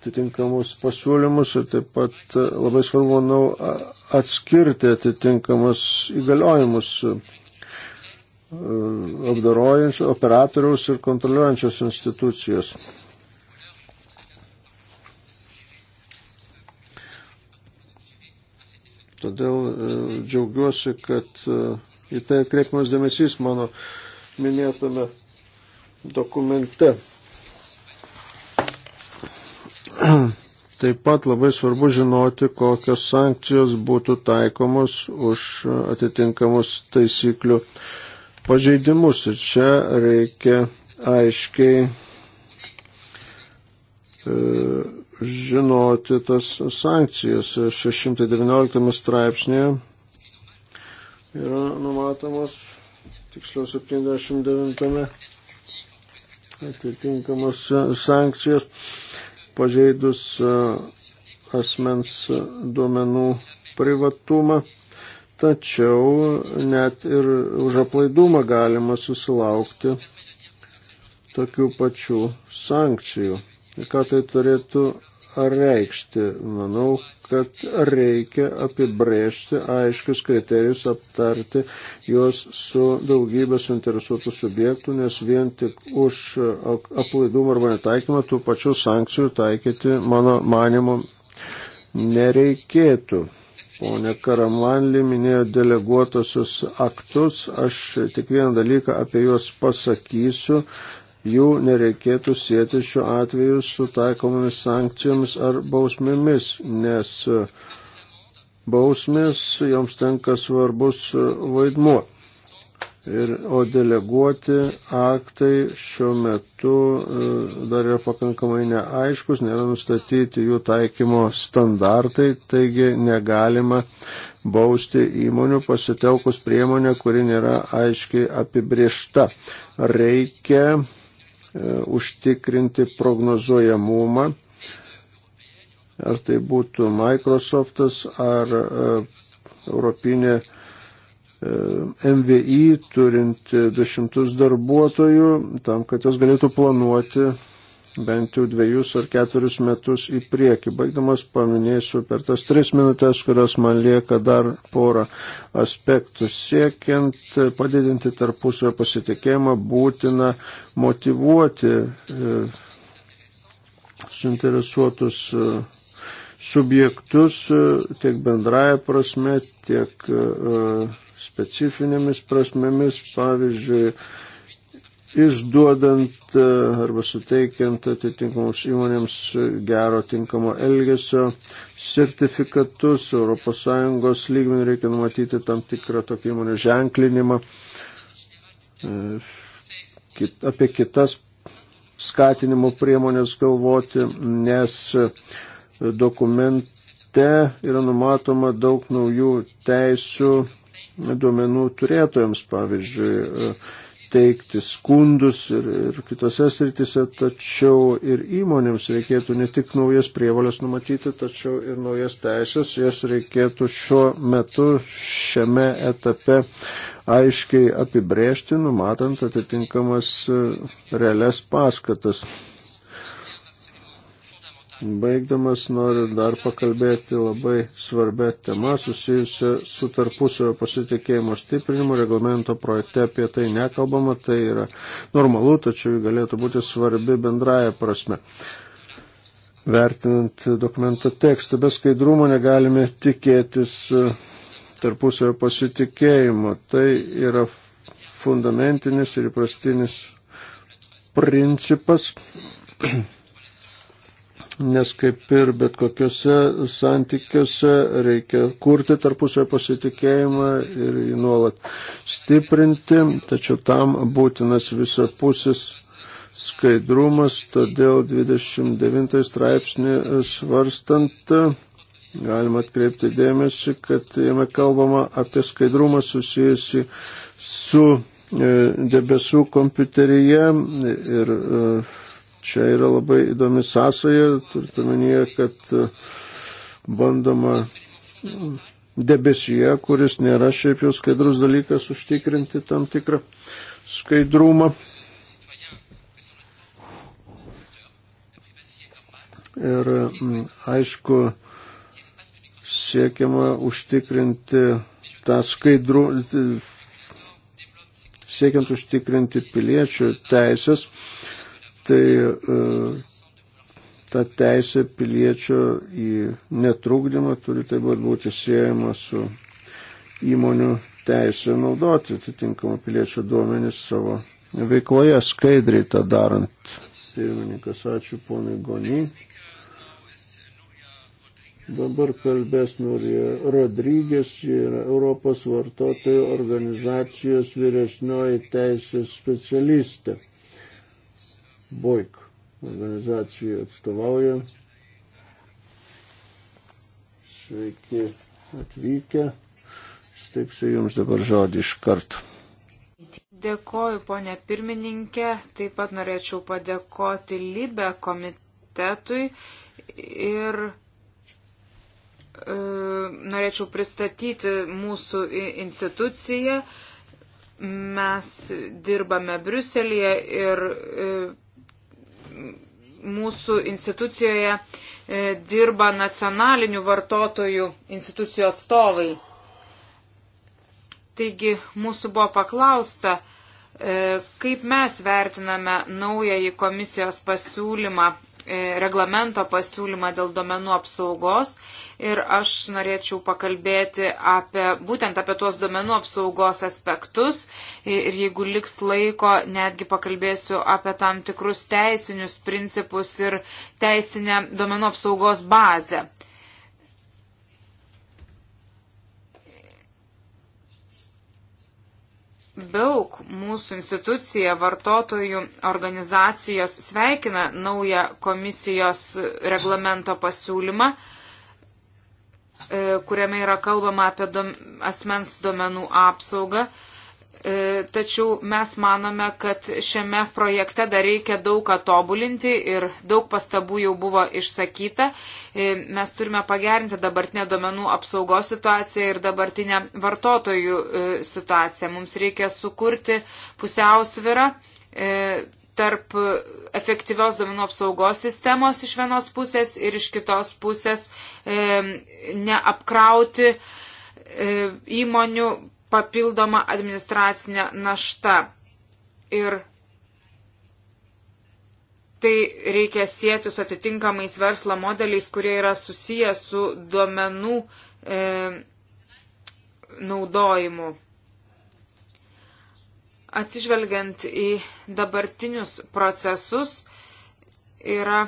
atitinkamus pasiūlymus ir taip pat e, labai svarbu, manau, atskirti atitinkamas įgaliojimus E, apdarojančios operatoriaus ir kontroliuojančios institucijos. Todėl e, džiaugiuosi, kad e, į tai atkreipimas dėmesys mano minėtame dokumente. Taip pat labai svarbu žinoti, kokios sankcijos būtų taikomos už atitinkamus taisyklių uh, pažeidimus. Ir čia reikia aiškiai e, žinoti tas sankcijas. 619 straipsnėje yra numatomas, tiksliau 79 atitinkamas sankcijos pažeidus e, asmens duomenų privatumą tačiau net ir už aplaidumą galima susilaukti tokių pačių sankcijų. Ir ką tai turėtų reikšti? Manau, kad reikia apibrėžti aiškius kriterijus, aptarti juos su daugybė suinteresuotų subjektų, nes vien tik už aplaidumą arba netaikymą tų pačių sankcijų taikyti, mano manimu, nereikėtų. Pone Karamanli minėjo deleguotosius aktus, aš tik vieną dalyką apie juos pasakysiu. Jų nereikėtų sėti šiuo atveju su taikomomis sankcijomis ar bausmėmis, nes bausmės joms tenka svarbus vaidmuo. Ir, o deleguoti aktai šiuo metu e, dar yra pakankamai neaiškus, nėra nustatyti jų taikymo standartai, taigi negalima bausti įmonių pasitelkus priemonę, kuri nėra aiškiai apibriešta. Reikia e, užtikrinti prognozuojamumą, ar tai būtų Microsoftas ar e, Europinė E, MVI turinti 200 darbuotojų, tam, kad jos galėtų planuoti bent jau dviejus ar ketverius metus į priekį. Baigdamas paminėsiu per tas tris minutės, kurios man lieka dar porą aspektų. Siekiant padidinti tarpusio pasitikėjimą, būtina motivuoti e, suinteresuotus e, subjektus e, tiek bendraja prasme, tiek. E, specifinėmis prasmėmis, pavyzdžiui, išduodant e, arba suteikiant atitinkamus įmonėms gero tinkamo elgesio sertifikatus, ES lygmenį reikia numatyti tam tikrą tokį įmonę ženklinimą e, kit, apie kitas skatinimo priemonės galvoti, nes dokumente yra numatoma daug naujų teisų duomenų turėtojams, pavyzdžiui, e, teikti skundus ir, ir kitose sritise, tačiau ir įmonėms reikėtų ne tik naujas prievalės numatyti, tačiau ir naujas teisės, jas reikėtų šiuo metu šiame etape aiškiai apibrėžti, numatant atitinkamas e, realias paskatas. Baigdamas noriu dar pakalbėti labai svarbę temą susijusią su tarpusavio pasitikėjimo stiprinimu. Reglamento projekte apie tai nekalbama, tai yra normalu, tačiau galėtų būti svarbi bendraja prasme vertinant dokumento tekstą. Be skaidrumo negalime tikėtis e, tarpusavio pasitikėjimo. Tai yra fundamentinis ir įprastinis principas, nes kaip ir bet kokiuose santykiuose reikia kurti tarpusio pasitikėjimą ir jį nuolat stiprinti, tačiau tam būtinas visapusis skaidrumas, todėl 29 straipsnį svarstant galima atkreipti dėmesį, kad jame kalbama apie skaidrumą susijusi su e, debesų kompiuteryje ir uh, čia yra labai įdomi sąsoja, turint omenyje, kad e, bandoma debesyje, kuris nėra šiaip jau skaidrus dalykas, užtikrinti tam tikrą skaidrumą. Ir aišku, siekiama užtikrinti tą skaidrų, siekiant užtikrinti piliečių teisės, tai e, ta teisė piliečio į netrukdymą turi taip pat būti siejama su įmonių teisė naudoti atitinkamą piliečio duomenis savo veikloje, skaidriai tą darant. Pirmininkas, ačiū ponai Goni. Dabar kalbės Nurija Rodrygės, ji yra Europos vartotojų organizacijos vyresnioji teisės specialistė. Boik organizacijai atstovauja. Sveiki atvykę. Steipsiu Jums dabar žodį iš karto. Dėkoju, ponė pirmininkė. Taip pat norėčiau padėkoti Libe komitetui ir e, norėčiau pristatyti mūsų instituciją. Mes dirbame Briuselėje ir e, mūsų institucijoje e, dirba nacionalinių vartotojų institucijų atstovai. Taigi mūsų buvo paklausta, e, kaip mes vertiname naująjį komisijos pasiūlymą E, reglamento pasiūlymą dėl domenų apsaugos ir aš norėčiau pakalbėti apie, būtent apie tuos domenų apsaugos aspektus ir jeigu liks laiko, netgi pakalbėsiu apie tam tikrus teisinius principus ir teisinę domenų apsaugos bazę. Daug mūsų institucija, vartotojų organizacijos sveikina naują komisijos reglamento pasiūlymą, e, kuriame yra kalbama apie asmens duomenų apsaugą. E, tačiau mes manome, kad šiame projekte dar reikia daug ką tobulinti ir daug pastabų jau buvo išsakyta. E, mes turime pagerinti dabartinę domenų apsaugos situaciją ir dabartinę vartotojų e, situaciją. Mums reikia sukurti pusiausvirą tarp efektyvios duomenų apsaugos sistemos iš vienos pusės ir iš kitos pusės e, neapkrauti e, įmonių papildoma administracinė našta. Ir tai reikia sėti su atitinkamais verslo modeliais, kurie yra susiję su duomenų e, naudojimu. Atsižvelgiant į dabartinius procesus, yra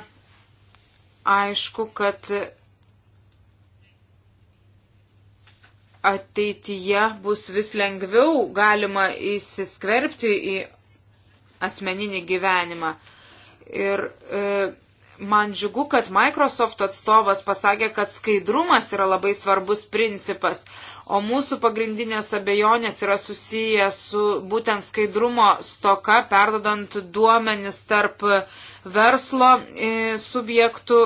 aišku, kad ateityje bus vis lengviau galima įsiskverbti į asmeninį gyvenimą. Ir e, man džiugu, kad Microsoft atstovas pasakė, kad skaidrumas yra labai svarbus principas, o mūsų pagrindinės abejonės yra susiję su būtent skaidrumo stoka, perdodant duomenis tarp verslo e, subjektų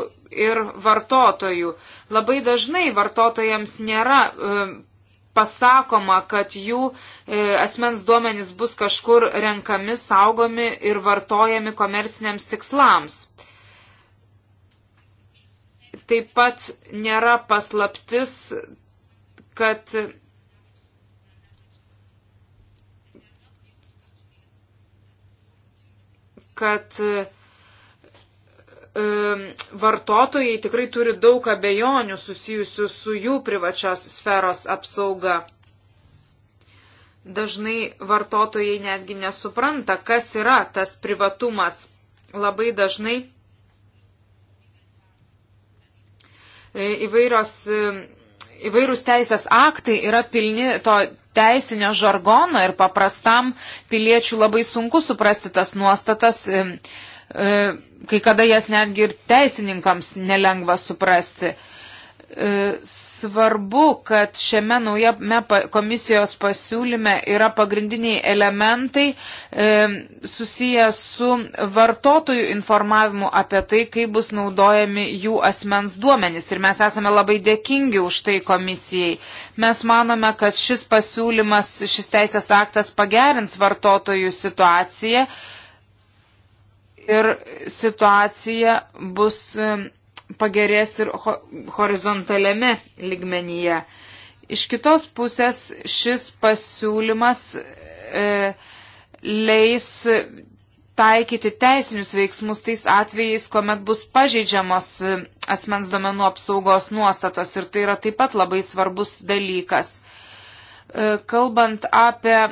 ir vartotojų. Labai dažnai vartotojams nėra e, pasakoma, kad jų e, asmens duomenys bus kažkur renkami, saugomi ir vartojami komerciniams tikslams. Taip pat nėra paslaptis, kad kad Um, vartotojai tikrai turi daug abejonių susijusių su jų privačios sferos apsauga. Dažnai vartotojai netgi nesupranta, kas yra tas privatumas. Labai dažnai e, įvairios, e, įvairūs teisės aktai yra pilni to teisinio žargono ir paprastam piliečių labai sunku suprasti tas nuostatas. E, E, kai kada jas netgi ir teisininkams nelengva suprasti. E, svarbu, kad šiame naujame komisijos pasiūlyme yra pagrindiniai elementai e, susiję su vartotojų informavimu apie tai, kaip bus naudojami jų asmens duomenys. Ir mes esame labai dėkingi už tai komisijai. Mes manome, kad šis pasiūlymas, šis teisės aktas pagerins vartotojų situaciją ir situacija bus pagerės ir ho horizontaliame ligmenyje. Iš kitos pusės šis pasiūlymas e, leis taikyti teisinius veiksmus tais atvejais, kuomet bus pažeidžiamos e, asmens duomenų apsaugos nuostatos ir tai yra taip pat labai svarbus dalykas. E, kalbant apie e,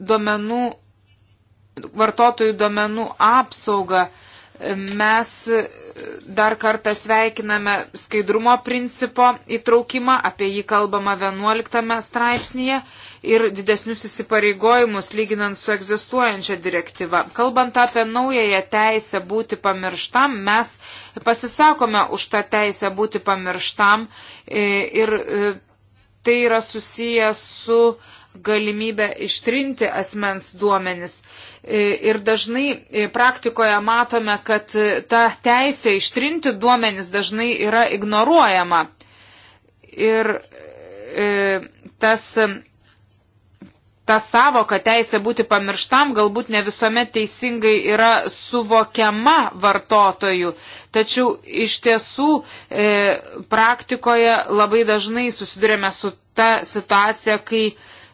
duomenų vartotojų duomenų apsaugą. Mes dar kartą sveikiname skaidrumo principo įtraukimą, apie jį kalbama 11 straipsnėje ir didesnius įsipareigojimus lyginant su egzistuojančia direktyva. Kalbant apie naująją teisę būti pamirštam, mes pasisakome už tą teisę būti pamirštam e, ir e, tai yra susiję su galimybę ištrinti asmens duomenis. E, ir dažnai e, praktikoje matome, kad e, ta teisė ištrinti duomenis dažnai yra ignoruojama. Ir tas, ta savoka teisė būti pamirštam galbūt ne visuomet teisingai yra suvokiama vartotojų. Tačiau iš tiesų e, praktikoje labai dažnai susidurėme su ta situacija, kai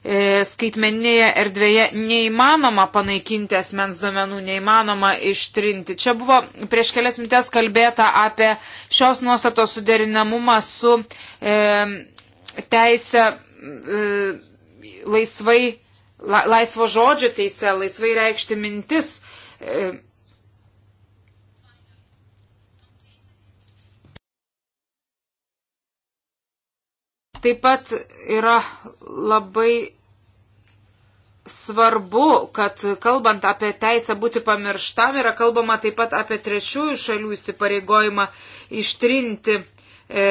E, skaitmeninėje erdvėje neįmanoma panaikinti asmens duomenų, neįmanoma ištrinti. Čia buvo prieš kelias mintes kalbėta apie šios nuostatos suderinamumą su e, teisė e, laisvai, la, laisvo žodžio teisė, laisvai reikšti mintis. E, Taip pat yra labai svarbu, kad kalbant apie teisę būti pamirštam, yra kalbama taip pat apie trečiųjų šalių įsipareigojimą ištrinti e,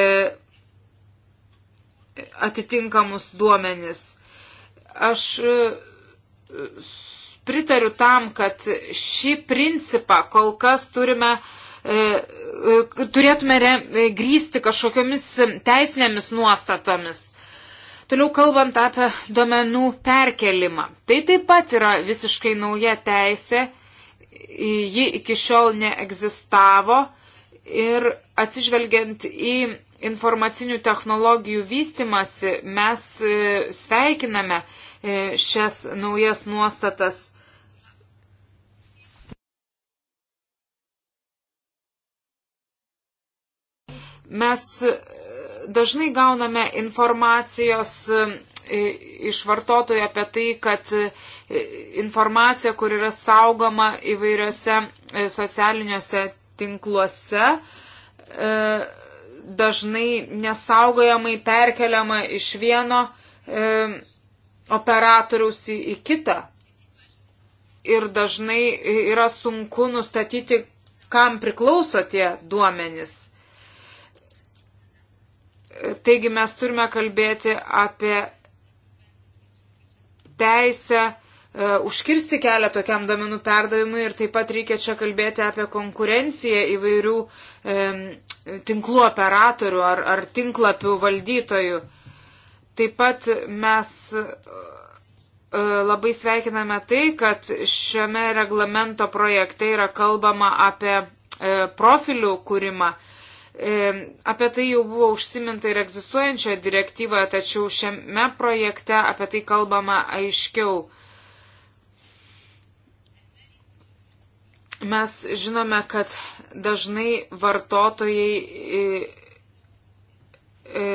atitinkamus duomenis. Aš e, pritariu tam, kad šį principą kol kas turime e, e turėtume re, e, grįsti kažkokiamis teisinėmis nuostatomis. Toliau kalbant apie duomenų perkelimą. Tai taip pat yra visiškai nauja teisė, ji iki šiol neegzistavo ir atsižvelgiant į informacinių technologijų vystimasi, mes e, sveikiname e, šias naujas nuostatas. Mes dažnai gauname informacijos e, iš vartotojų apie tai, kad e, informacija, kur yra saugoma įvairiose e, socialiniuose tinkluose, dažnai nesaugojamai perkeliama iš vieno operatoriaus į kitą. Ir dažnai yra sunku nustatyti, kam priklauso tie duomenys. Taigi mes turime kalbėti apie teisę e, užkirsti kelią tokiam domenų perdavimui ir taip pat reikia čia kalbėti apie konkurenciją įvairių e, tinklų operatorių ar, ar tinklapių valdytojų. Taip pat mes e, labai sveikiname tai, kad šiame reglamento projekte yra kalbama apie e, profilių kūrimą. E, E, apie tai jau buvo užsiminta ir egzistuojančioje direktyvoje, tačiau šiame projekte apie tai kalbama aiškiau. Mes žinome, kad dažnai vartotojai e, e,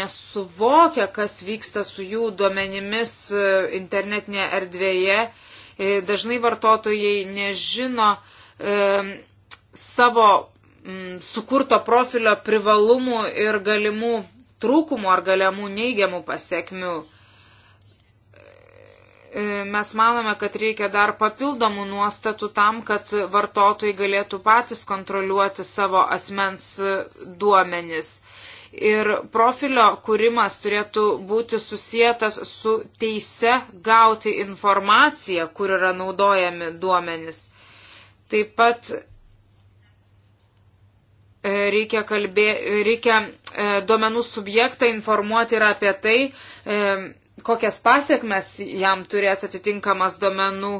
nesuvokia, kas vyksta su jų duomenimis internetinėje erdvėje. Dažnai vartotojai nežino savo m, mm, sukurto profilio privalumų ir galimų trūkumų ar galimų neigiamų pasiekmių. E, mes manome, kad reikia dar papildomų nuostatų tam, kad vartotojai galėtų patys kontroliuoti savo asmens duomenis. Ir profilio kūrimas turėtų būti susijęs su teise gauti informaciją, kur yra naudojami duomenis. Taip pat E, reikia, kalbė, e, reikia e, duomenų subjektą informuoti ir apie tai, kokias pasiekmes jam turės atitinkamas duomenų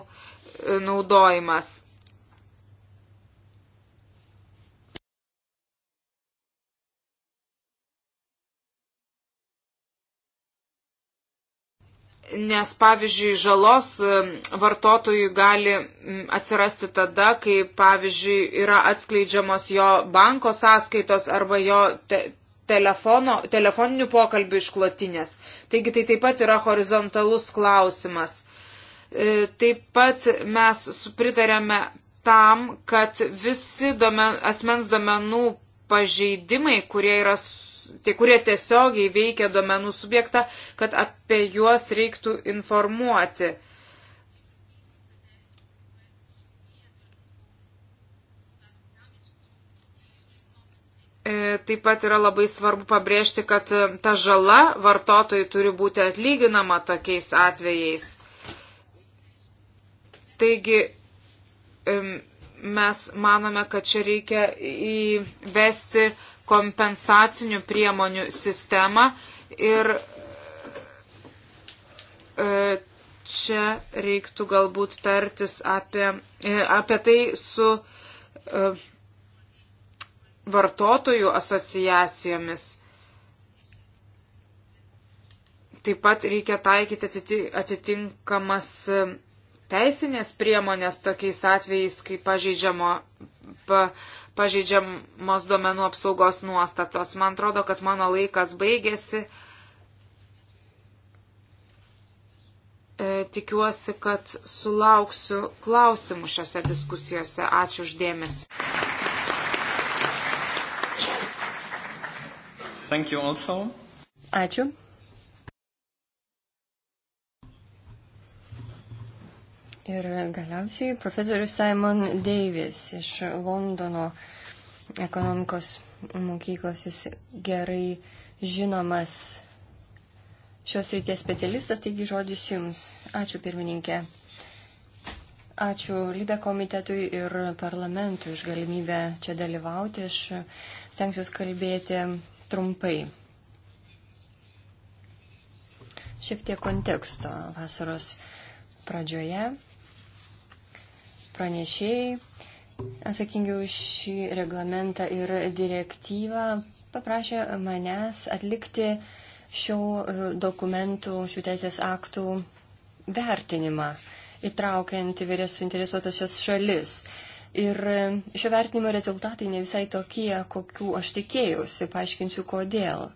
naudojimas. nes pavyzdžiui žalos vartotojui gali atsirasti tada, kai pavyzdžiui yra atskleidžiamos jo banko sąskaitos arba jo te telefono, telefoninių pokalbių išklotinės. Taigi tai taip pat yra horizontalus klausimas. E, taip pat mes pritarėme tam, kad visi domen, asmens domenų pažeidimai, kurie yra su tie, kurie tiesiogiai veikia duomenų subjektą, kad apie juos reiktų informuoti. E, taip pat yra labai svarbu pabrėžti, kad e, ta žala vartotojai turi būti atlyginama tokiais atvejais. Taigi, mes manome, kad čia reikia įvesti kompensacinių priemonių sistemą ir e, čia reiktų galbūt tartis apie, e, apie tai su e, vartotojų asociacijomis. Taip pat reikia taikyti atitinkamas teisinės priemonės tokiais atvejais, kai pažeidžiamo, pa, pažeidžiamos duomenų apsaugos nuostatos. Man atrodo, kad mano laikas baigėsi. E, tikiuosi, kad sulauksiu klausimų šiose diskusijose. Ačiū uždėmesi. Ačiū. Ir galiausiai profesorius Simon Davis iš Londono ekonomikos mokyklos, jis gerai žinomas šios ryties specialistas, taigi žodis jums. Ačiū pirmininkė. Ačiū lyda komitetui ir parlamentui už galimybę čia dalyvauti. Aš stengsiuosi kalbėti trumpai. Šiek tiek konteksto vasaros pradžioje pranešėjai, atsakingi už šį reglamentą ir direktyvą, paprašė manęs atlikti šių e, dokumentų, šių teisės aktų vertinimą, įtraukiant įvairias suinteresuotas šias šalis. Ir šio vertinimo rezultatai ne visai tokie, kokių aš tikėjausi, paaiškinsiu kodėl.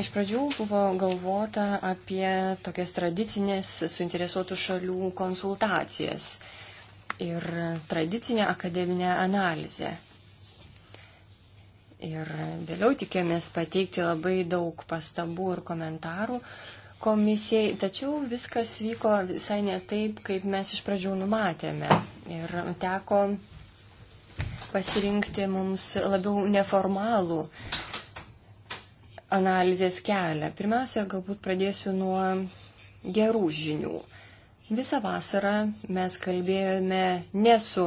Iš pradžių buvo galvota apie tokias tradicinės suinteresuotų šalių konsultacijas ir tradicinę akademinę analizę. Ir vėliau tikėjomės pateikti labai daug pastabų ir komentarų komisijai, tačiau viskas vyko visai ne taip, kaip mes iš pradžių numatėme. Ir teko pasirinkti mums labiau neformalų analizės kelią. Pirmiausia, galbūt pradėsiu nuo gerų žinių. Visą vasarą mes kalbėjome ne su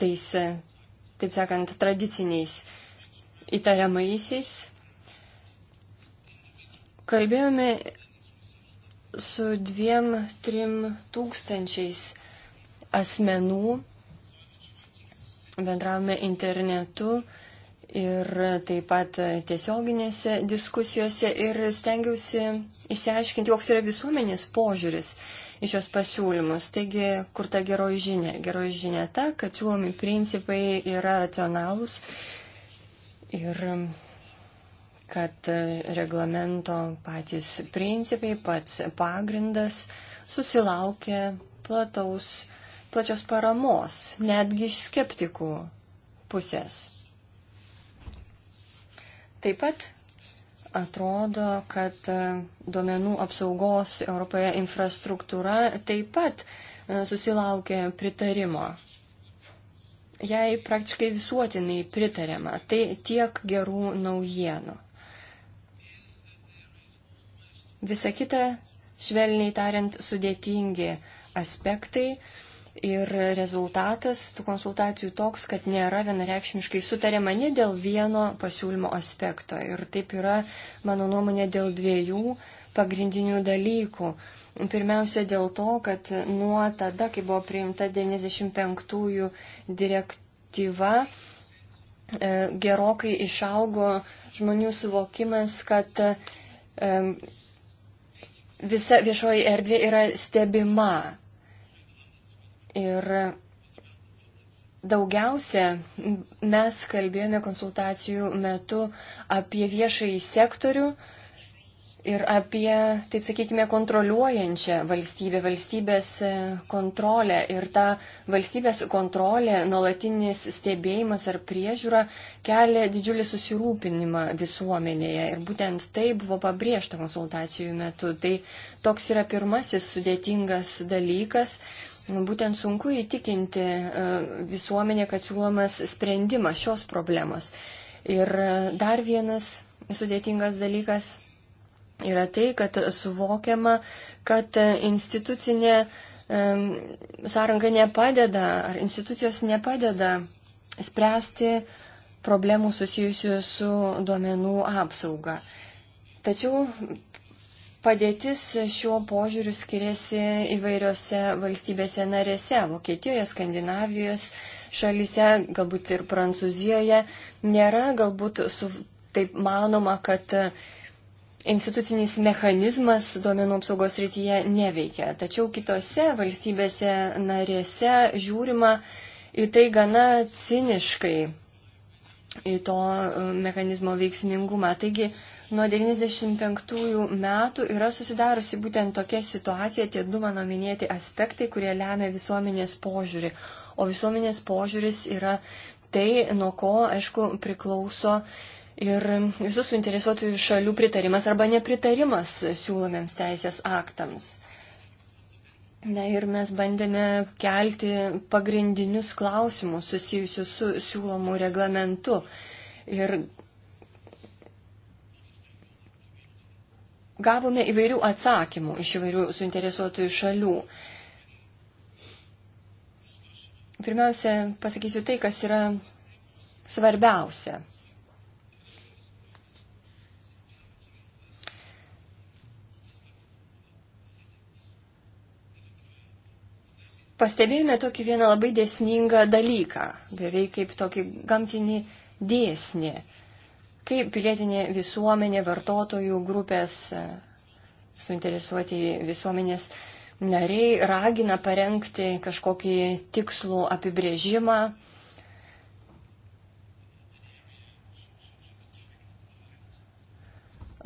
tais, taip sakant, tradiciniais įtariamaisiais. Kalbėjome su dviem, trim tūkstančiais asmenų, bendravome internetu, ir taip pat tiesioginėse diskusijose ir stengiausi išsiaiškinti, koks yra visuomenės požiūris į šios pasiūlymus. Taigi, kur ta geroji žinia? Geroji žinia ta, kad siūlomi principai yra racionalūs ir kad reglamento patys principai, pats pagrindas susilaukia plataus, plačios paramos, netgi iš skeptikų pusės. Taip pat atrodo, kad e, duomenų apsaugos Europoje infrastruktūra taip pat e, susilaukė pritarimo. Jai praktiškai visuotinai pritarėma. Tai tiek gerų naujienų. Visa kita, švelniai tariant, sudėtingi aspektai, Ir rezultatas tų konsultacijų toks, kad nėra vienareikšmiškai sutariama ne dėl vieno pasiūlymo aspekto. Ir taip yra, mano nuomonė, dėl dviejų pagrindinių dalykų. Pirmiausia, dėl to, kad nuo tada, kai buvo priimta 95-ųjų direktyva, e, gerokai išaugo žmonių suvokimas, kad e, visa viešoji erdvė yra stebima Ir daugiausia mes kalbėjome konsultacijų metu apie viešąjį sektorių ir apie, taip sakykime, kontroliuojančią valstybę, valstybės kontrolę. Ir ta valstybės kontrolė, nuolatinis stebėjimas ar priežiūra kelia didžiulį susirūpinimą visuomenėje. Ir būtent tai buvo pabrėžta konsultacijų metu. Tai toks yra pirmasis sudėtingas dalykas Būtent sunku įtikinti e, visuomenę, kad siūlomas sprendimas šios problemos. Ir e, dar vienas sudėtingas dalykas yra tai, kad suvokiama, kad institucinė e, sąranga nepadeda ar institucijos nepadeda spręsti problemų susijusių su duomenų apsauga. Tačiau Padėtis šiuo požiūriu skiriasi įvairiose valstybėse narėse - Vokietijoje, Skandinavijos šalyse, galbūt ir Prancūzijoje. Nėra galbūt su, taip manoma, kad institucinis mechanizmas duomenų apsaugos rytyje neveikia. Tačiau kitose valstybėse narėse žiūrima į tai gana ciniškai, į to mechanizmo veiksmingumą. Taigi, Nuo 95 metų yra susidariusi būtent tokia situacija, tie du mano minėti aspektai, kurie lemia visuomenės požiūrį. O visuomenės požiūris yra tai, nuo ko, aišku, priklauso ir visų suinteresuotųjų šalių pritarimas arba nepritarimas siūlomiems teisės aktams. Na ir mes bandėme kelti pagrindinius klausimus susijusius su siūlomu reglamentu. Ir Gavome įvairių atsakymų iš įvairių suinteresuotųjų šalių. Pirmiausia, pasakysiu tai, kas yra svarbiausia. pastebėjome tokį vieną labai dėsningą dalyką, beveik kaip tokį gamtinį dėsnį kaip pilietinė visuomenė, vartotojų grupės, e, suinteresuoti visuomenės nariai ragina parengti kažkokį tikslų apibrėžimą.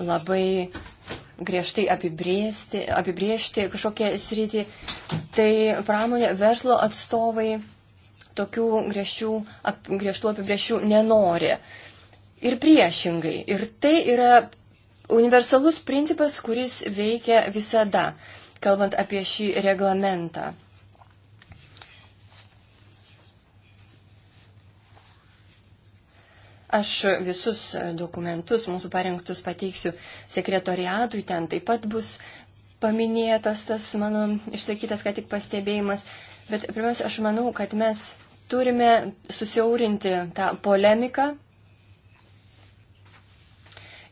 labai griežtai apibriežti, apibriežti kažkokią sritį, tai pramonė verslo atstovai tokių griežtų, ap, griežtų apibriežčių nenori ir priešingai. Ir tai yra universalus principas, kuris veikia visada, kalbant apie šį reglamentą. Aš visus dokumentus mūsų parengtus pateiksiu sekretoriatui, ten taip pat bus paminėtas tas mano išsakytas ką tik pastebėjimas. Bet pirmiausia, aš manau, kad mes turime susiaurinti tą polemiką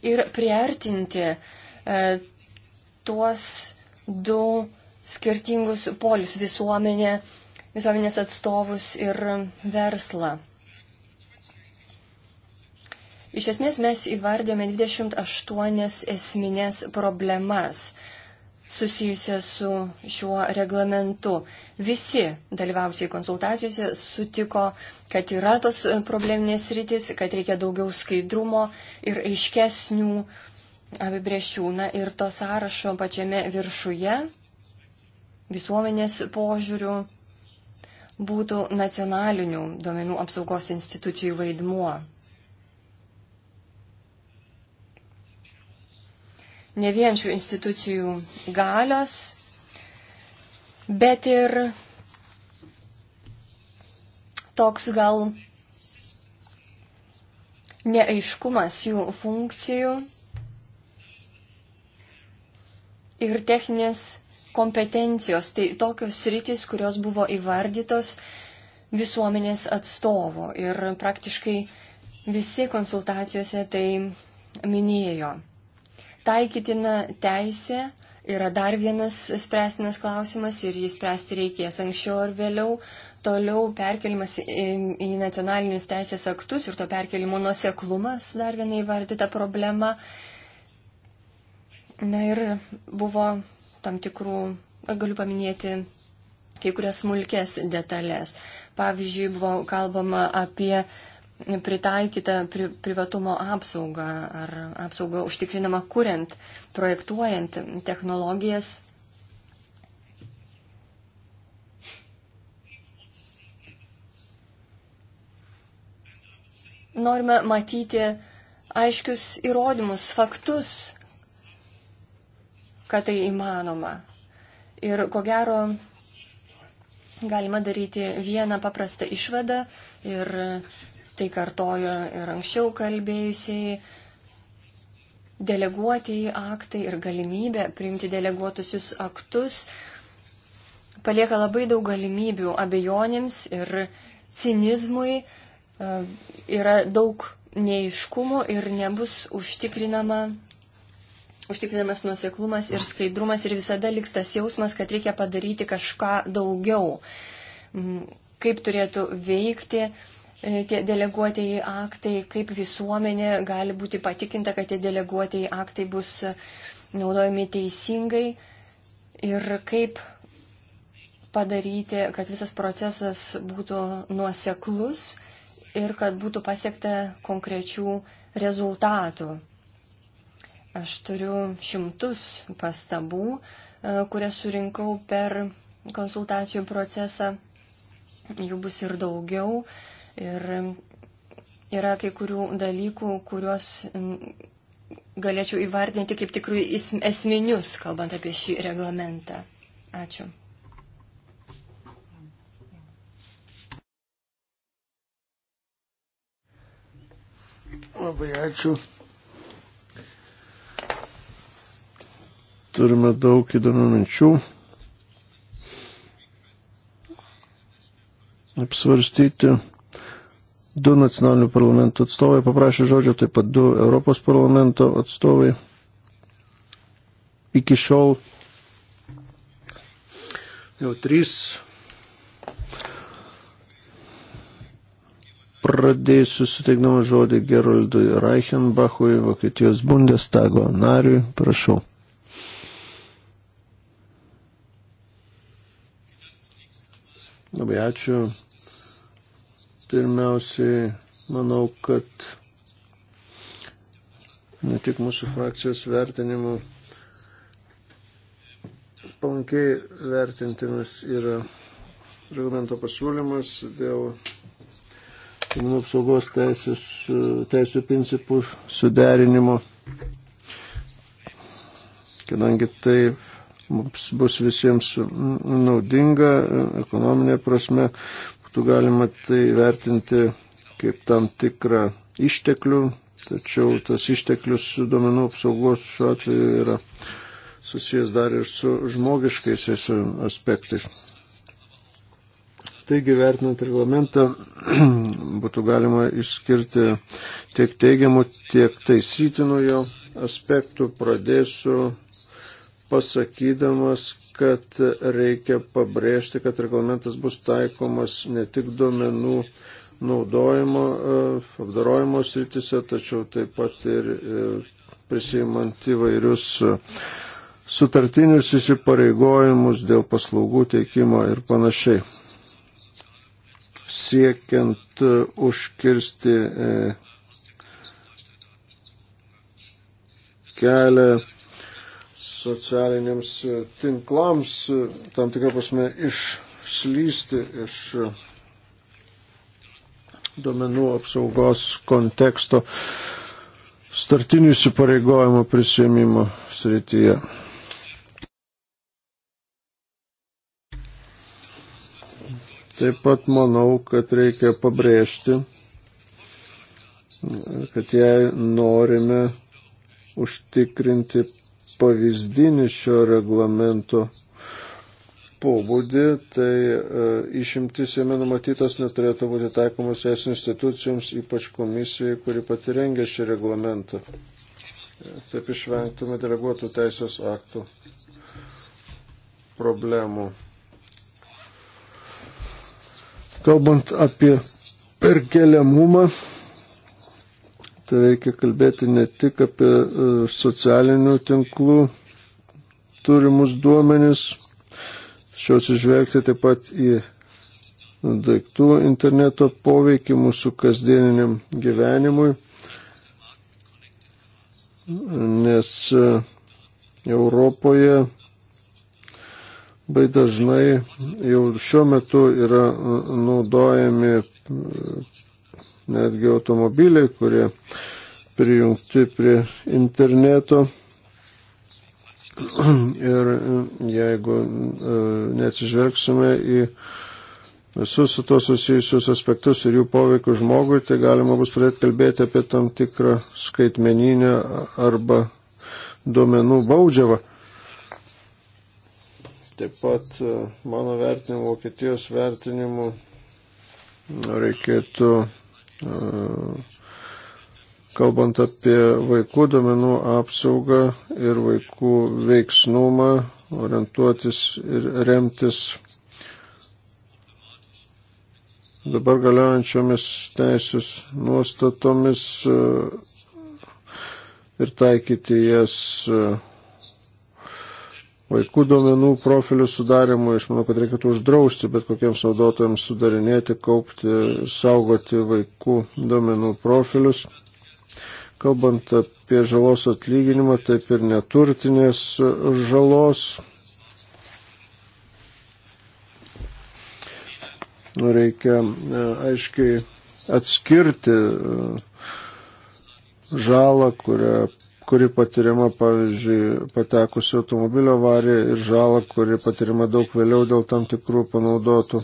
ir priartinti e, tuos du skirtingus polius - visuomenę, visuomenės atstovus ir verslą. Iš esmės mes įvardėme 28 esminės problemas susijusią su šiuo reglamentu. Visi dalyvausiai konsultacijose sutiko, kad yra tos probleminės rytis, kad reikia daugiau skaidrumo ir aiškesnių apibrėžčių. Na ir to sąrašo pačiame viršuje visuomenės požiūrių būtų nacionalinių duomenų apsaugos institucijų vaidmuo. ne vien šių institucijų galios, bet ir toks gal neaiškumas jų funkcijų ir techninės kompetencijos. Tai tokios rytis, kurios buvo įvardytos visuomenės atstovo ir praktiškai visi konsultacijose tai minėjo. Taikytina teisė yra dar vienas spręstinas klausimas ir jį spręsti reikės anksčiau ar vėliau. Toliau perkelimas į, į nacionalinius teisės aktus ir to perkelimo nuseklumas dar viena įvardyta problema. Na ir buvo tam tikrų, galiu paminėti kai kurias smulkės detalės. Pavyzdžiui, buvo kalbama apie pritaikyta pri, privatumo apsauga ar apsauga užtikrinama kuriant, projektuojant technologijas. Norime matyti aiškius įrodymus, faktus, kad tai įmanoma. Ir ko gero, galima daryti vieną paprastą išvadą ir Tai kartojo ir anksčiau kalbėjusiai. Deleguotieji aktai ir galimybė priimti deleguotusius aktus palieka labai daug galimybių abejonėms ir cinizmui. E, yra daug neiškumų ir nebus užtikrinama užtikrinamas nuoseklumas ir skaidrumas ir visada liks tas jausmas, kad reikia padaryti kažką daugiau. Mm, kaip turėtų veikti tie deleguotieji aktai, kaip visuomenė gali būti patikinta, kad tie deleguotieji aktai bus naudojami teisingai ir kaip padaryti, kad visas procesas būtų nuoseklus ir kad būtų pasiekta konkrečių rezultatų. Aš turiu šimtus pastabų, e, kurias surinkau per konsultacijų procesą. Jų bus ir daugiau. Ir yra kai kurių dalykų, kuriuos galėčiau įvardinti kaip tikrų esminius, kalbant apie šį reglamentą. Ačiū. Labai ačiū. Turime daug įdomių minčių. Apsvarstyti du nacionalinių parlamentų atstovai paprašė žodžio, taip pat du Europos parlamento atstovai. Iki šiol jau trys. Pradėsiu suteikdama žodį Geroldui Reichenbachui, Vokietijos Bundestago nariui. Prašau. Labai ačiū. Pirmiausiai, manau, kad ne tik mūsų frakcijos vertinimu palankiai vertintinas yra reglamento pasiūlymas dėl duomenų apsaugos teisės, teisų principų suderinimo, kadangi tai mums bus visiems naudinga ekonominė prasme, Būtų galima tai vertinti kaip tam tikrą išteklių, tačiau tas išteklius duomenų apsaugos šiuo atveju yra susijęs dar ir su žmogiškais aspektais. Taigi, vertinant reglamentą, būtų galima išskirti tiek teigiamų, tiek taisytinų jo aspektų. Pradėsiu pasakydamas, kad reikia pabrėžti, kad reglamentas bus taikomas ne tik duomenų naudojimo, e, apdarojimo sritise, tačiau taip pat ir e, prisimant įvairius e, sutartinius įsipareigojimus dėl paslaugų teikimo ir panašiai. Siekiant užkirsti kelią socialiniams e, tinklams e, tam tikrą prasme išslysti iš e, duomenų apsaugos konteksto startinių įsipareigojimų prisėmimo srityje. Taip pat manau, kad reikia pabrėžti, kad jei norime užtikrinti pavyzdinį šio reglamento pobūdį, tai e, išimtis jame numatytos neturėtų būti taikomos es institucijoms, ypač komisijai, kuri pati rengia šį reglamentą. E, taip išvengtume deleguotų teisės aktų problemų. Kalbant apie perkeliamumą, Tai reikia kalbėti ne tik apie e, socialinių tinklų turimus duomenis, tačiau atsižvelgti taip pat į daiktų interneto poveikį mūsų kasdieniniam gyvenimui, nes e, Europoje labai dažnai jau šiuo metu yra e, naudojami netgi automobiliai, kurie prijungti prie interneto. Ir jeigu e, neatsižvelgsime į visus su to susijusius aspektus ir jų poveikį žmogui, tai galima bus pradėti kalbėti apie tam tikrą skaitmeninę arba duomenų baudžiavą. Taip pat e, mano vertinimu, Vokietijos vertinimu reikėtų Kalbant apie vaikų domenų apsaugą ir vaikų veiksnumą, orientuotis ir remtis dabar galiojančiomis teisės nuostatomis e, ir taikyti jas e, vaikų duomenų profilių sudarimui, aš manau, kad reikėtų uždrausti bet kokiems naudotojams sudarinėti, kaupti, saugoti vaikų duomenų profilius. Kalbant apie žalos atlyginimą, taip ir neturtinės žalos. Nu, reikia e, aiškiai atskirti e, žalą, kurią kuri patiriama, pavyzdžiui, patekusi automobilio avariją ir žalą, kuri patiriama daug vėliau dėl tam tikrų panaudotų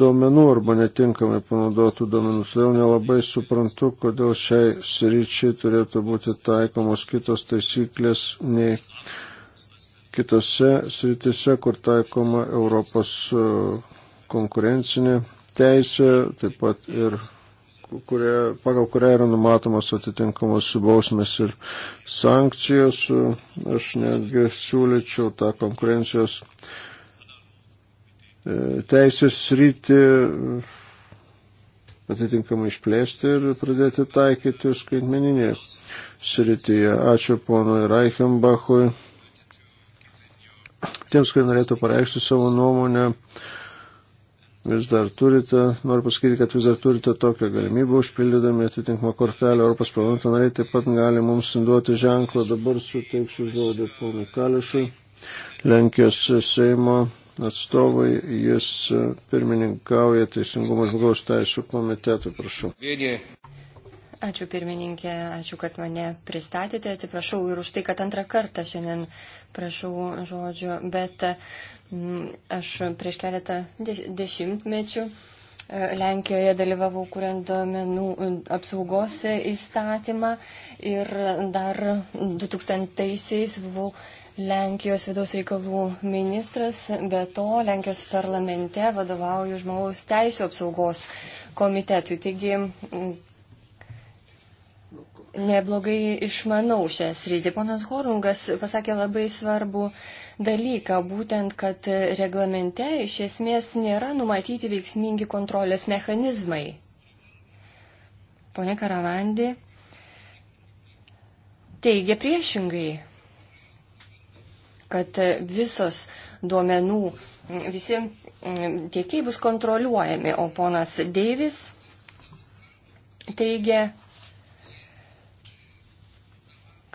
duomenų arba netinkamai panaudotų duomenų. Todėl nelabai suprantu, kodėl šiai sričiai turėtų būti taikomos kitos taisyklės nei kitose sritise, kur taikoma Europos uh, konkurencinė teisė, taip pat ir kurie, pagal kurią yra numatomos atitinkamos bausmės ir sankcijos. Aš netgi siūlyčiau tą konkurencijos e, teisės rytį atitinkamai išplėsti ir pradėti taikyti skaitmeninėje srityje. Ačiū ponui Reichenbachui. Tiems, kurie norėtų pareikšti savo nuomonę, vis dar turite, noriu pasakyti, kad vis dar turite tokią galimybę užpildydami atitinkamą kortelę. Europos parlamento nariai taip pat gali mums duoti ženklą. Dabar suteiksiu žodį ponui Kališui, Lenkijos Seimo atstovai. Jis pirmininkauja Teisingumo žmogaus teisų komitetui. Prašau. Ačiū pirmininkė, ačiū, kad mane pristatėte. Atsiprašau ir už tai, kad antrą kartą šiandien prašau žodžio, bet Mm, aš prieš keletą dešimtmečių e, Lenkijoje dalyvavau kuriant duomenų e, apsaugos įstatymą ir dar 2000-aisiais buvau Lenkijos vidaus reikalų ministras, be to Lenkijos parlamente vadovauju žmogaus teisų apsaugos komitetui. Taigi mm, neblogai išmanau šią sritį. Ponas Horungas pasakė labai svarbu dalyką, būtent, kad reglamente iš esmės nėra numatyti veiksmingi kontrolės mechanizmai. Pone Karavandi teigia priešingai, kad visos duomenų, visi mm, tiekiai bus kontroliuojami, o ponas Deivis teigia,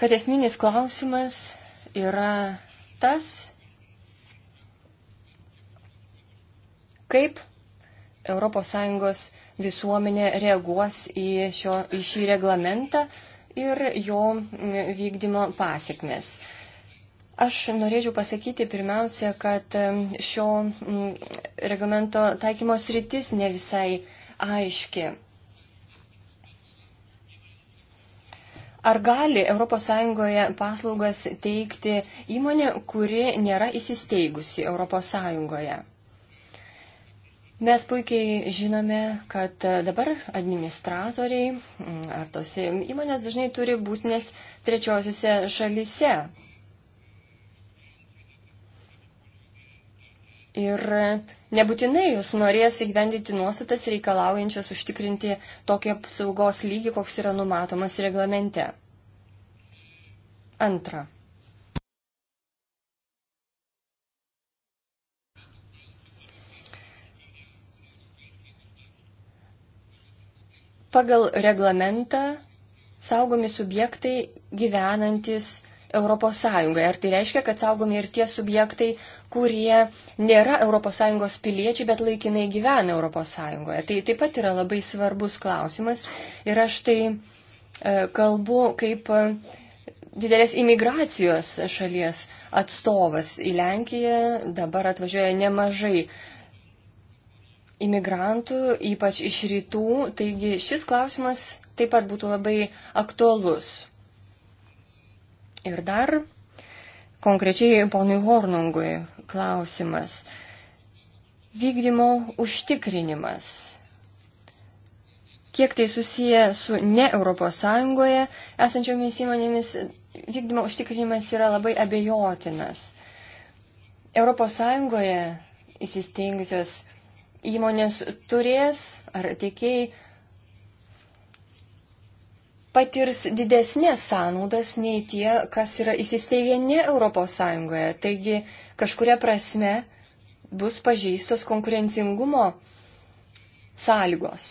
kad esminis klausimas yra tas, kaip ES visuomenė reaguos į, šio, į šį reglamentą ir jo vykdymo pasiekmes. Aš norėčiau pasakyti pirmiausia, kad šio reglamento taikymos rytis ne visai aiški. Ar gali ES paslaugas teikti įmonė, kuri nėra įsisteigusi ES? Mes puikiai žinome, kad dabar administratoriai mm, ar tos įmonės dažnai turi būtinės trečiosiuose šalise. Ir nebūtinai jūs norės įgyvendinti nuostatas reikalaujančias užtikrinti tokį apsaugos lygį, koks yra numatomas reglamente. Antra. Pagal reglamentą saugomi subjektai gyvenantis ES. Ar tai reiškia, kad saugomi ir tie subjektai, kurie nėra ES piliečiai, bet laikinai gyvena ES? Tai taip pat yra labai svarbus klausimas. Ir aš tai e, kalbu kaip e, didelės imigracijos šalies atstovas į Lenkiją. Dabar atvažiuoja nemažai imigrantų, ypač iš rytų. Taigi šis klausimas taip pat būtų labai aktuolus. Ir dar konkrečiai ponui Hornungui klausimas. Vykdymo užtikrinimas. Kiek tai susiję su ne ES esančiomis įmonėmis, vykdymo užtikrinimas yra labai abejotinas. ES įsisteigusios įmonės turės ar tiekiai patirs didesnės sąnaudas nei tie, kas yra įsisteigę ne ES. Taigi kažkuria prasme bus pažeistos konkurencingumo sąlygos.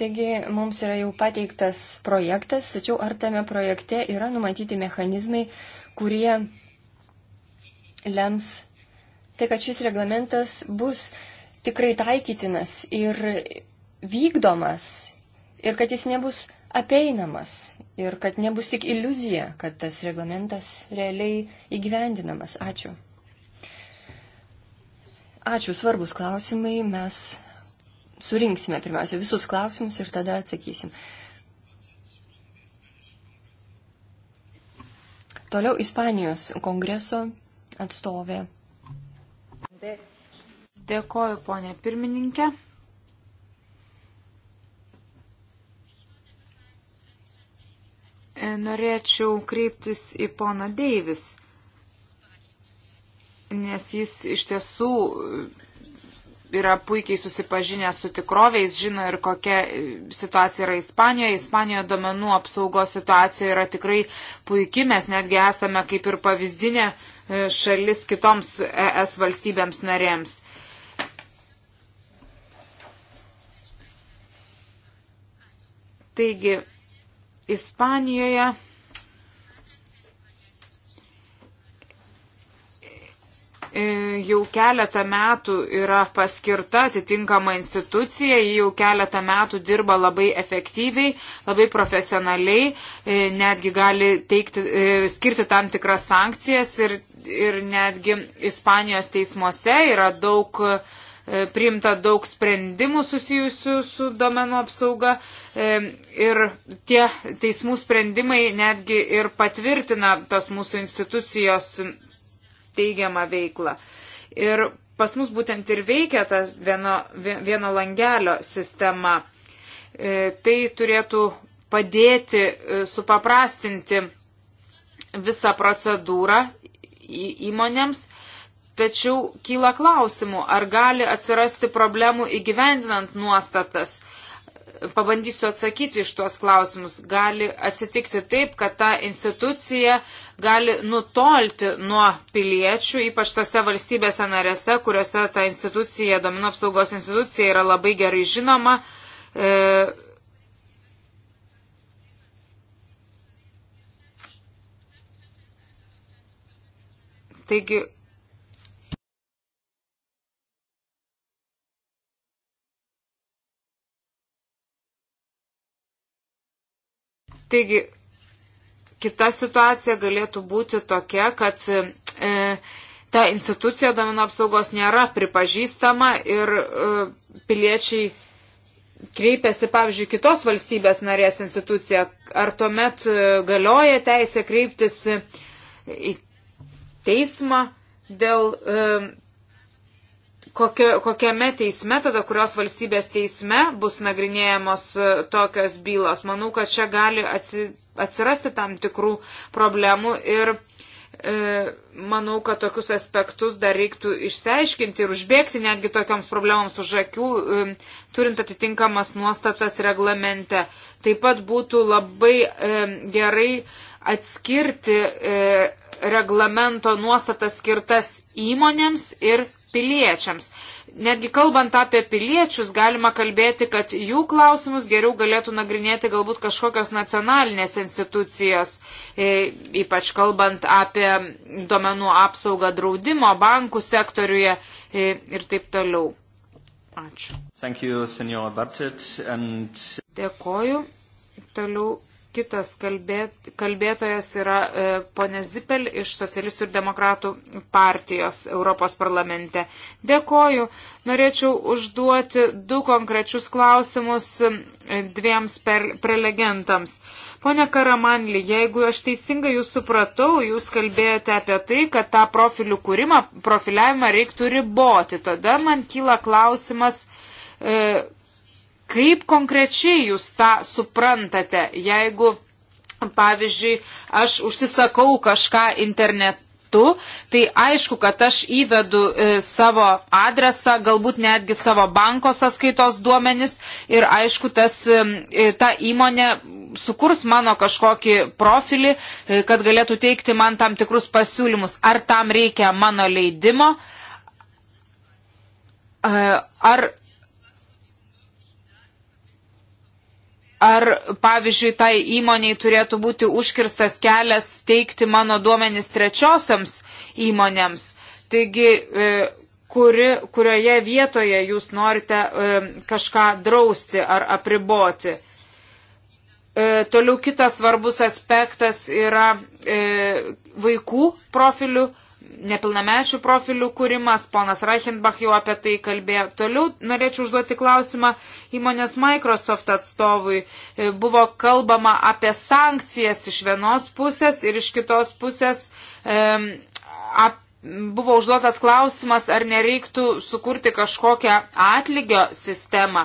Taigi mums yra jau pateiktas projektas, tačiau ar tame projekte yra numatyti mechanizmai, kurie lems tai, kad šis reglamentas bus tikrai taikytinas ir vykdomas ir kad jis nebus apeinamas ir kad nebus tik iliuzija, kad tas reglamentas realiai įgyvendinamas. Ačiū. Ačiū, svarbus klausimai. Mes surinksime pirmiausia visus klausimus ir tada atsakysim. Toliau Ispanijos kongreso atstovė. Dėkoju, ponė pirmininkė. E, norėčiau kreiptis į poną Deivis, nes jis iš tiesų yra puikiai susipažinęs su tikroviais, žino ir kokia situacija yra Ispanijoje. Ispanijoje domenų apsaugos situacija yra tikrai puikiai, mes netgi esame kaip ir pavyzdinė e, šalis kitoms ES valstybėms narėms. Taigi, Ispanijoje e, jau keletą metų yra paskirta atitinkama institucija, ji jau keletą metų dirba labai efektyviai, labai profesionaliai, e, netgi gali teikti, e, skirti tam tikras sankcijas ir, ir netgi Ispanijos teismuose yra daug uh, E, priimta daug sprendimų susijusių su domenų apsauga e, ir tie teismų sprendimai netgi ir patvirtina tos mūsų institucijos teigiamą veiklą. Ir pas mus būtent ir veikia tas vieno, vieno langelio sistema. E, tai turėtų padėti supaprastinti visą procedūrą įmonėms Tačiau kyla klausimų, ar gali atsirasti problemų įgyvendinant nuostatas. Pabandysiu atsakyti iš tuos klausimus. Gali atsitikti taip, kad ta institucija gali nutolti nuo piliečių, ypač tose valstybėse narėse, kuriuose ta institucija, domino apsaugos institucija yra labai gerai žinoma. E, Taigi Taigi, kita situacija galėtų būti tokia, kad e, ta institucija domino apsaugos nėra pripažįstama ir e, piliečiai kreipiasi, pavyzdžiui, kitos valstybės narės instituciją. Ar tuomet e, galioja teisė kreiptis į teismą dėl e, kokio, kokiame teisme, tada kurios valstybės teisme bus nagrinėjamos e, tokios bylos. Manau, kad čia gali atsirasti tam tikrų problemų ir e, manau, kad tokius aspektus dar reiktų išsiaiškinti ir užbėgti netgi tokioms problemams už akių, e, turint atitinkamas nuostatas reglamente. Taip pat būtų labai e, gerai atskirti e, reglamento nuostatas skirtas įmonėms ir piliečiams. Netgi kalbant apie piliečius, galima kalbėti, kad jų klausimus geriau galėtų nagrinėti galbūt kažkokios nacionalinės institucijos, e, ypač kalbant apie duomenų apsaugą draudimo, bankų sektoriuje e, ir taip toliau. Ačiū. Thank you, Bartett, and... Dėkoju. Toliau Kitas kalbėt, kalbėtojas yra e, ponė Zipel iš Socialistų ir Demokratų partijos Europos parlamente. Dėkoju. Norėčiau užduoti du konkrečius klausimus e, dviems per, prelegentams. Pone Karamanli, jeigu aš teisingai jūs supratau, jūs kalbėjote apie tai, kad tą profilių kūrimą, profiliavimą reiktų riboti. Tada man kyla klausimas. E, Kaip konkrečiai jūs tą suprantate, jeigu, pavyzdžiui, aš užsisakau kažką internetu? metu, tai aišku, kad aš įvedu e, savo adresą, galbūt netgi savo banko sąskaitos duomenis ir aišku, tas, e, e, ta įmonė sukurs mano kažkokį profilį, e, kad galėtų teikti man tam tikrus pasiūlymus, ar tam reikia mano leidimo. E, ar ar, pavyzdžiui, tai įmoniai turėtų būti užkirstas kelias teikti mano duomenis trečiosioms įmonėms. Taigi, e, kuri, kurioje vietoje jūs norite e, kažką drausti ar apriboti. E, toliau kitas svarbus aspektas yra vaikų profilių nepilnamečių profilių kūrimas, ponas Reichenbach jau apie tai kalbėjo. Toliau norėčiau užduoti klausimą įmonės Microsoft atstovui. E, buvo kalbama apie sankcijas iš vienos pusės ir iš kitos pusės e, apie buvo užduotas klausimas, ar nereiktų sukurti kažkokią atlygio sistemą.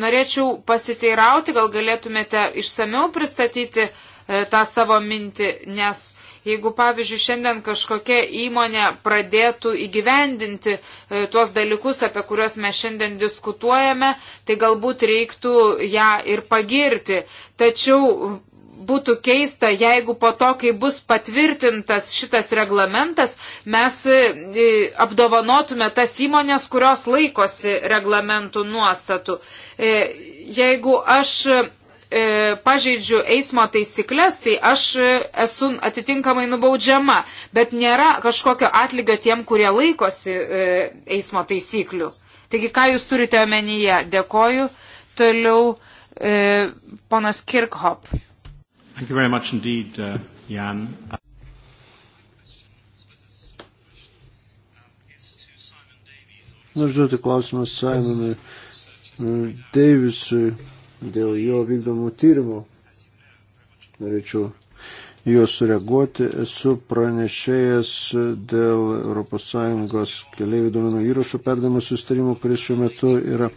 Norėčiau pasiteirauti, gal galėtumėte išsameu pristatyti e, tą savo mintį, nes Jeigu, pavyzdžiui, šiandien kažkokia įmonė pradėtų įgyvendinti e, tuos dalykus, apie kuriuos mes šiandien diskutuojame, tai galbūt reiktų ją ir pagirti. Tačiau būtų keista, jeigu po to, kai bus patvirtintas šitas reglamentas, mes e, e, apdovanotume tas įmonės, kurios laikosi reglamentų nuostatų. Jeigu aš e, pažeidžiu eismo taisyklės, tai aš e, esu atitinkamai nubaudžiama, bet nėra kažkokio atlygio tiem, kurie laikosi e, eismo taisyklių. Taigi, ką jūs turite omenyje? Dėkoju. Toliau e, ponas Kirkhop. Indeed, uh, Jan. Noriu žinoti klausimą Simonui Deivisui dėl jo vykdomų tyrimų. Norėčiau juos sureaguoti. Esu pranešėjęs dėl ES keliaivių duomenų įrašų perdavimo sustarimo, kuris šiuo metu yra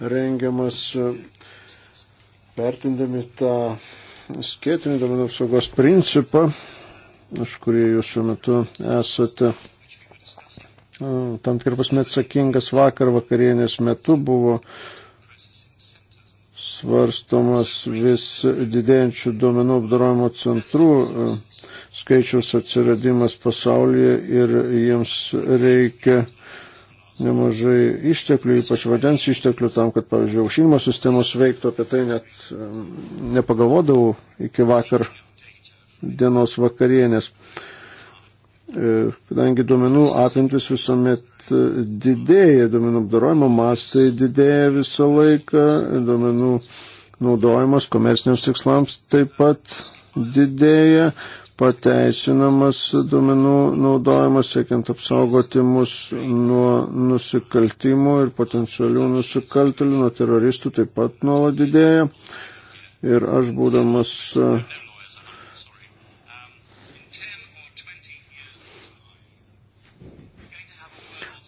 rengiamas vertindami tą skėtinį duomenų apsaugos principą, už kurį jūs šiuo metu esate e, tam tikras atsakingas vakar vakarienės metu buvo uh, svarstomas vis didėjančių duomenų apdarojimo centrų e, skaičiaus atsiradimas pasaulyje ir jiems reikia nemažai išteklių, ypač vandens išteklių, tam, kad, pavyzdžiui, aušinimo sistemos veiktų, apie tai net e, nepagalvodavau iki vakar dienos vakarienės. E, kadangi duomenų apimtis visuomet e, didėja, duomenų apdarojimo mastai didėja visą laiką, duomenų naudojimas komerciniams tikslams taip pat didėja, pateisinamas duomenų naudojimas, siekiant apsaugoti mus nuo nusikaltimų ir potencialių nusikaltelių, nuo teroristų taip pat nuolat didėja. Ir aš būdamas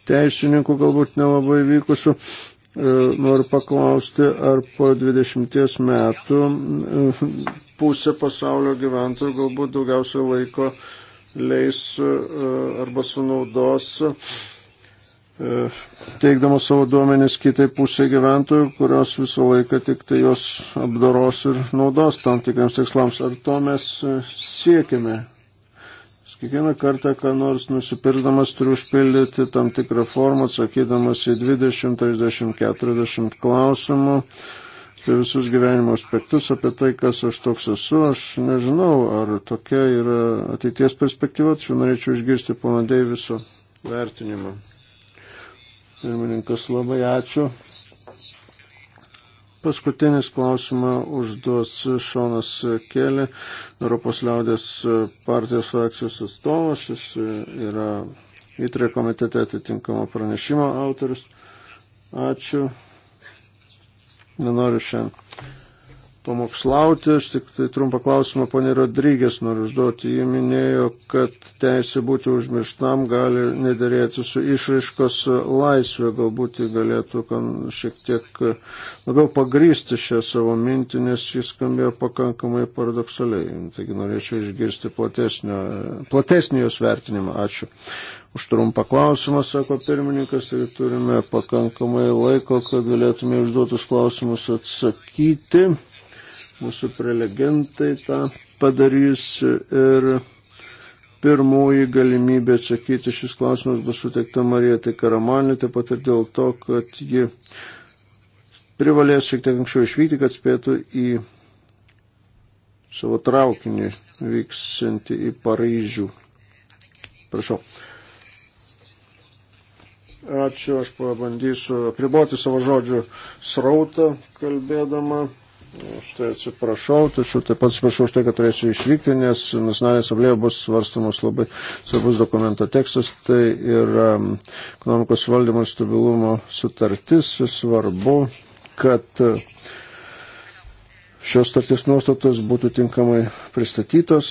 teisininkų galbūt nelabai vykusių. E, noriu paklausti, ar po 20 metų e, pusė pasaulio gyventojų galbūt daugiausiai laiko leis e, arba sunaudos teikdamas savo duomenis kitai pusė gyventojų, kurios visą laiką tik tai jos apdaros ir naudos tam tikriams tikslams. Ar to mes siekime? Kiekvieną kartą, ką nors nusipirkdamas, turiu užpildyti tam tikrą formą, atsakydamas į 20, 30, 40 klausimų apie visus gyvenimo aspektus, apie tai, kas aš toks esu. Aš nežinau, ar tokia yra ateities perspektyva, tačiau norėčiau išgirsti pono Deiviso vertinimą. Pirmininkas, labai ačiū. Paskutinis klausimą užduos Šonas Kelė, Europos liaudės partijos frakcijos atstovas. Jis yra įtrė komitete atitinkamo pranešimo autorius. Ačiū. Nenoriu šiandien pamokslauti, aš tik tai trumpą klausimą ponė Rodrygės noriu užduoti. Ji minėjo, kad teisė būti užmirštam gali nederėti su išraiškos laisvė, galbūt ji galėtų šiek tiek labiau pagrysti šią savo mintį, nes jis skambėjo pakankamai paradoksaliai. Taigi norėčiau išgirsti platesnį jos vertinimą. Ačiū. Už trumpą klausimą, sako pirmininkas, ir turime pakankamai laiko, kad galėtume užduotus klausimus atsakyti mūsų prelegentai tą padarys ir pirmoji galimybė atsakyti šis klausimas bus suteikta Marijatai Karamanė, taip pat ir dėl to, kad ji privalės šiek tiek anksčiau išvykti, kad spėtų į savo traukinį vyksantį į Paryžių. Prašau. Ačiū, aš pabandysiu apriboti savo žodžių srautą, kalbėdama Už tai atsiprašau, tačiau taip pat atsiprašau už tai, kad turėsiu išvykti, nes nacionalinė asamblėje bus svarstamas labai svarbus dokumento tekstas, tai yra ekonomikos valdymo ir stabilumo sutartis. Svarbu, kad e, šios sutarties nuostatos būtų tinkamai pristatytos.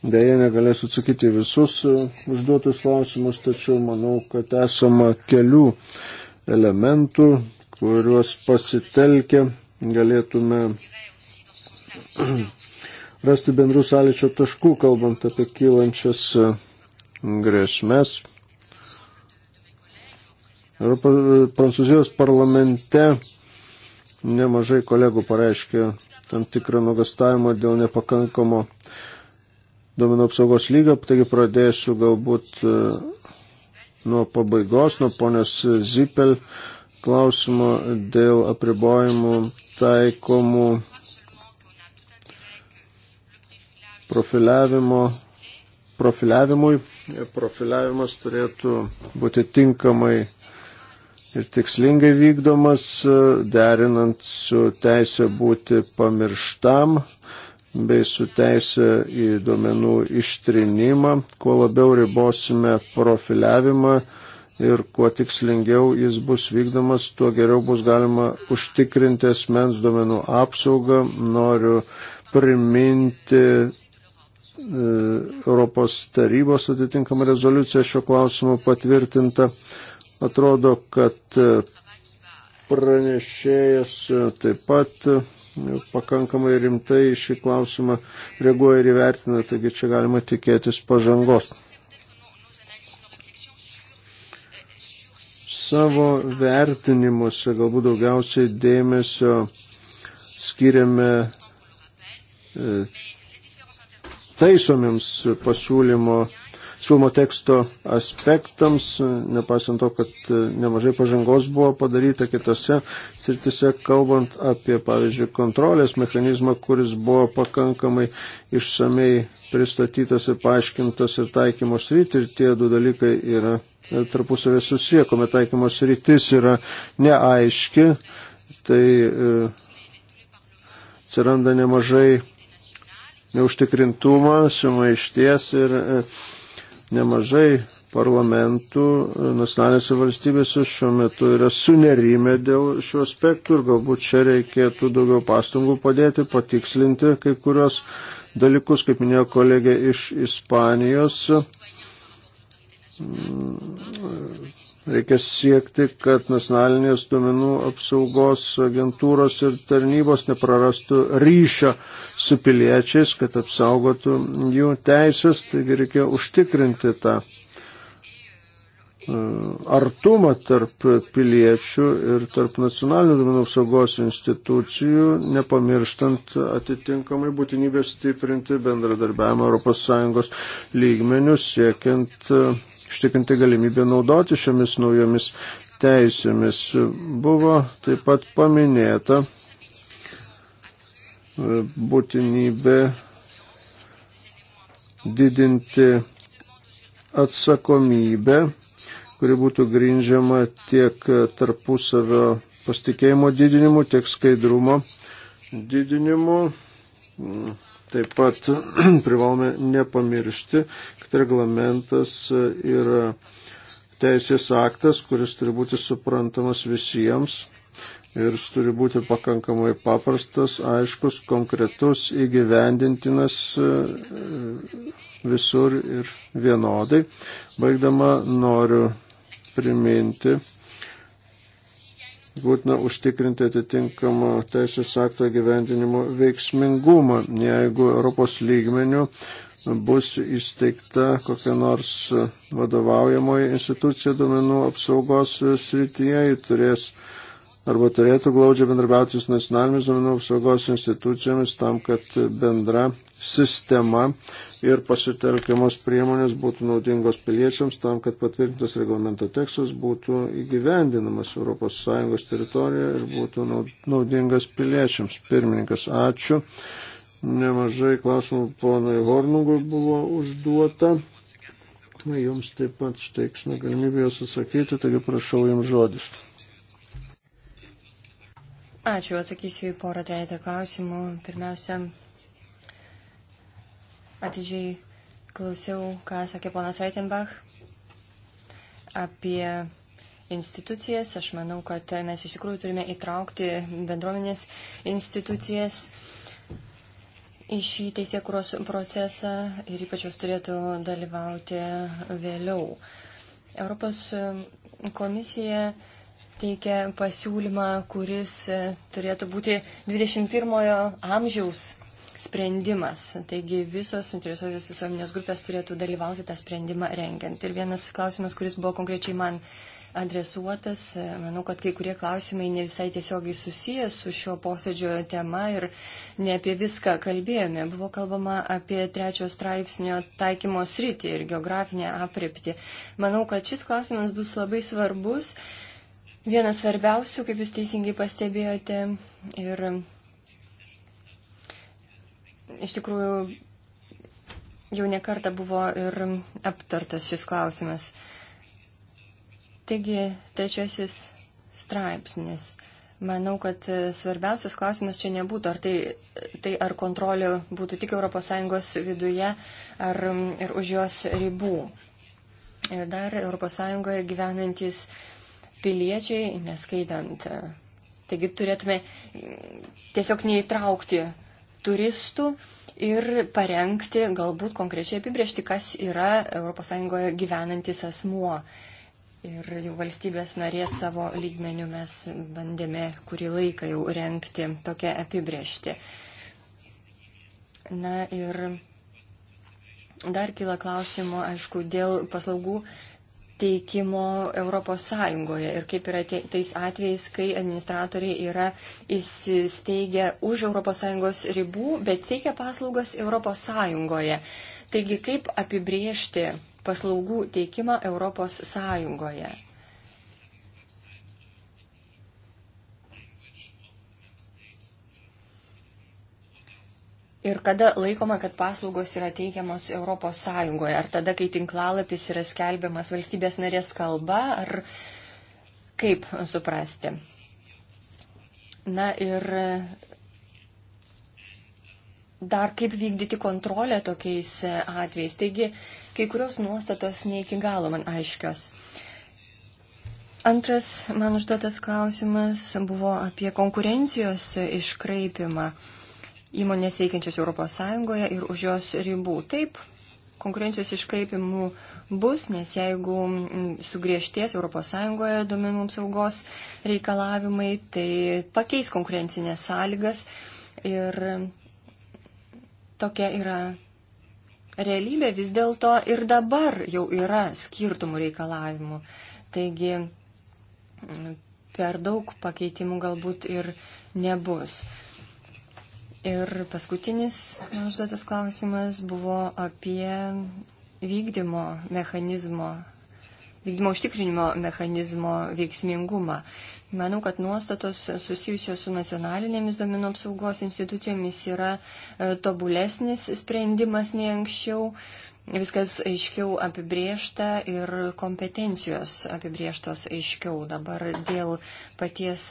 Deja, negalėsiu atsakyti visus e, užduotus klausimus, tačiau manau, kad esama kelių elementų, kuriuos pasitelkia galėtume rasti bendrų sąlyčio taškų, kalbant apie kylančias e, grėsmės. Prancūzijos parlamente nemažai kolegų pareiškė tam tikrą nugastavimą dėl nepakankamo duomenų apsaugos lygio, taigi pradėsiu galbūt e, nuo pabaigos, nuo ponios Zipel. Uh, klausimo dėl apribojimų taikomų profiliavimo, profiliavimui. Profiliavimas turėtų būti tinkamai ir tikslingai vykdomas, derinant su teisė būti pamirštam bei su teisė į duomenų ištrinimą, kuo labiau ribosime profiliavimą, ir kuo tikslingiau jis bus vykdomas, tuo geriau bus galima užtikrinti asmens duomenų apsaugą. Noriu priminti e, Europos tarybos atitinkamą rezoliuciją šio klausimu patvirtinta. Atrodo, kad e, pranešėjas e, taip pat pakankamai rimtai šį klausimą reaguoja ir įvertina, taigi čia galima tikėtis pažangos. Savo vertinimuose galbūt daugiausiai dėmesio skiriame e, taisomiems pasiūlymo, siūlymo teksto aspektams, nepaisant to, kad e, nemažai pažangos buvo padaryta kitose sritise, kalbant apie, pavyzdžiui, kontrolės mechanizmą, kuris buvo pakankamai išsamei pristatytas ir paaiškintas ir taikymo srity, ir tie du dalykai yra tarpusavė susiję, kuomet taikymos rytis yra neaiški, tai e, atsiranda nemažai neužtikrintumo, sumaišties ir e, nemažai parlamentų e, nacionalinėse valstybėse šiuo metu yra sunerime dėl šių aspektų ir galbūt čia reikėtų daugiau pastangų padėti, patikslinti kai kurios dalykus, kaip minėjo kolegė iš Ispanijos Mm, reikia siekti, kad nacionalinės duomenų apsaugos agentūros ir tarnybos neprarastų ryšio su piliečiais, kad apsaugotų jų teisės, taigi reikia užtikrinti tą e, artumą tarp piliečių ir tarp nacionalinių duomenų apsaugos institucijų, nepamirštant atitinkamai būtinybės stiprinti bendradarbiavimą ES lygmenių, siekiant e, ištikrinti galimybę naudoti šiomis naujomis teisėmis. Buvo taip pat paminėta e, būtinybė didinti atsakomybę, kuri būtų grindžiama tiek tarpusavio pasitikėjimo didinimu, tiek skaidrumo didinimu. Mm. Taip pat privalome nepamiršti, kad reglamentas yra teisės aktas, kuris turi būti suprantamas visiems ir jis turi būti pakankamai paprastas, aiškus, konkretus, įgyvendintinas e, visur ir vienodai. Baigdama noriu priminti, būtina užtikrinti atitinkamą teisės akto gyvendinimo veiksmingumą. Jeigu Europos lygmenių bus įsteigta kokia nors vadovaujamoji institucija duomenų apsaugos srityje, ji turės arba turėtų glaudžiai bendrabiauti su nacionalinėmis duomenų apsaugos institucijomis tam, kad bendra sistema ir pasitelkiamos priemonės būtų naudingos piliečiams tam, kad patvirtintas reglamento tekstas būtų įgyvendinamas ES teritorijoje ir būtų naudingas piliečiams. Pirmininkas, ačiū. Nemažai klausimų ponui Hornugui buvo užduota. Jums taip pat steiksime galimybę juos atsakyti, taigi prašau jums žodis. Ačiū, atsakysiu į porą trejata klausimų. Pirmiausia, atidžiai klausiau, ką sakė ponas Reitenbach apie institucijas. Aš manau, kad mes iš tikrųjų turime įtraukti bendruomenės institucijas į šį teisėkuros procesą ir ypač jos turėtų dalyvauti vėliau. Europos komisija teikia pasiūlymą, kuris turėtų būti 21 amžiaus sprendimas. Taigi visos interesuotis visuomenės grupės turėtų dalyvauti tą sprendimą rengiant. Ir vienas klausimas, kuris buvo konkrečiai man adresuotas, manau, kad kai kurie klausimai ne visai tiesiogiai susijęs su šio posėdžio tema ir ne apie viską kalbėjome. Buvo kalbama apie trečio straipsnio taikymo sritį ir geografinę aprepti. Manau, kad šis klausimas bus labai svarbus. Vienas svarbiausių, kaip jūs teisingai pastebėjote, ir iš tikrųjų jau nekarta buvo ir aptartas šis klausimas. Taigi, trečiasis straipsnis. Manau, kad svarbiausias klausimas čia nebūtų, ar tai, tai ar kontrolė būtų tik ES viduje ar ir už jos ribų. Ir dar ES gyvenantis piliečiai, neskaitant. Taigi turėtume tiesiog neįtraukti turistų ir parengti galbūt konkrečiai apibriežti, kas yra ES gyvenantis asmuo. Ir jau valstybės narės savo lygmenių mes bandėme kurį laiką jau renkti tokią apibriežti. Na ir dar kyla klausimų, aišku, dėl paslaugų teikimo ES ir kaip yra tais atvejais, kai administratoriai yra įsisteigę už ES ribų, bet teikia paslaugas ES. Taigi, kaip apibriežti paslaugų teikimą ES? Ir kada laikoma, kad paslaugos yra teikiamos ES? Ar tada, kai tinklalapis yra skelbiamas valstybės narės kalba, ar kaip suprasti? Na ir dar kaip vykdyti kontrolę tokiais atvejais. Taigi, kai kurios nuostatos ne iki galo man aiškios. Antras man užduotas klausimas buvo apie konkurencijos iškraipimą įmonės veikiančios ES ir už jos ribų. Taip, konkurencijos iškreipimų bus, nes jeigu mm, sugriežties ES duomenų apsaugos reikalavimai, tai pakeis konkurencinės sąlygas ir tokia yra realybė vis dėlto ir dabar jau yra skirtumų reikalavimų. Taigi mm, per daug pakeitimų galbūt ir nebus. Ir paskutinis užduotas klausimas buvo apie vykdymo mechanizmo, vykdymo užtikrinimo mechanizmo veiksmingumą. Manau, kad nuostatos susijusios su nacionalinėmis domenų apsaugos institucijomis yra e, tobulesnis sprendimas nei anksčiau. Viskas aiškiau apibriešta ir kompetencijos apibrieštos aiškiau. Dabar dėl paties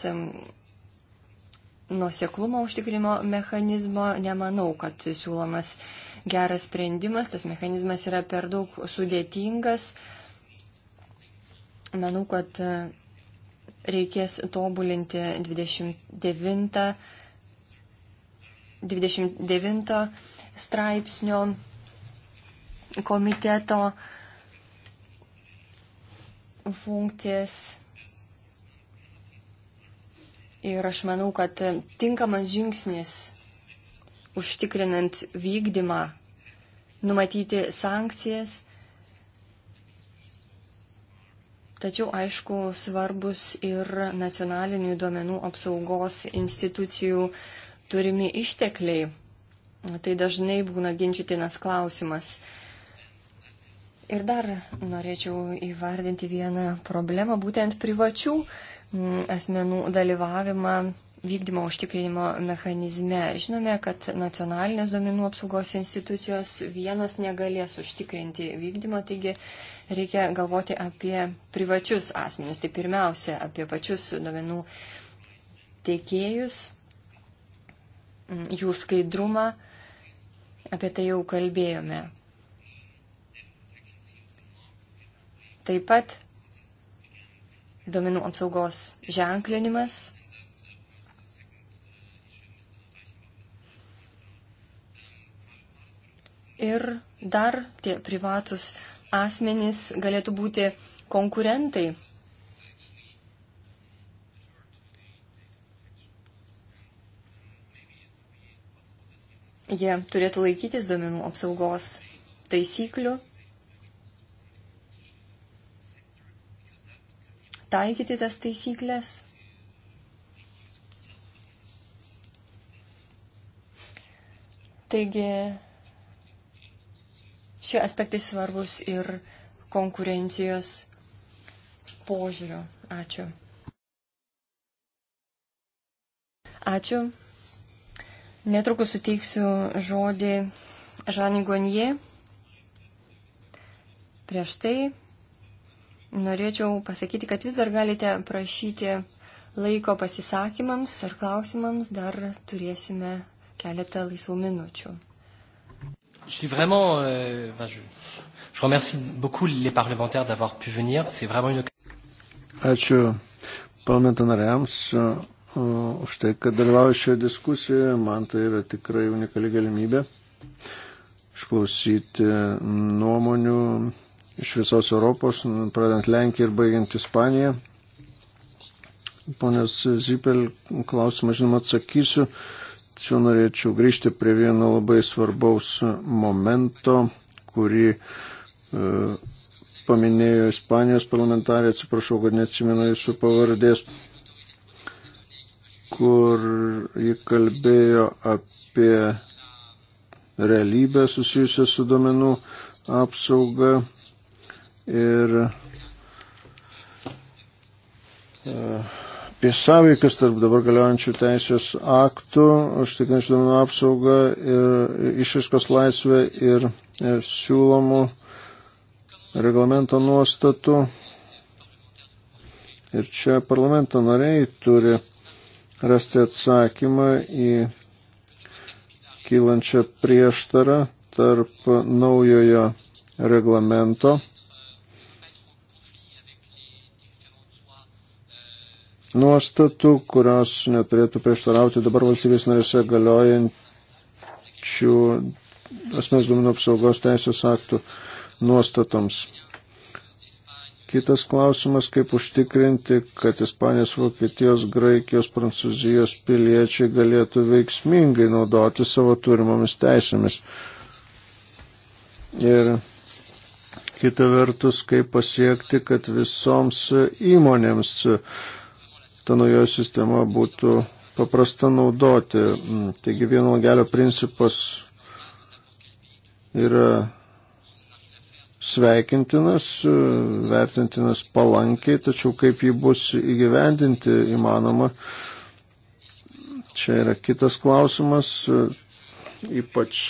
nuseklumo užtikrimo mechanizmo nemanau, kad siūlomas geras sprendimas. Tas mechanizmas yra per daug sudėtingas. Manau, kad e, reikės tobulinti 29, 29 straipsnio komiteto funkcijas Ir aš manau, kad tinkamas žingsnis užtikrinant vykdymą, numatyti sankcijas. Tačiau, aišku, svarbus ir nacionalinių duomenų apsaugos institucijų turimi ištekliai. Tai dažnai būna ginčytinas klausimas. Ir dar norėčiau įvardinti vieną problemą, būtent privačių asmenų dalyvavimą vykdymo užtikrinimo mechanizme. Žinome, kad nacionalinės domenų apsaugos institucijos vienos negalės užtikrinti vykdymo, taigi reikia galvoti apie privačius asmenius, tai pirmiausia apie pačius domenų tiekėjus, jų skaidrumą, apie tai jau kalbėjome. Taip pat duomenų apsaugos ženklinimas. Ir dar tie privatus asmenys galėtų būti konkurentai. Jie turėtų laikytis duomenų apsaugos taisyklių taikyti tas taisyklės. Taigi šie aspektai svarbus ir konkurencijos požiūrio. Ačiū. Ačiū. Netrukus suteiksiu žodį Žanigonijai. Prieš tai norėčiau pasakyti, kad vis dar galite prašyti laiko pasisakymams ar klausimams, dar turėsime keletą laisvų minučių. Je suis vraiment, euh, enfin, je, je remercie beaucoup les parlementaires d'avoir pu venir. C'est vraiment une. Ačiū parlamento nariams uh, uh, už tai, kad dalyvauju šioje diskusijoje. Man tai yra tikrai unikali galimybė išklausyti nuomonių iš visos Europos, pradant Lenkiją ir baigiant Ispaniją. Ponės Zipel, klausimą žinoma atsakysiu, tačiau norėčiau grįžti prie vieno labai svarbaus momento, kurį e, paminėjo Ispanijos parlamentarė, atsiprašau, kad neatsimenu jūsų pavardės, kur ji kalbėjo apie realybę susijusią su domenų apsauga ir e, apie sąveikas tarp dabar galiojančių teisės aktų, užtikrinančių duomenų apsaugą ir išiškos laisvę ir e, siūlomų reglamento nuostatų. Ir čia parlamento nariai turi rasti atsakymą į kylančią prieštarą tarp naujojo reglamento nuostatų, kurios neturėtų prieštarauti dabar valstybės narėse galiojančių asmens duomenų apsaugos teisės aktų nuostatoms. Kitas klausimas, kaip užtikrinti, kad Ispanijos, Vokietijos, Graikijos, Prancūzijos piliečiai galėtų veiksmingai naudoti savo turimomis teisėmis. Ir kita vertus, kaip pasiekti, kad visoms įmonėms ta naujoji sistema būtų paprasta naudoti. Mm, taigi vieno langelio principas yra sveikintinas, vertintinas palankiai, tačiau kaip jį bus įgyvendinti įmanoma, čia yra kitas klausimas, ypač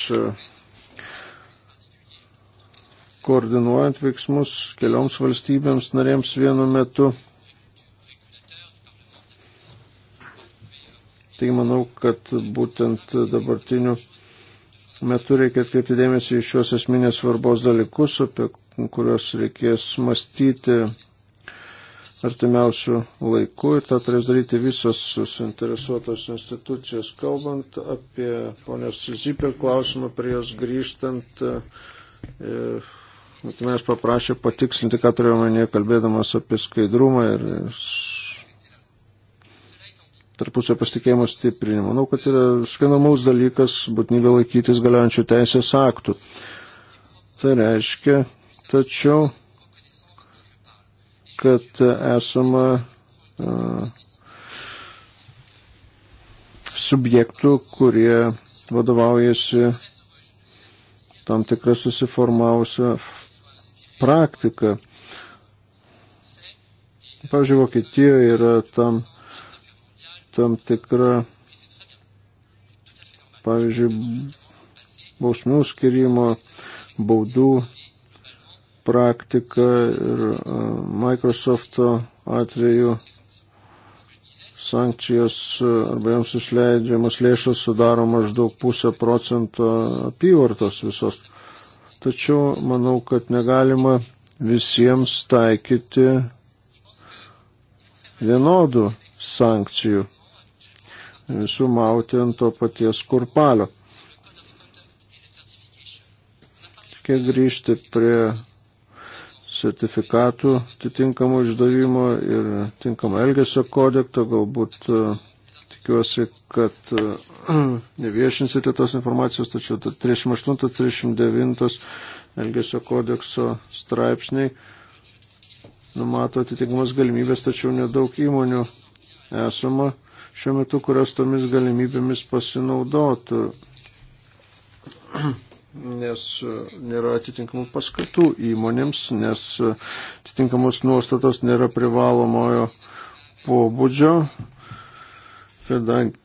koordinuojant veiksmus kelioms valstybėms narėms vienu metu. Tai manau, kad būtent dabartiniu metu reikia atkreipti dėmesį į šios esminės svarbos dalykus, apie kuriuos reikės mąstyti artimiausių laikų ir tą turės daryti visos suinteresuotos institucijos. Kalbant apie ponios Zipel klausimą, prie jos grįžtant, mes paprašė patikslinti, ką turėjome kalbėdamas apie skaidrumą ir tarpusio pasitikėjimo stiprinimo. Manau, kad yra skanamaus dalykas būtinybė laikytis galiojančių teisės aktų. Tai reiškia, tačiau, kad esama uh, subjektų, kurie vadovaujasi tam tikrą susiformavusią praktiką. Pavyzdžiui, Vokietijoje yra tam tam tikra, pavyzdžiui, bausmių skirimo, baudų praktika ir e, Microsofto atveju sankcijos e, arba jiems išleidžiamas lėšas sudaro maždaug pusę procento apyvartos visos. Tačiau manau, kad negalima visiems taikyti vienodų sankcijų sumauti ant to paties kurpalio. Reikia grįžti prie sertifikatų atitinkamų išdavimo ir tinkamo elgesio kodekto, galbūt e, tikiuosi, kad e, neviešinsite tos informacijos, tačiau 38-39 Elgesio kodekso straipsniai numato atitinkamas galimybės, tačiau nedaug įmonių esama šiuo metu, kurios tomis galimybėmis pasinaudotų, nes nėra atitinkamų paskatų įmonėms, nes atitinkamos nuostatos nėra privalomojo pobūdžio, kadangi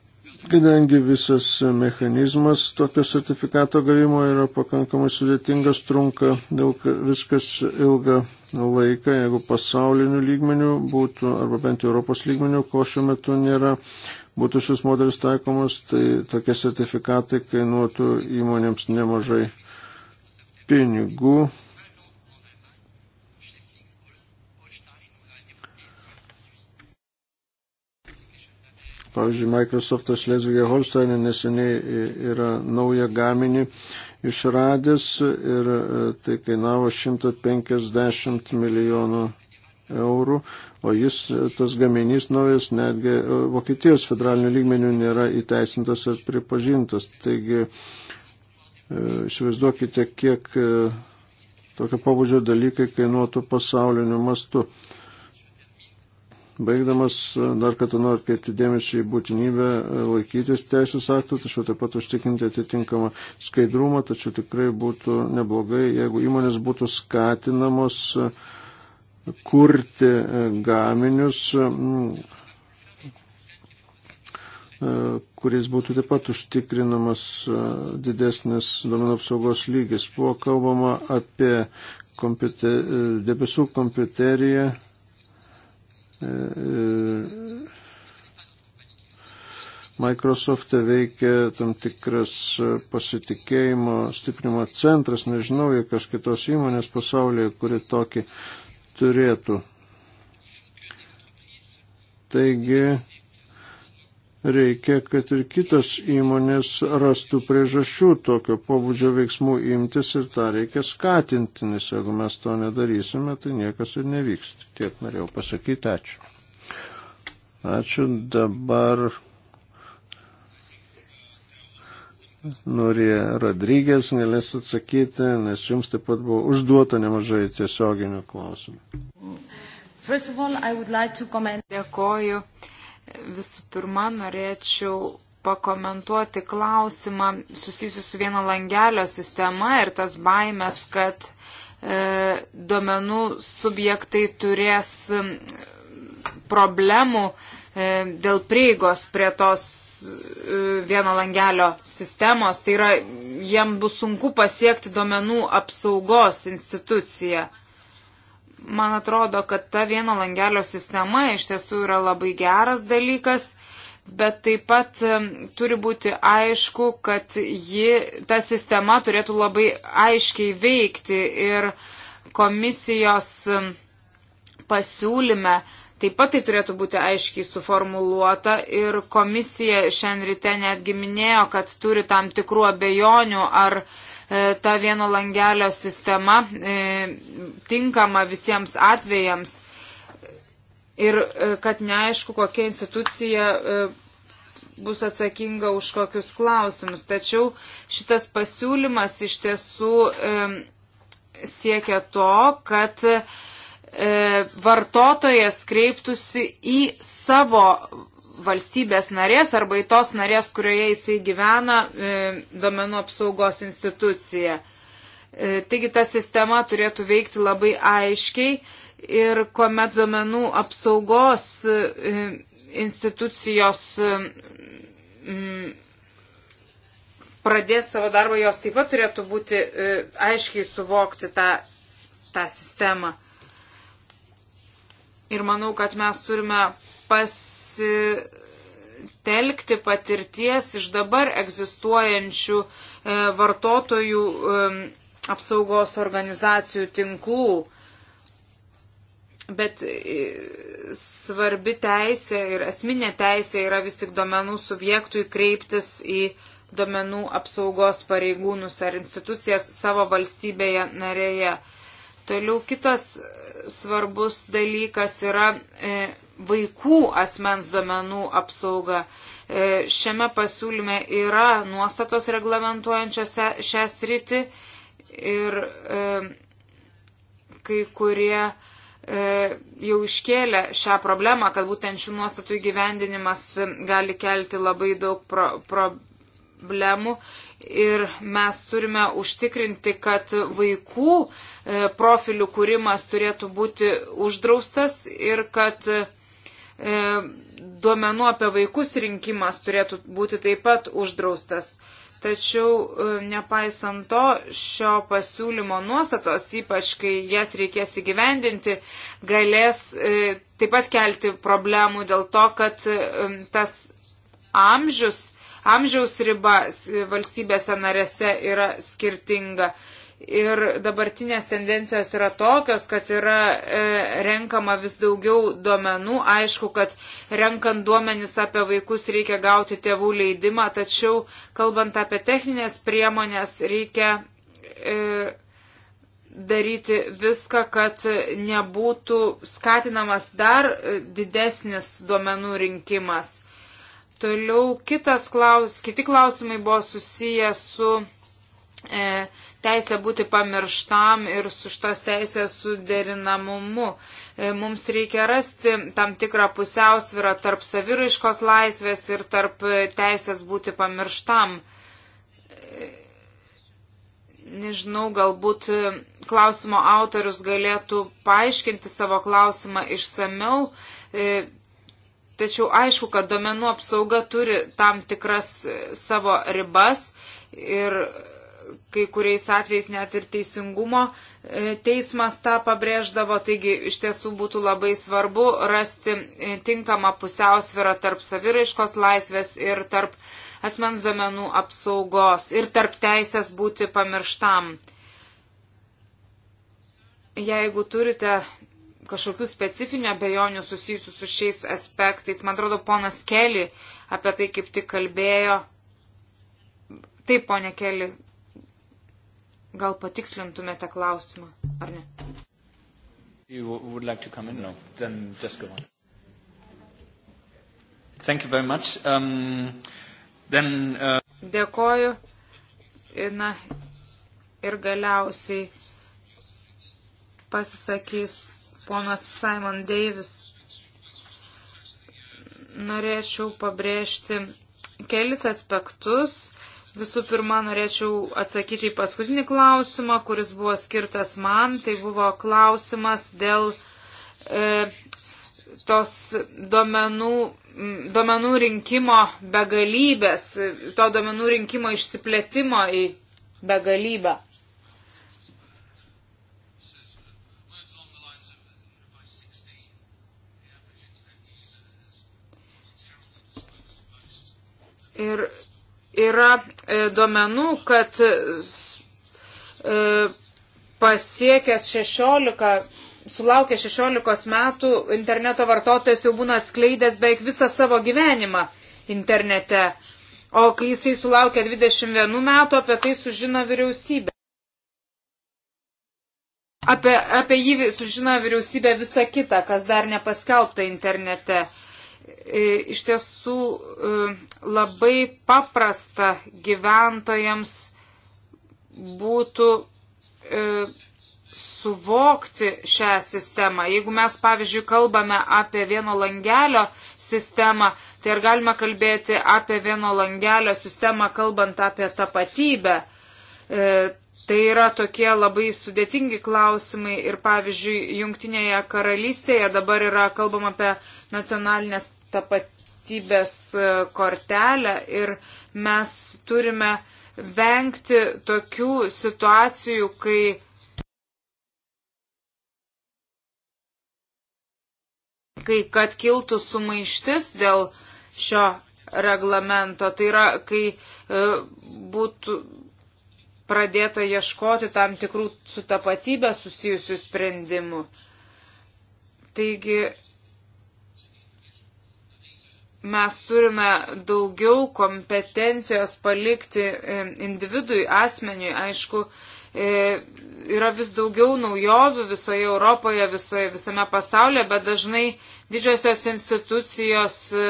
kadangi visas mechanizmas tokio sertifikato gavimo yra pakankamai sudėtingas, trunka daug viskas ilgą laiką, jeigu pasauliniu lygmeniu būtų, arba bent Europos lygmeniu, ko šiuo metu nėra, būtų šis modelis taikomas, tai tokie sertifikatai kainuotų įmonėms nemažai pinigų Pavyzdžiui, Microsoftas Lesvigė Holstein neseniai yra naują gaminį išradęs ir e, tai kainavo 150 milijonų eurų, o jis, e, tas gaminys naujas, netgi e, Vokietijos federalinių lygmenių nėra įteisintas ar pripažintas. Taigi, įsivaizduokite, kiek tokio pabudžio dalykai kainuotų pasauliniu mastu. Baigdamas dar kartą noriu atkreipti dėmesį į būtinybę e, laikytis teisės aktų, tačiau taip pat užtikinti atitinkamą skaidrumą, tačiau tikrai būtų neblogai, jeigu įmonės būtų skatinamos e, kurti e, gaminius, kuriais būtų taip pat užtikrinamas didesnis duomenų apsaugos lygis. Buvo kalbama apie kompite, debesų kompiuteriją Microsoft'e veikia tam tikras pasitikėjimo stiprinimo centras, nežinau jokios kitos įmonės pasaulyje, kuri tokį turėtų. Taigi, reikia, kad ir kitos įmonės rastų priežasčių tokio pobūdžio veiksmų imtis ir tą reikia skatinti, nes jeigu mes to nedarysime, tai niekas ir nevyks. Tiek norėjau pasakyti, ačiū. Ačiū dabar. Norė Rodrygės galės atsakyti, nes jums taip pat buvo užduota nemažai tiesioginių klausimų. All, like comment... Dėkoju. Uh, Visų pirma, norėčiau pakomentuoti klausimą susijusiu su vieno langelio sistema ir tas baimės, kad e, duomenų subjektai turės problemų e, dėl prieigos prie tos e, vieno langelio sistemos, tai yra, jiem bus sunku pasiekti duomenų apsaugos instituciją. Man atrodo, kad ta vieno langelio sistema iš tiesų yra labai geras dalykas, bet taip pat turi būti aišku, kad ji, ta sistema turėtų labai aiškiai veikti ir komisijos pasiūlyme Taip pat tai turėtų būti aiškiai suformuluota ir komisija šiandien ryte netgi minėjo, kad turi tam tikrų abejonių, ar E, ta vieno langelio sistema e, tinkama visiems atvejams ir e, kad neaišku, kokia institucija bus atsakinga už kokius klausimus. Tačiau šitas pasiūlymas iš tiesų siekia to, kad vartotojas kreiptųsi į savo valstybės narės arba į tos narės, kurioje jisai gyvena, e, domenų apsaugos institucija. E, taigi ta sistema turėtų veikti labai aiškiai ir kuomet domenų apsaugos e, institucijos e, m, pradės savo darbą, jos taip pat turėtų būti e, aiškiai suvokti tą, tą sistemą. Ir manau, kad mes turime pas pasitelkti patirties iš dabar egzistuojančių e, vartotojų e, apsaugos organizacijų tinklų. Bet e, svarbi teisė ir asminė teisė yra vis tik domenų subjektui kreiptis į domenų apsaugos pareigūnus ar institucijas savo valstybėje narėje. Toliau kitas svarbus dalykas yra vaikų asmens duomenų apsauga. E, šiame pasiūlyme yra nuostatos reglamentuojančios šią sritį ir e, kai kurie e, jau iškėlė šią problemą, kad būtent šių nuostatų įgyvendinimas gali kelti labai daug pro, problemų ir mes turime užtikrinti, kad vaikų profilių kūrimas turėtų būti uždraustas ir kad E, duomenų apie vaikus rinkimas turėtų būti taip pat uždraustas. Tačiau e, nepaisant to, šio pasiūlymo nuostatos, ypač kai jas reikės įgyvendinti, galės e, taip pat kelti problemų dėl to, kad tas amžius, amžiaus riba valstybėse narėse yra skirtinga. Ir dabartinės tendencijos yra tokios, kad yra e, renkama vis daugiau duomenų. Aišku, kad renkant duomenis apie vaikus reikia gauti tėvų leidimą, tačiau kalbant apie techninės priemonės, reikia e, daryti viską, kad nebūtų skatinamas dar didesnis duomenų rinkimas. Toliau kitas klaus, kiti klausimai buvo susiję su. E, teisę būti pamirštam ir su šitos teisės suderinamumu. E, mums reikia rasti tam tikrą pusiausvyrą tarp saviraiškos laisvės ir tarp teisės būti pamirštam. E, nežinau, galbūt klausimo autorius galėtų paaiškinti savo klausimą išsameu. E, tačiau aišku, kad domenų apsauga turi tam tikras savo ribas ir kai kuriais atvejais net ir teisingumo e, teismas tą pabrėždavo, taigi iš tiesų būtų labai svarbu rasti e, tinkamą pusiausvyrą tarp saviraiškos laisvės ir tarp asmens duomenų apsaugos ir tarp teisės būti pamirštam. Jeigu turite kažkokių specifinių abejonių susijusių su šiais aspektais, man atrodo, ponas Keli apie tai kaip tik kalbėjo. Taip, ponė Keli, Gal patikslintumėte klausimą, ar ne? Like in, no. Thank you very much. Um, then, uh... Dėkoju. Na, ir galiausiai pasisakys ponas Simon Davis. Norėčiau pabrėžti kelis aspektus Visų pirma, norėčiau atsakyti į paskutinį klausimą, kuris buvo skirtas man. Tai buvo klausimas dėl e, tos duomenų, duomenų rinkimo begalybės, to duomenų rinkimo išsiplėtimo į begalybę. Ir yra e, duomenų, kad e, pasiekęs 16, sulaukė 16 metų, interneto vartotojas jau būna atskleidęs beveik visą savo gyvenimą internete. O kai jisai sulaukia 21 metų, apie tai sužino vyriausybė. Apie, apie jį sužino vyriausybė visą kitą, kas dar nepaskelbta internete. Uh, E, iš tiesų e, labai paprasta gyventojams būtų e, suvokti šią sistemą. Jeigu mes, pavyzdžiui, kalbame apie vieno langelio sistemą, tai ar galime kalbėti apie vieno langelio sistemą, kalbant apie tapatybę? Tai yra tokie labai sudėtingi klausimai ir pavyzdžiui, Jungtinėje karalystėje dabar yra kalbama apie nacionalinės tapatybės e, kortelę ir mes turime vengti tokių situacijų, kai kai kad kiltų sumaištis dėl šio reglamento, tai yra, kai e, būtų pradėta ieškoti tam tikrų su tapatybė susijusių sprendimų. Taigi mes turime daugiau kompetencijos palikti e, individui, asmeniui, aišku, e, yra vis daugiau naujovių visoje Europoje, visoje, visame pasaulyje, bet dažnai didžiosios institucijos e,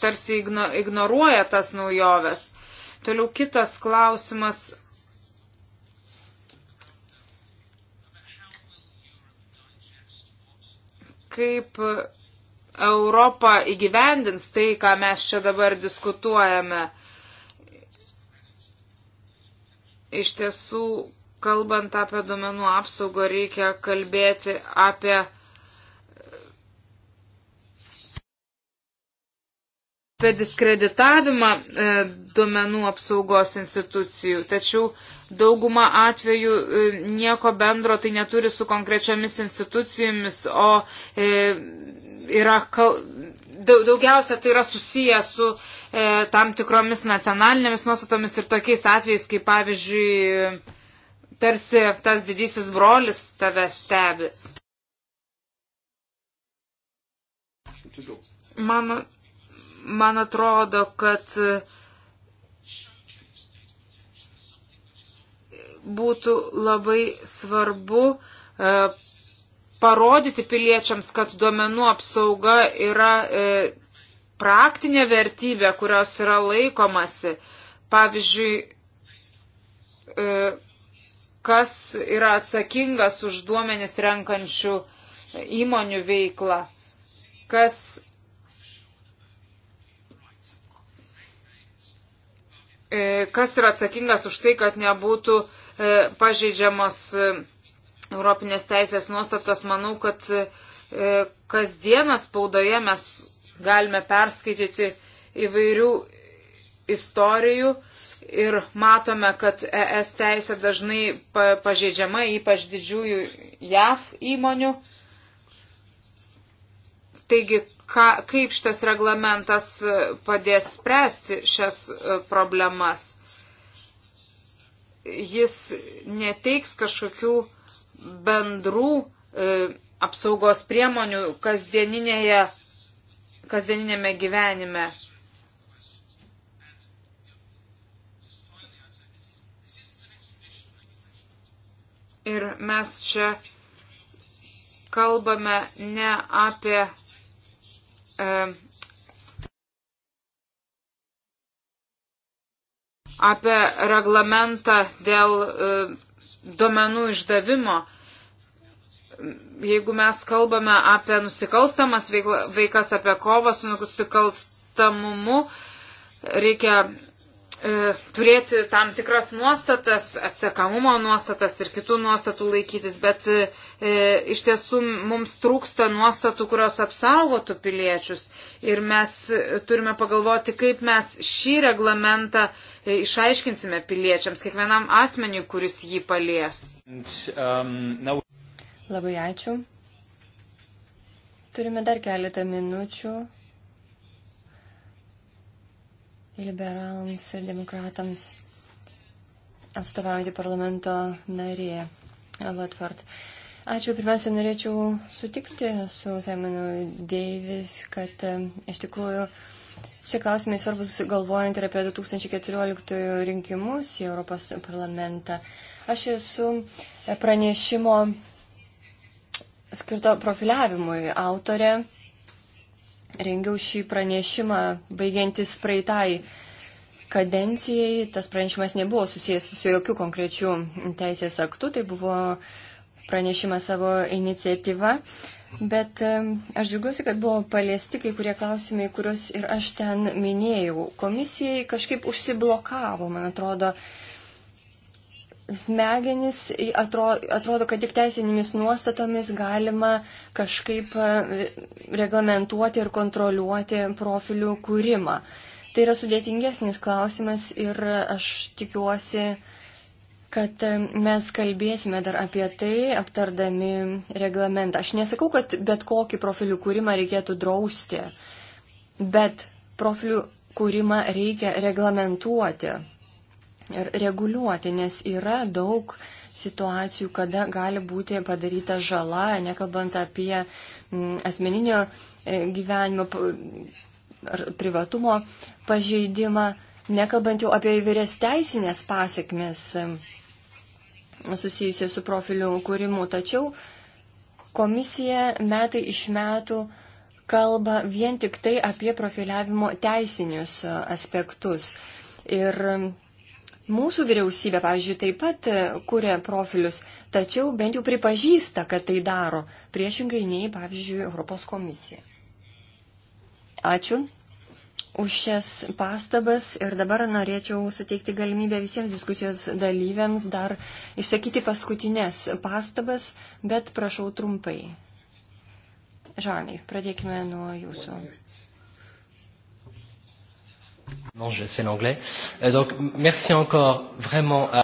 tarsi ignoruoja tas naujoves. Toliau kitas klausimas. Kaip Europa įgyvendins tai, ką mes čia dabar diskutuojame. Iš tiesų, kalbant apie duomenų apsaugą, reikia kalbėti apie apie diskreditavimą e, duomenų apsaugos institucijų, tačiau dauguma atvejų e, nieko bendro tai neturi su konkrečiomis institucijomis, o e, yra, daugiausia tai yra susiję su e, tam tikromis nacionalinėmis nuostatomis ir tokiais atvejais, kaip pavyzdžiui, tarsi tas didysis brolis tave stebi. Man, man atrodo, kad būtų labai svarbu e, parodyti piliečiams, kad duomenų apsauga yra e, praktinė vertybė, kurios yra laikomasi. Pavyzdžiui, e, kas yra atsakingas už duomenis renkančių įmonių veiklą, kas e, kas yra atsakingas už tai, kad nebūtų e, pažeidžiamos e, Europinės teisės nuostatos, manau, kad e, kasdieną spaudoje mes galime perskaityti įvairių istorijų ir matome, kad ES teisė dažnai pažeidžiama, ypač didžiųjų JAV įmonių. Taigi, ka, kaip šitas reglamentas e, padės spręsti šias e, problemas? Jis neteiks kažkokių bendrų e, apsaugos priemonių kasdieninėje, kasdieninėme gyvenime. Ir mes čia kalbame ne apie e, apie reglamentą dėl e, duomenų išdavimo. Jeigu mes kalbame apie nusikalstamas veiklas, apie kovą su nusikalstamumu, reikia E, turėti tam tikras nuostatas, atsekamumo nuostatas ir kitų nuostatų laikytis, bet e, iš tiesų mums trūksta nuostatų, kurios apsaugotų piliečius. Ir mes turime pagalvoti, kaip mes šį reglamentą e, išaiškinsime piliečiams, kiekvienam asmeniui, kuris jį palies. Um, Labai ačiū. Turime dar keletą minučių liberalams ir demokratams atstovaujantį parlamento narė Latvart. Ačiū. Pirmiausia, norėčiau sutikti su Simonu Deivis, kad e, iš tikrųjų šie klausimai svarbus galvojant ir apie 2014 rinkimus į Europos parlamentą. Aš esu pranešimo skirto profiliavimui autorė rengiau šį pranešimą baigiantis praeitai kadencijai. Tas pranešimas nebuvo susijęs su jokių konkrečių teisės aktų, tai buvo pranešimas savo iniciatyva. Bet e, aš džiaugiuosi, kad buvo paliesti kai kurie klausimai, kuriuos ir aš ten minėjau. Komisijai kažkaip užsiblokavo, man atrodo, uh, smegenis atrodo, kad tik teisinėmis nuostatomis galima kažkaip e, reglamentuoti ir kontroliuoti profilių kūrimą. Tai yra sudėtingesnis klausimas ir aš tikiuosi, kad mes kalbėsime dar apie tai, aptardami reglamentą. Aš nesakau, kad bet kokį profilių kūrimą reikėtų drausti, bet profilių kūrimą reikia reglamentuoti reguliuoti, nes yra daug situacijų, kada gali būti padaryta žala, nekalbant apie mm, asmeninio e, gyvenimo ar privatumo pažeidimą, nekalbant jau apie įvairias teisinės pasiekmes e, susijusią su profiliu kūrimu. Tačiau komisija metai iš metų kalba vien tik tai apie profiliavimo teisinius e, aspektus. Ir Mūsų vyriausybė, pavyzdžiui, taip pat e, kūrė profilius, tačiau bent jau pripažįsta, kad tai daro, priešingai nei, pavyzdžiui, Europos komisija. Ačiū už šias pastabas ir dabar norėčiau suteikti galimybę visiems diskusijos dalyviams dar išsakyti paskutinės pastabas, bet prašau trumpai. Žanai, pradėkime nuo jūsų. Ponas. Non, je sais l'anglais. Euh, donc, merci encore vraiment. À...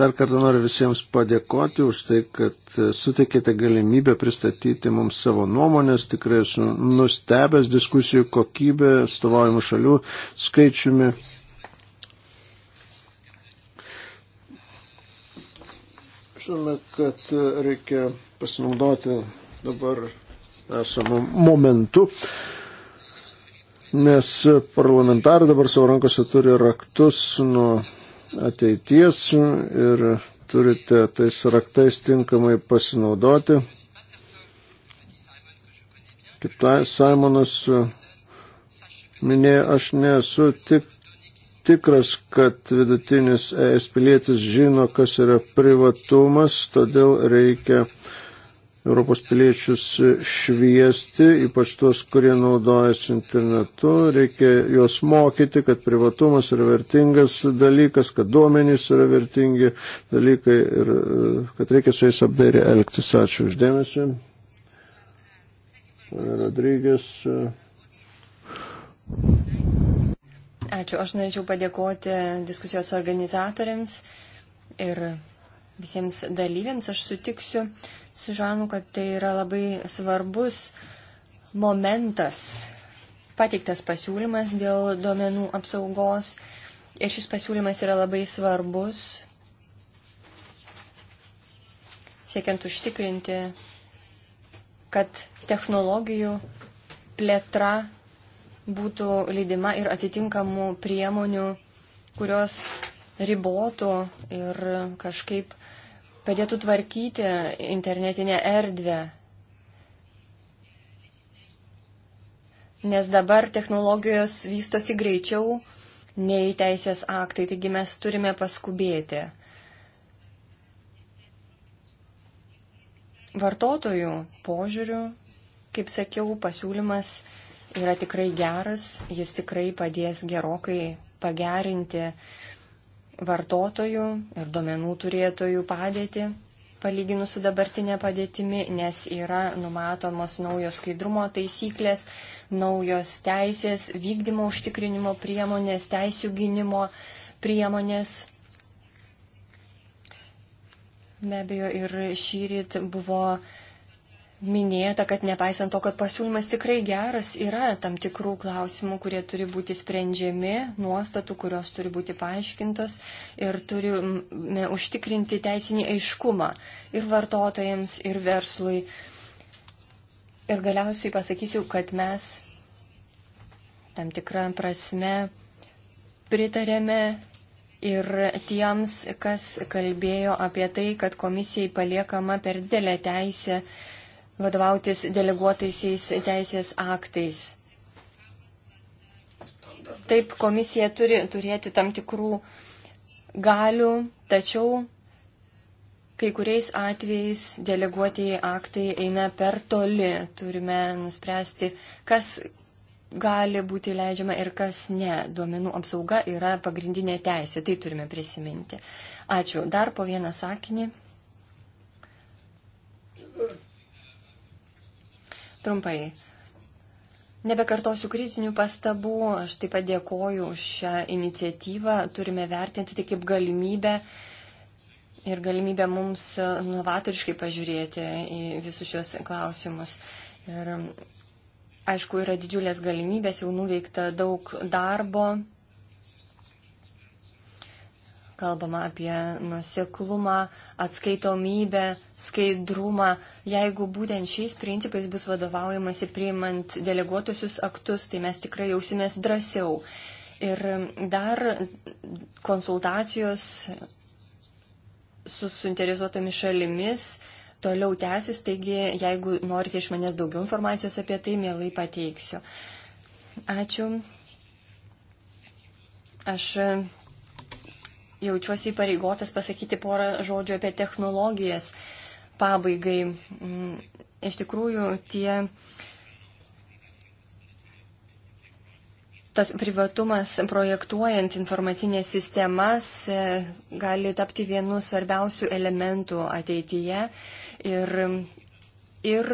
Dar kartą noriu visiems padėkoti už tai, kad e, suteikėte galimybę pristatyti mums savo nuomonės. Tikrai esu nustebęs diskusijų kokybę, stovojimų šalių skaičiumi. Žinome, kad e, reikia pasinaudoti dabar esamų momentų nes parlamentarai dabar savo rankose turi raktus nuo ateities ir turite tais raktais tinkamai pasinaudoti. Kaip tai Simonas minėjo, aš nesu tik, tikras, kad vidutinis ES pilietis žino, kas yra privatumas, todėl reikia uh, Europos piliečius šviesti, ypač tuos, kurie naudojasi internetu. Reikia juos mokyti, kad privatumas yra vertingas dalykas, kad duomenys yra vertingi dalykai ir e, kad reikia su jais apdairiai elgtis. Ačiū uždėmesi. Rodrygės. E. Ačiū. Aš norėčiau padėkoti diskusijos organizatoriams ir visiems dalyviams. Aš sutiksiu su Žanu, kad tai yra labai svarbus momentas pateiktas pasiūlymas dėl duomenų apsaugos. Ir šis pasiūlymas yra labai svarbus, siekiant užtikrinti, kad technologijų plėtra būtų lydima ir atitinkamų priemonių, kurios ribotų ir kažkaip padėtų tvarkyti internetinę erdvę. Nes dabar technologijos vystosi greičiau nei teisės aktai, taigi mes turime paskubėti. Vartotojų požiūrių, kaip sakiau, pasiūlymas yra tikrai geras, jis tikrai padės gerokai pagerinti uh, vartotojų ir duomenų turėtojų padėtį palyginus su dabartinė padėtimi, nes yra numatomos naujos skaidrumo taisyklės, naujos teisės, vykdymo užtikrinimo priemonės, teisų gynimo priemonės. Be abejo, ir šį rytą buvo uh, minėta, kad nepaisant to, kad pasiūlymas tikrai geras, yra tam tikrų klausimų, kurie turi būti sprendžiami, nuostatų, kurios turi būti paaiškintos ir turime užtikrinti teisinį aiškumą ir vartotojams, ir verslui. Ir galiausiai pasakysiu, kad mes tam tikrą prasme pritarėme ir tiems, kas kalbėjo apie tai, kad komisijai paliekama per didelė teisė uh, vadovautis deleguotaisiais teisės aktais. Taip, komisija turi turėti tam tikrų galių, tačiau kai kuriais atvejais deleguotieji aktai eina per toli. Turime nuspręsti, kas gali būti leidžiama ir kas ne. Duomenų apsauga yra pagrindinė teisė, tai turime prisiminti. Ačiū. Dar po vieną sakinį. Trumpai. Nebekartosiu kritinių pastabų, aš taip pat dėkoju už šią iniciatyvą, turime vertinti tai kaip galimybę ir galimybę mums novatoriškai pažiūrėti į visus šios klausimus. Ir aišku, yra didžiulės galimybės, jau nuveikta daug darbo kalbama apie nuseklumą, atskaitomybę, skaidrumą. Jeigu būtent šiais principais bus vadovaujamas ir priimant deleguotusius aktus, tai mes tikrai jausimės drąsiau. Ir dar konsultacijos su suinteresuotomis šalimis toliau tęsis, taigi jeigu norite iš manęs daugiau informacijos apie tai, mielai pateiksiu. Ačiū. Aš jaučiuosi įpareigotas pasakyti porą žodžių apie technologijas pabaigai. Mm, iš tikrųjų, tie, tas privatumas projektuojant informacinės sistemas e, gali tapti vienu svarbiausių elementų ateityje ir, ir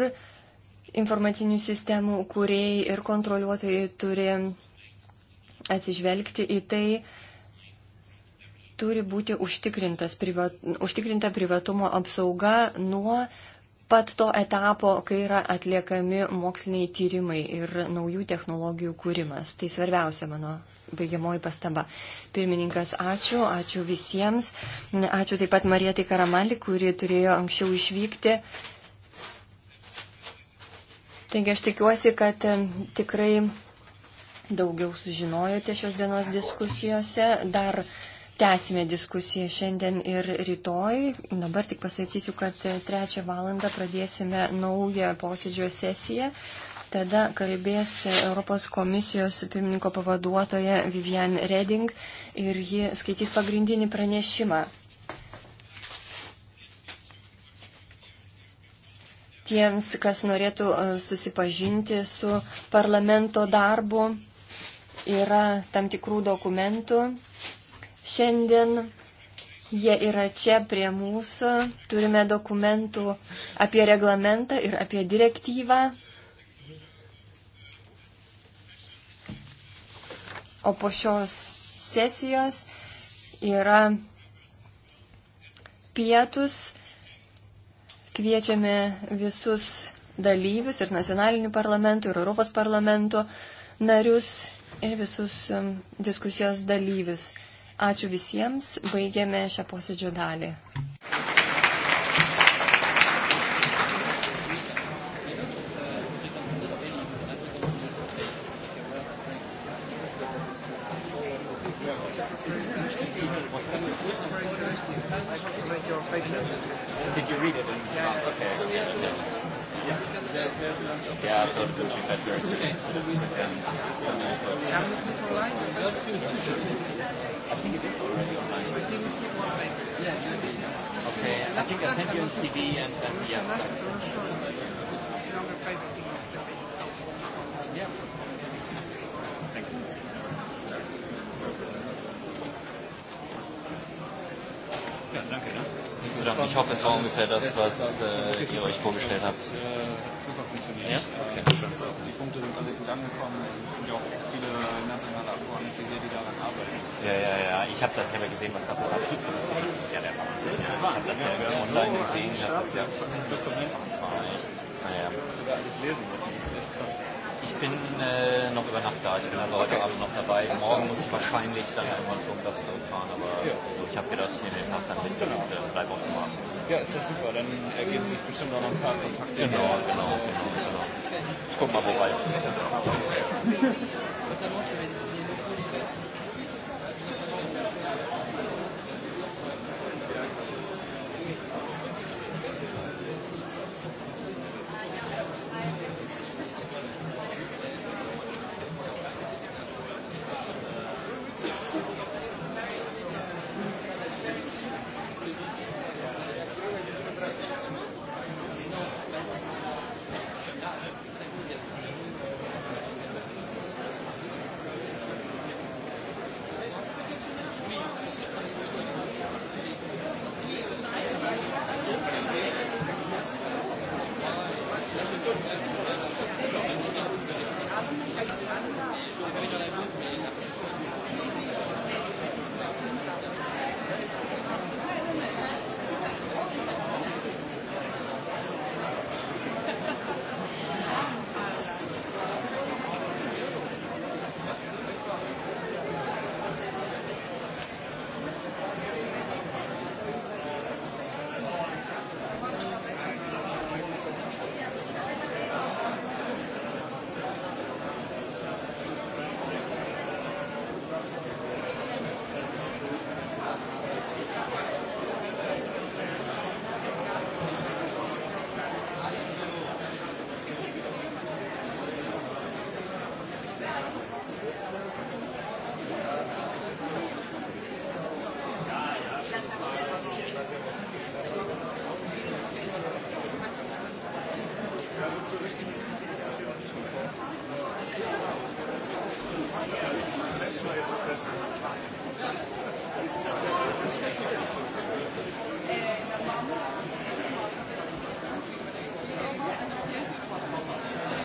informacinių sistemų kuriejai ir kontroliuotojai turi atsižvelgti į tai, turi būti privat, užtikrinta privatumo apsauga nuo pat to etapo, kai yra atliekami moksliniai tyrimai ir naujų technologijų kūrimas. Tai svarbiausia mano baigiamoji pastaba. Pirmininkas, ačiū, ačiū visiems. Ačiū taip pat Marietai Karamali, kuri turėjo anksčiau išvykti. Taigi aš tikiuosi, kad tikrai daugiau sužinojote šios dienos diskusijose. Dar Tęsime diskusiją šiandien ir rytoj. Dabar tik pasakysiu, kad trečią valandą pradėsime naują posėdžio sesiją. Tada kalbės Europos komisijos pirmininko pavaduotoja Vivian Reding ir ji skaitys pagrindinį pranešimą. Tiems, kas norėtų e, susipažinti su parlamento darbu, yra tam tikrų dokumentų Šiandien jie yra čia prie mūsų. Turime dokumentų apie reglamentą ir apie direktyvą. O po šios sesijos yra pietus. Kviečiame visus dalyvius ir nacionalinių parlamentų, ir Europos parlamento narius, ir visus um, diskusijos dalyvius. Ačiū visiems, baigiame šią posėdžio dalį. das war ungefähr das, was äh, ihr euch vorgestellt habt. Äh, super funktioniert. Ja? Okay. Die Punkte sind alle gut angekommen. Es sind ja auch viele nationale Abgeordnete hier, die daran arbeiten. Ja, ja, ja. Ich habe das ja gesehen, was da produziert wird. Das ist ja der Wahnsinn. Ja, ich habe das ja online gesehen. Das ist ja. Naja. alles lesen muss. Ich bin äh, noch über Nacht da. Ich bin also heute okay. Abend noch dabei. Das Morgen muss ich wahrscheinlich dann ja. irgendwann um das zurückfahren. Aber ja. so, ich habe gedacht, ich nehme den Tag dann mit genau. und äh, bleibe auch zum Abend. Ja, ist ja super. Dann ergeben sich bestimmt auch noch ein paar Kontakte. Genau, genau, genau, genau. Ich guck mal, wobei. Okay.